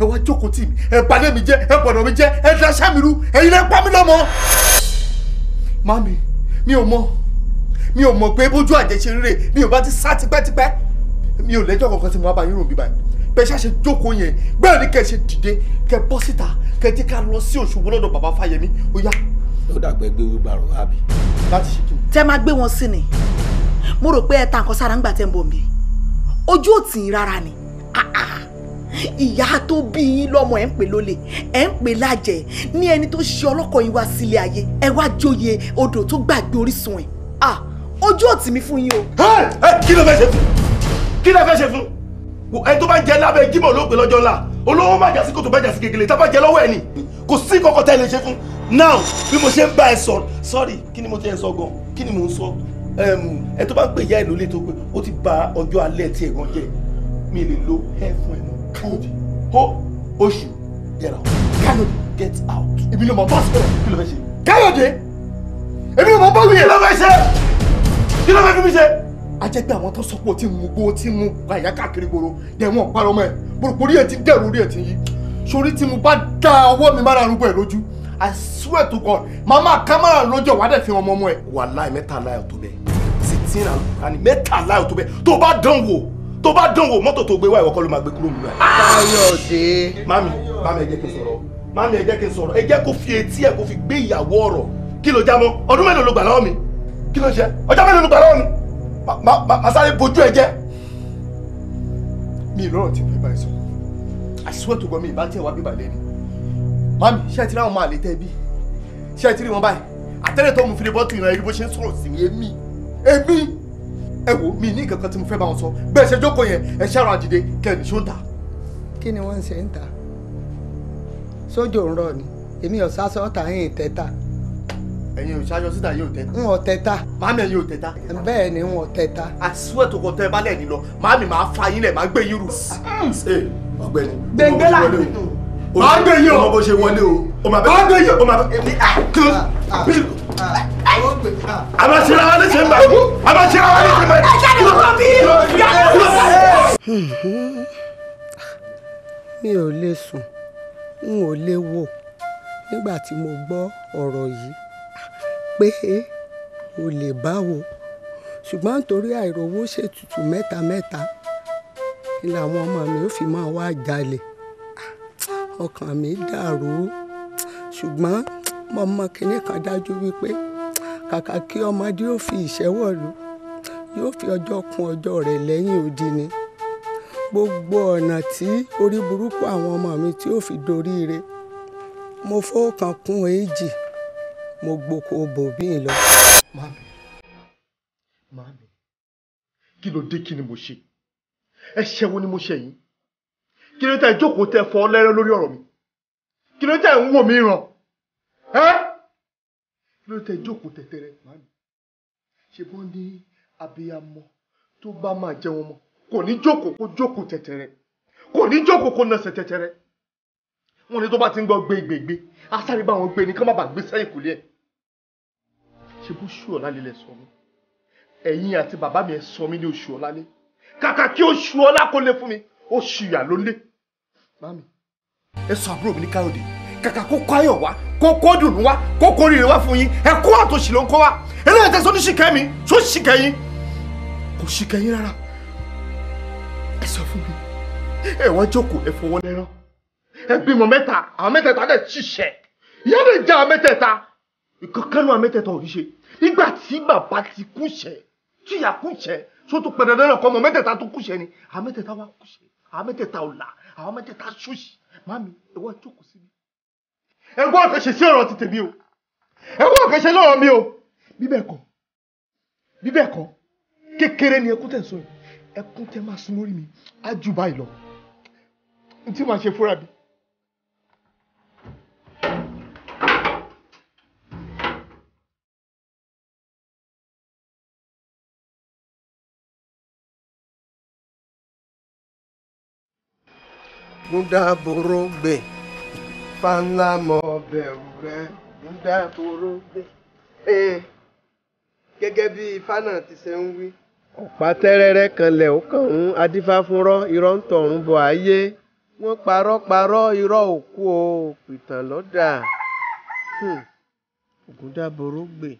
B: ẹ wá jókòó tì mí ẹ balẹ̀ mi jẹ́ ẹ gbọ̀dọ̀ mi jẹ́ ẹ daṣẹ́ mi rú ẹ̀yin lẹ́ pa mí lọ́mọ. màámi mi ò mọ mi ò mọ pé bójú àjẹṣe rere mi ò bá ti sá tipẹ́tipẹ́ mi ò lẹ́jọ́ kankan tí mo bá yín
C: rò bí báyìí bẹ́ẹ̀ ṣáṣe jókòó yẹn bẹ́ẹ̀ ni kẹ́ ṣe dìde kẹ́ bọ́ síta kẹjẹ ká lọ sí Òṣogbo lọ́dọ̀ bàbá Fáyẹmí ó yá.
F: ó dàgbẹ́ gbé wheelbarrow àbí. láti ṣe kí
C: ni. tẹ máa gbé wọn sí ni mo rò pé ẹ ta nǹkan sára ńgbà tẹ ń bọ̀ mi ojú ò tì í rárá ni ìyá tó bí yín lọ́mọ ẹ̀ ń pè lólè ẹ̀ ń pè lájẹ̀ ní ẹni tó ṣe ọlọ́kọ̀ yín wá sílé ayé ẹ wá jóye odò tó gbàgbé orísun ẹ̀ ah ojú ò tì fún yín o.
B: ẹ kí ló fẹ́ ṣe fún kí ló fẹ́ ṣe fún ẹ tó bá jẹ lábẹ́ gímọ̀ ló pè lọ́jọ́ ńlá olówó má jà sí kòtò bá jà sí gegele tá a bá jẹ lọ́wọ́ ẹ̀ ni kò sí kọ́kọ́ tẹ́ ẹ lè ṣe fún now bí mo ṣe ń bá ẹ sọ
C: sorry kí ni mo ti ẹ sọ gan kí ni mo ń sọ
B: ẹ tó bá ń pè ìyá ẹ lólè tó pé ó ti bà ọjọ́ alẹ́ tí ẹ̀ gan jẹ́ mi lè lo hair fún ẹ mọ́ ó oṣù get out káyọ̀dé get out ibi ló máa bá sọ̀rọ̀ kí ló fẹ́ ṣe káyọ̀dé èmi ò máa bá
C: wíyẹn ló fẹ́ ṣe
B: kí ló fẹ́ fi mi ṣe a jẹ́ pé àwọn tó sọ pé o ti mú gbó o ti mú àyà káàkiri gbòòrò dẹ̀ wọ́n parọ́ mọ́ ẹ̀ gbòòrò orí ẹ̀ ti dẹ̀rù orí ẹ̀ ti yí sórí tí mo bá da ọwọ́ mi mára arúgbó ẹ̀ lójú I swear to God màmá kámẹ́rà lọ́jọ́ wàá dẹ̀ fi ọmọ ọmọ ẹ̀. wàláì mẹ́ta láyọ̀ tó bẹ́ẹ̀ sixteen and mẹ́ta láyọ̀ tó bẹ́ẹ̀ tó bá dán wò tó bá dán wò mọ́tò tó gbé wá ìwọ kọ́ ló máa gbé kúrò nígbà. Káyọ̀dé. mami mami ẹ jẹ́ kí n sọ̀rọ̀ mami ẹ jẹ́ kí n sọ̀rọ̀ ẹ jẹ́ kó fi etí ẹ̀ kó fi gbé ìyàwó ọ̀rọ̀ kí ló já mọ́ ọdún ló gbà lọ́wọ́ mi kí ló ń ṣe ọjọ́ mélòó ló gbà lọ́wọ́ mi màá sáré bojú ẹ jẹ́
C: mi ìlọrọ ti fẹ́ báyìí sọ àṣìṣe tó gbọ́ mi ìbá tí ẹ wá bíbà lẹ́nu mami ṣé ẹ ti ráwọn máa lè tẹ́ bí ṣé ẹ ti rí wọn báyìí àtẹ́lẹ̀ tó mú fi lè bọ́ tìrìnà yìí bó ṣe ń sọ̀rọ̀ sí mi èmi èmi ẹ wò mí ní nǹkan kan tí mo fẹ́ bá wọn sọ bẹ́ẹ̀ ṣe jókòó yẹn ẹ ṣàrọ̀ àdìde kẹ́ni ṣó ń ta. kí ni wọ́n ń ṣe ń ta sójò ń rọ ni èmi ọ̀sá sọ́ọ̀tà yìí tẹ́ta ẹ̀yin ò ṣáájọ síta yóò tẹ́ta. n ò tẹ́ta. màámi ẹ̀yin ò tẹ́ta. bẹ́ẹ̀ ni n ò tẹ́ta. àṣìwẹ̀ tó kọ tẹ́ ẹ bá lẹ̀ ní lọ màámi máa fa yín lẹ̀ máa gbé yín rù. Mm. ọ̀gbẹ́ni gbẹ̀ngbẹ́ la máa gbé yín o. ọmọ bó ṣe wọlé o. máa
A: gbé yín o. àbàṣẹ́ra ah, ah, ah, wa lè ṣe ń bá yín. àbàṣẹ́ra wa lè ṣe ń bá yín. ẹ̀ka ni mo bí yàtọ̀
C: mi ò lè sùn n ò lè wò nígbà tí mo gbọ́ ọ̀rọ̀ yìí pé o lè báwo ṣùgbọ́n nítorí àìrówó ṣètùtù mẹ́ta mẹ́ta ni làwọn ọmọ mi ò fi máa wá jalè ọkàn mi dàrú ṣùgbọ́n mo mọ kinní kan dájú wípé kàkà kí ọmọdé ó fi ìṣẹ́wọ̀ lù yóò fi ọjọ́ kún ọjọ́ rẹ̀ lẹ́yìn odi ni gbogbo ọ̀nà tí orí burúkú àwọn ọmọ mi tí ó fi dorí rẹ̀ mo fọwọ́
F: kan kún èjì. E mo gboko bò bí lọ. Màmí, màmí, kí ló dé kí ni mo ṣe? Ẹ̀ṣẹ̀ wo ni mo ṣe
H: yìí? Kí ló tẹ̀ jókòó tẹ fọ́ lẹ́rẹ́ lórí ọ̀rọ̀ mi? Kí ló tẹ̀ ń wò mí ràn? Ẹ́ kí ló tẹ̀ jókòó tẹ̀tẹ̀rẹ̀ màmí? Ṣé bọ́n ní abiyamọ tó bá máa jẹun ọmọ? Kò ní jókòó kó jókòó tẹ̀tẹ̀rẹ̀. Kò ní jókòó kó nọsẹ̀ tẹ̀tẹ̀rẹ̀. Wọ́n ní tó bá ti ń gbọ́ gbégbégbé, á sáré bá wọn gbé ni ká má bàa gbé sẹ́yìn kúlẹ̀ ṣe bó ṣù ọ̀lálẹ́ lẹ sọ mí ẹ̀yin àti bàbá mi ẹ sọ mí ní oṣù ọ̀lálẹ́ kàkà kí oṣù ọ̀lá kó lé fún mi
C: oṣù ìyà ló lé mami ẹ sọ àbúrò mi ní káyọ̀dé kàkà kó kó ayọ̀ wá kó kó dùnú wá kó kó rírẹ wá fún yín ẹ kó àtòṣì ló ń kó wá eléyìí tẹ sọ ní ṣìkẹ́ mi ṣó ṣìkẹ́ yín kò ṣìkẹ́ yín rárá ẹ sọ fún mi ẹ wá jókòó ẹ fọwọ́ lẹ́rán ẹ bímọ mẹ́ta àwọn mẹ́tẹ̀ẹ̀ta dẹ̀ ṣiṣẹ́
H: ìyá lè jẹ́ àwọn mẹ́tẹ̀ẹ̀ta ìkankan náà mẹ́tẹ̀ẹ̀ta ò ìgbà tí bàbá ti
F: kúṣẹ̀ tíyà kúṣẹ̀ tó tó pẹ̀lẹ́ lọ́nà kọ́ ọmọ mẹ́tẹ̀ẹ̀ta tó kúṣẹ̀ ni àwọn mẹ́tẹ̀ẹ̀ta wá kúṣẹ̀ àwọn mẹ́tẹ̀ẹ̀ta ò là àwọn mẹ́tẹ̀ẹ̀ta ṣùṣì mami ẹ̀wọ́ ìjókòó sí mi. ẹ̀gbọ́n ọ̀kẹ́ṣe sí ọ̀rọ̀ ti tèmi o ẹ̀gbọ́n ọ̀kẹ́ṣe lọ́rọ̀ mi o bíbẹ̀ kọ́
G: bíbẹ̀ kọ́ kékeré ni ẹkún tẹ̀ sọ ẹkún tẹ̀ máa sun lórí mi á ju báyìí lọ ntí màá ṣe fúnra bíi
A: gúndáborógbè fáńlámọ̀
D: bẹ̀rù rẹ gúndáborógbè. gẹ́gẹ́ bí ifá ti ṣe ń wí. ọ̀pá tẹ́rẹ́rẹ́ kanlẹ̀ ó kàn ń adífáfúnrọ́ irọ́ ń tọ̀run bọ̀ ayé wọ́n parọ́ parọ́ irọ́ òkú o pìtàn lọ́dà hmm, gúndáborógbè.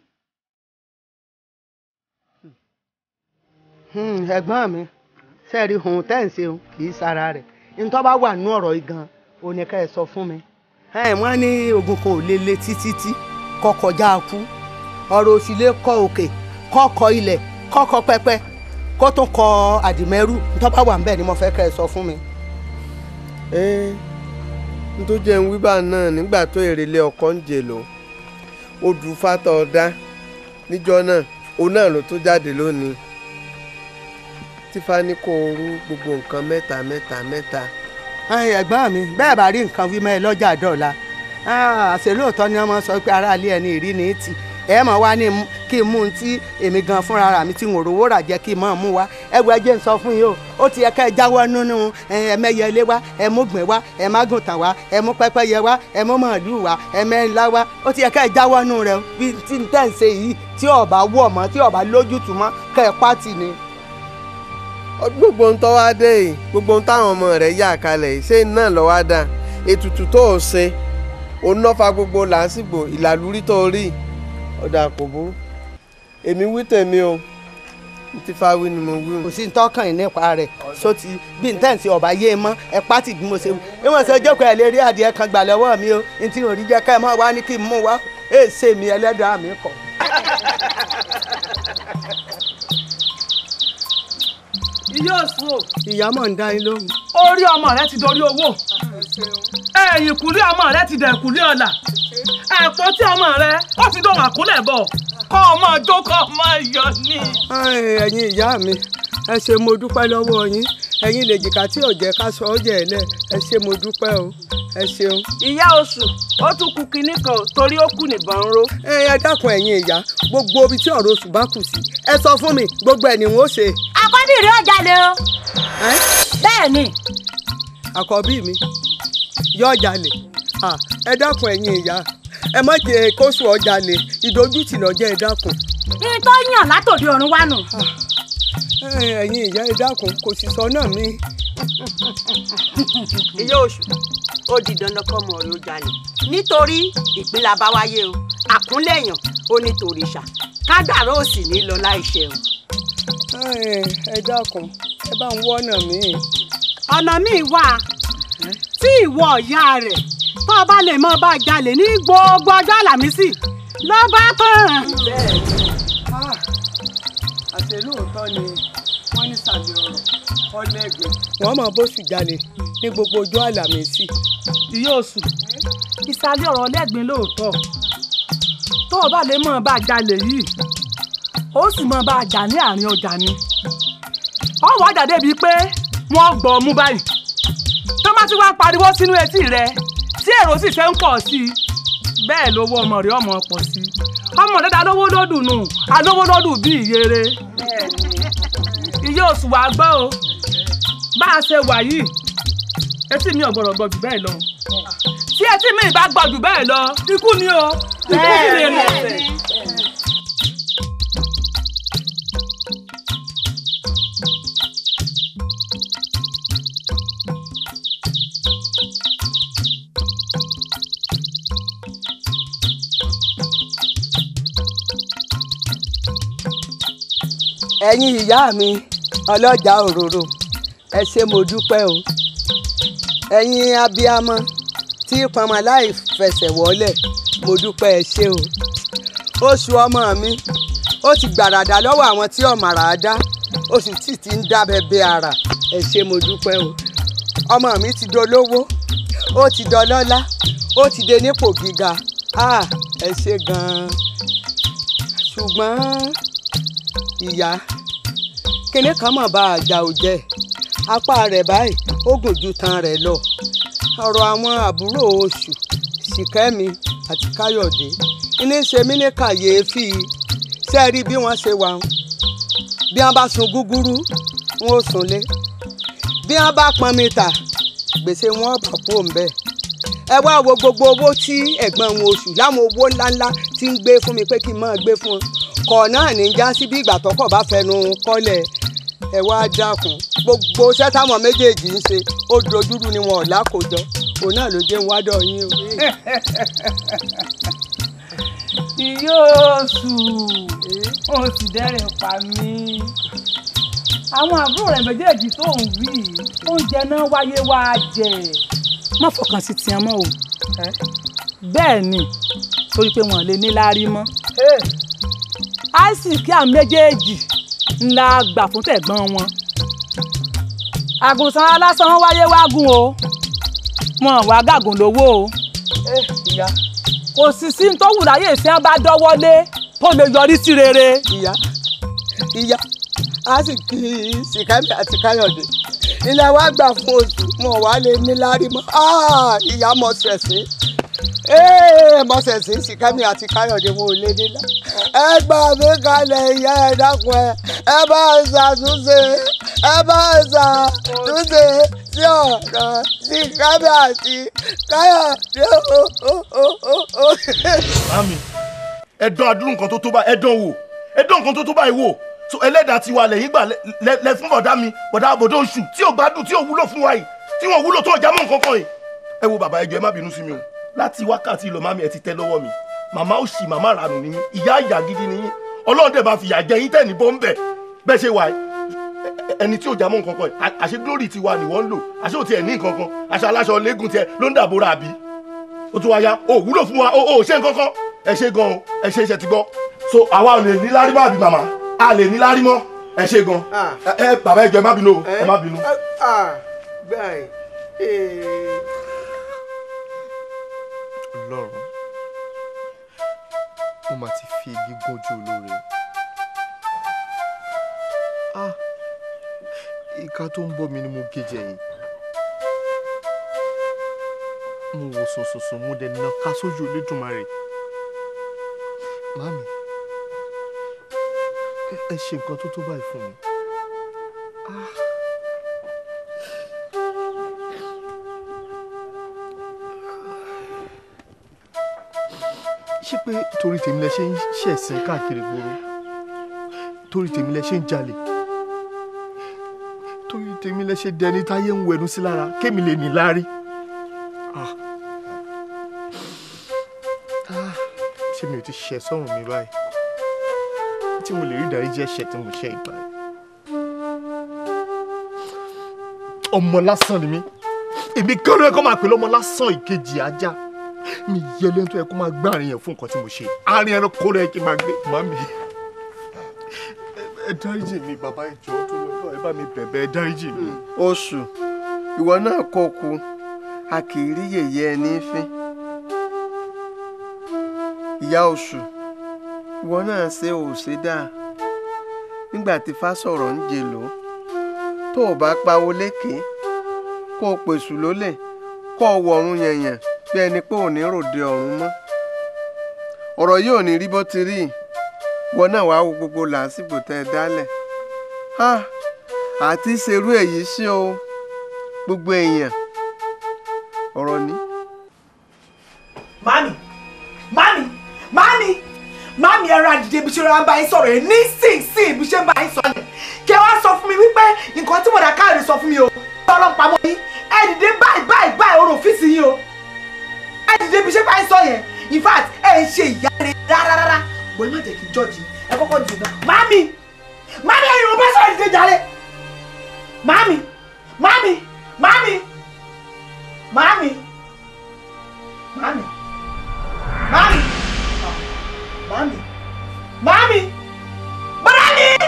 G: Hmm, ẹ̀gbọ́n mi ṣe é rí ohun tẹ́ ń ṣe kì í sara rẹ̀. ntọ́ bá wà nú ọ̀rọ̀ igan òní ká ẹ sọ fún mi.
C: wọ́n ní ogun kò lè le títí tí kọkọjá kú ọ̀rọ̀ òsì lè kọ òkè kọkọ ilẹ̀ kọkọ pẹpẹ kó tó kọ àdìmẹ́rù ntọ́ bá wà ń bẹ̀ ni mo fẹ́ ká ẹ sọ fún mi. ẹ n tó jẹun wíwá náà nígbà tó èrèlé
D: ọkọ ń jè lò ó ọ̀dá níjọ náà òun náà ló tó jáde lónìí tífání kò rú gbogbo nǹkan mẹ́ta
C: mẹ́ta mẹ́ta. ẹ̀gbọ́n mi bẹ́ẹ̀ bá rí nǹkan wí ẹ lọ́jà dọ̀la àṣẹ ni wọ́n sọ pé aráalé ẹni ìrí ni tì ẹ mọ̀ wá ní kí n mú un tí èmi gan fúnra rà mí tí n ò rówó jẹ́ kí n mọ̀ mú wa ẹ wo ẹjẹ́ ń sọ fún yín o ó ti yẹ ká ẹ jáwọ́ nínú ẹ mẹ́yẹlé wa ẹ mú gbìn wa ẹ má gùn tàn wa ẹ mú pẹ́pẹ́yẹ wa ẹ mú màálù wa ẹ mẹ́ńlá wa ó ti yẹ ká ẹ jáwọ́ nínú rẹ bí tí n tẹ̀ ń ṣe yìí tí ó wọ̀ mọ́ tí ó bá kẹ́ ẹ pátì ni gbogbo ń tọ́ wá dé yìí gbogbo ń
D: táwọn ọmọ rẹ̀ yà kalẹ̀ yìí ṣé náà lọ́ wá dà ètùtù tó o ṣe òun náà fa gbogbo làásìgbò ìlàlúrí tó rí ọ̀dà kò burú èmi wí tèmi
C: o ti fa wí ni mo wí o. kò sí tọkàn yìí nípa rẹ̀ so ti bí ntẹ́ǹsì ọ̀bá yé mọ́ ẹ pátì bí mo ṣe wù ẹ wọ́n jókòó ẹ̀ lè rí adìẹ kan gbà lọ́wọ́ mi o ntí òrí jẹ́ ká ẹ mọ́ wá ní kí n mú wá èsè mi ẹlẹ́dàá mi kọ̀. àbí yóò sùn o. ìyá mọ̀ ń dá yín lóhùn. orí ọmọ rẹ ti dorí owó ẹ̀yìn kúlé ọmọ rẹ ti dẹ̀ kúlé ọ̀la ẹ̀pọ̀ tí ọmọ rẹ ó ti dóhùn àkúlẹ̀ bọ̀ kọ́ ọmọ jókòó ọmọ yọ ni. ẹ̀yin ìyá mi ẹ ṣe mo dúpẹ́ lọ́wọ́ yín ẹ̀yin lè jìkà tí ò jẹ́ ká sọ ọ́ jẹ́ ẹ̀lẹ́ ẹ ṣé mo dúpẹ́ o ẹ ṣeun. ìyá oṣù ó tún ku kinní kan torí ó kù nìbọn ró. ẹ ẹ dákun ẹ̀yin ìyá gbogbo omi tí ọ̀rọ̀ oṣù bá kù sí ẹ sọ fún mi gbogbo ẹ̀ ni wọ́n ṣe. àkọ́bí rẹ̀ ọjà lè o. bẹ́ẹ̀ ni. àkọ́bí mi yọ ọjà lè ẹ dákun ẹ̀yin ìyá ẹ má jẹ́ kóṣù ọjà lè ìdójútì lọ́jọ́ ẹ dákun. ní tó yàn látòdì ọ̀run wá nù. Eh, ẹ̀yin ìyá ẹ dákun kò sì sọ náà mi. ìyá oṣù ó di dandan kọ́ ọmọ rẹ̀ ó jalè nítorí ìpínlẹ̀ abáwáyé o àkúnlẹ̀yàn ó ní tòrìṣà kádàrá ò sì ní lọ láì ṣẹun. Eh, ẹ dákun ẹ bá ń wọ́nà mi. ọ̀nà míì wà tí ìwọ ọ̀yá rẹ̀ tó o bá lè mọ bá jalè ní gbogbo ọjọ́ àlàmísì ló bá tán.
A: bẹ́ẹ̀ ni. Ah
C: ṣe lóòótọ́ ni wọ́n ní sàmì ọ̀rọ̀ ọlẹ́gbẹ̀ẹ́. wọ́n mọ̀ bó sì jalè ní gbogbo ojú àlàmísì. ìyá oṣù ìsàlẹ̀ ọ̀rọ̀ ọlẹ́gbẹ̀ẹ́ lóòótọ́ tó o bá lè mọ̀ bá a jalè yìí ó sì mọ̀ bá a jà ní àárín ọjà ni. ó wàá dàdé bíi pé wọ́n gbọ́ ọmú báyìí tó má ti wá pariwo sínú etí rẹ tí èrò sì fẹ́ ń pọ̀ sí i bẹ́ẹ̀ lówó ọmọ rẹ ọmọ pọ̀ sí i ọmọ dáadáa lówó lódùn nù alówó lódùn bí ìyere iye oṣù wa gbọ́ o bá a ṣe wà yìí etí mi ò gbọ́dọ̀ gbọ́ jù bẹ́ẹ̀ lọ tí etí mi bá gbọ́ jù bẹ́ẹ̀ lọ ikú ni o
A: ikú sì lè lọ.
C: ẹ̀yin ìyá mi ọlọ́jà òróró ẹ ṣé mo dúpẹ́ o ẹ̀yin abiyamọ tí pamọ láì fẹsẹ̀ wọlé mo dúpẹ́ ẹ ṣé o oṣù ọmọ mi ó ti gbàràdà lọ́wọ́ àwọn tí ọ̀màrà dá oṣù tí ti ń dábẹ́ bẹ́ ara ẹ ṣé mo dúpẹ́ o ọmọ mi ti dolówó ó ti dọlọ́lá ó ti dé nípò gíga ah ẹ ṣé gan-an ṣùgbọ́n ìyá kíní kan mọ̀ bá àjà ò jẹ apá rẹ̀ báyìí ó gùn ju tan rẹ̀ lọ ọ̀rọ̀ àwọn àbúrò oṣù ṣìkẹ́mi àti káyọ̀dé ní ṣe mí ní kàyééfì sẹ́ẹ̀rí bí wọ́n ṣe wà bí wọ́n bá sun gúgúrú wọn ò sunlé bí wọ́n bá pọn mi tà gbèsè wọn bà kú òǹbẹ ẹ wá wo gbogbo owó tí ẹ̀gbọ́n wọn oṣù láwọn owó ńláńlá ti ń gbé fún mi pé kí n máa gbé fún wọn ọkọ̀ náà ní já sí bí ìgbà tọkọ̀ bá fẹnu kọ́lẹ̀ ẹ wá dákun gbogbo sẹ́tàmọ̀ méjèèjì ń ṣe ó dojúrú ni wọn ò lákòjọ òun náà ló jẹ́ ń wádọ̀ yín o.
A: ìyóòsù ó sì dẹ́rẹ̀
C: pa mí àwọn àbúrò rẹ̀ méjèèjì tó ń wí oúnjẹ náà wáyé wá jẹ. má fọkàn sí tiẹ̀ mọ́ o bẹ́ẹ̀ ni torí pé wọ́n lè ní láárí mọ́ àìsíkí àwọn méjèèjì ńlá gbà fún tẹ̀gbọ́n wọn àgùntàn alásán wáyé wágùn o wọn wá gàgùn lówó o kò sì sí tó wù láyé ìsìn bá dọ́wọ́ lé tó lè yọrí sí rere. ìyá ìyá a sì kí sìkámi àti káyọ̀dé ilé wa gbà fún oṣù wọn wá lè ní lárí mọ́ ah, ìyá mọ̀ stress mọ̀sẹ̀ sí sìkẹ́mi àti káyọ̀dé wọn ò lé nílá ẹ gbà mí kalẹ̀ ìyá ẹ dákun ẹ ẹ bá ń ṣàtúnṣe ẹ bá ń ṣàtúnṣe sí
B: ọ̀rọ̀ sìkẹ́mi àti káyọ̀dé o. mami ẹ dán adúrú nǹkan tó tó bá ẹ dán wò ẹ dán nǹkan tó tó báyìí wò so ẹlẹ́dàá ti wà lẹ́yìn gbà lẹ fún bọ̀dá mi bọ̀dá bọ̀dá oṣù tí ò gbádùn tí ò wúlò fún wa yìí tí wọn wúlò tó ọjà mọ́ nǹkan kan yìí ẹ wo bàbá ẹ jọ̀ọ́ ẹ má bínú sí mi o láti wákàtí lọ mami ẹ ti tẹ́ lọ́wọ́ mi màmá òṣì màmá rànù nìyí ìyá ìyá gidi nìyí ọlọ́run dẹ̀ bá fi ìyà jẹ yín tẹ̀ ní bọ́ńbẹ̀ bẹ́ẹ̀ ṣe wà ẹni tí ò já mọ́ nǹkan kan àṣẹ glory ti wa ni wọ́n ń lò àṣẹ ò tiẹ̀ ní nǹkan kan àṣẹ aláṣọ lẹ́gùn tiẹ̀ ló ń dàbòrà àbí ó tún wá ya ó wúlò fún wa ó ṣe nǹkan kan ẹ ṣe gan o ẹ ṣe iṣẹ́ ti gbọ́ so àwa ò lè ní lárí mọ́ àbí màmá a lè ní lárí mọ́ ẹ ṣe gan ah. ẹ bàbá ẹ jọ̀ọ́ ẹ má bínú eh? ẹ má bínú.
D: Ah,
C: ọlọ́run mo mà ti fi igi gúnjú olóore ah ìka tó ń bọ́ mi ni mo gé jẹ yìí mo wò sùnsùnsùn mo dẹ̀ nà ká sójú Olódùmarè
A: màámi ẹ
D: ṣe nǹkan tó tó báyìí fún mi ah.
C: ṣé pé torí tèmi lẹ ṣe ń ṣẹ̀sìn káàkiri gbòòrò torí tèmi lẹ ṣe ń jalè torí tèmi lẹ ṣe dẹni táyé ń wẹnu sí lára kémi lè ní láárí. Ah. Ah. ṣé mi ò ti ṣẹ̀ sọ́run mi báyìí tí mo lè rí ìdáríjì ẹ̀ṣẹ̀ tí mo ṣe ìgbà yìí. ọmọ lásán ni mí èmi kọ́ ló yẹ kó máa pè lọ́mọ lásán ìkejì ajá mi yẹ lẹ́nu tó yẹ kó
B: máa gbá àárín yẹn fún nǹkan tí mo ṣe àárín ẹran kó rẹ kí n máa gbé. màmí ẹ dáríjì mi bàbá ìjọ tó lọ ẹ bá mi bẹ̀bẹ̀ ẹ dáríjì mi. Hmm. oṣù
D: ìwọ náà kọ ku a kì í rí yèyé ẹni fín ìyá oṣù ìwọ náà ṣe ò ṣe dáa nígbà tí fásọ̀rọ̀ ń jẹ lò tó o bá pawó lékè kó o pèsè lólè kó o wọ̀run yẹ̀yẹ̀ bí ẹni pé òní ròde ọ̀run mọ́ ọ̀rọ̀ yìí ò ní rí bó ti rí wọn náà wàá wo gbogbo làásìgbò tẹ́ ẹ dálẹ̀ àti ṣerú èyí sí o gbogbo
C: èèyàn ọ̀rọ̀ ni. mami mami mami mami ẹran àdìdì ibi ṣe ra bá yín sọ̀rọ̀ yìí nísinsìnyí ibi ṣe ń bá yín sọ̀rọ̀ kí ẹ wá sọ fún mi wípé nǹkan tí mo dà káàrí sọ fún mi o ọlọ́pàá mọ́ yín ẹ dìde báyìí báyìí báyìí orò fíìsì yín o ti débi ṣé báyìí sọ yẹn in fact ẹ ń ṣe ìyá rẹ rárá bọ̀ ẹ má jẹ́ kí n jọ́ọ̀jì ẹ kọ́kọ́ dìde náà mami mami ẹ̀yin ò bá sọ̀rọ̀ ìdíje jàre mami mami mami mami mami mami mami mami bọ́dá mi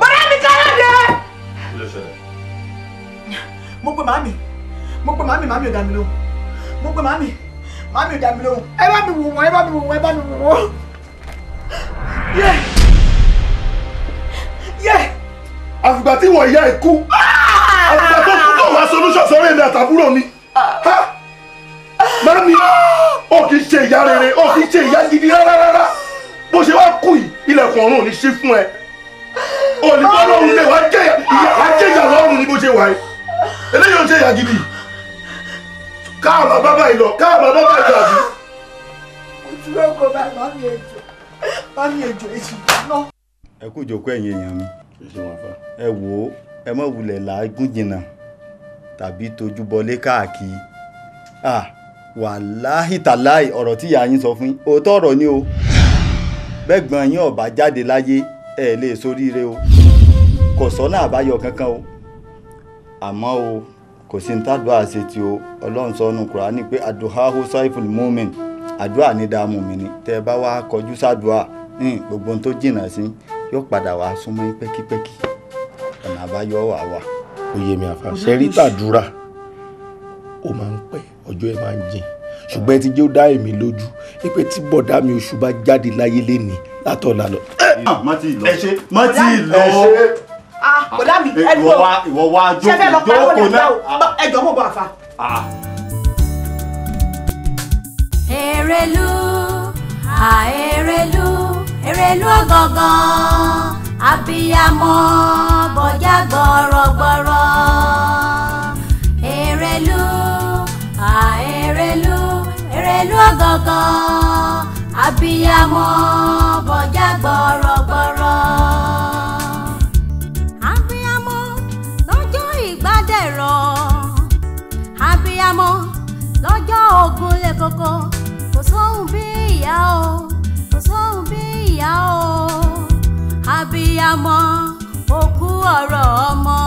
C: bọ́dá
B: mi káyọ̀dé.
C: mo pe mami mo pe mami mami ò dá mi lóhùn mo pe mami mami ò dá mi lóhùn ẹ bá mi wò wọ́n ẹ bá mi wò wọ́n ẹ bá mi wò wọ́n. yẹ
B: yẹ. àfìgbà tí wọ́n ìyá ẹ̀ kú àfìgbà tó kú tó wá solution sọ́rọ́ èmi àtàbúrò ni mami ó kì í ṣe ìyá rere ó kì í ṣe ìyá gidi rárá rárá bó ṣe wá kú yìí ilẹ̀kùn ọ̀run ò ní ṣí fún ẹ
F: olùkọ́ lóhùn lè wá jẹ́ ìyá
B: lọ́rùn ni bó ṣe wà yìí eléyìí ò ṣe ìyá gidi yìí. káàmà bàbá ìlọ káàmà bàbá ìlọ àbí.
C: ojúlógo bá mọ́mí ejò mọ́mí ejò èsì náà. ẹ kú ìjókòó ẹ̀yin èèyàn mi ẹ wò ó ẹ má wulẹ̀ làágùn tabi toju tójú kaaki? káàkiri wàláhì tàláì ọ̀rọ̀ tí ìyá yín sọ fún o òótọ́ ni o bẹ́gbọ́n yín ọ̀bá jáde láyé ẹ lè o kò sọ́nà àbáyọ kankan o àmọ́ o kò sí ní tàdúrà ṣe tí o ọlọ́run sọnù kùránì pé àdùháhù sáìfùl mọ́mìn àdúrà ní dààmú mi ni tẹ́ ẹ bá wá kọjú sàdúrà ní gbogbo ohun tó jìnnà sí yóò padà wá súnmọ́ pẹ́kípẹ́kí ọ̀nà àbáyọ wà wà.
F: oyè mi àfa sẹ́rí tàdúrà ó máa ń pẹ́ ọjọ́ ẹ máa ń jìn ṣùgbọ́n ẹ ti jẹ́ ó dá èmi lójú pé tí bọ̀dá mi oṣù bá jáde láyé lénìí látọ̀ lálọ́.
C: ẹ ṣe má ti lọ bọ̀dá mi ẹ dúró ìwọ wa jókòó jókòó náà ẹ jọ mọ̀ bọ̀ àfa. Èrèlú
E: àèrèlú Èrèlú ọ̀gọ̀ngàn abiyamọ bọjá gbọrọgbọrọ
A: Èrèlú
E: àèrèlú Èrèlú ọ̀gọ̀ngàn abiyamọ bọjá gbọrọ. kókó kò sóhun bí ìyá o kò sóhun bí ìyá abiyamọ òkú ọ̀rọ̀ ọmọ.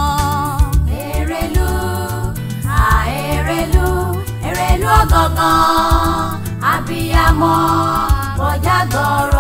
E: Èrèlú àèrèlú Èrèlú ọ̀gọ̀gàn abiyamọ
A: bọ̀já gọ̀ọ̀rọ̀.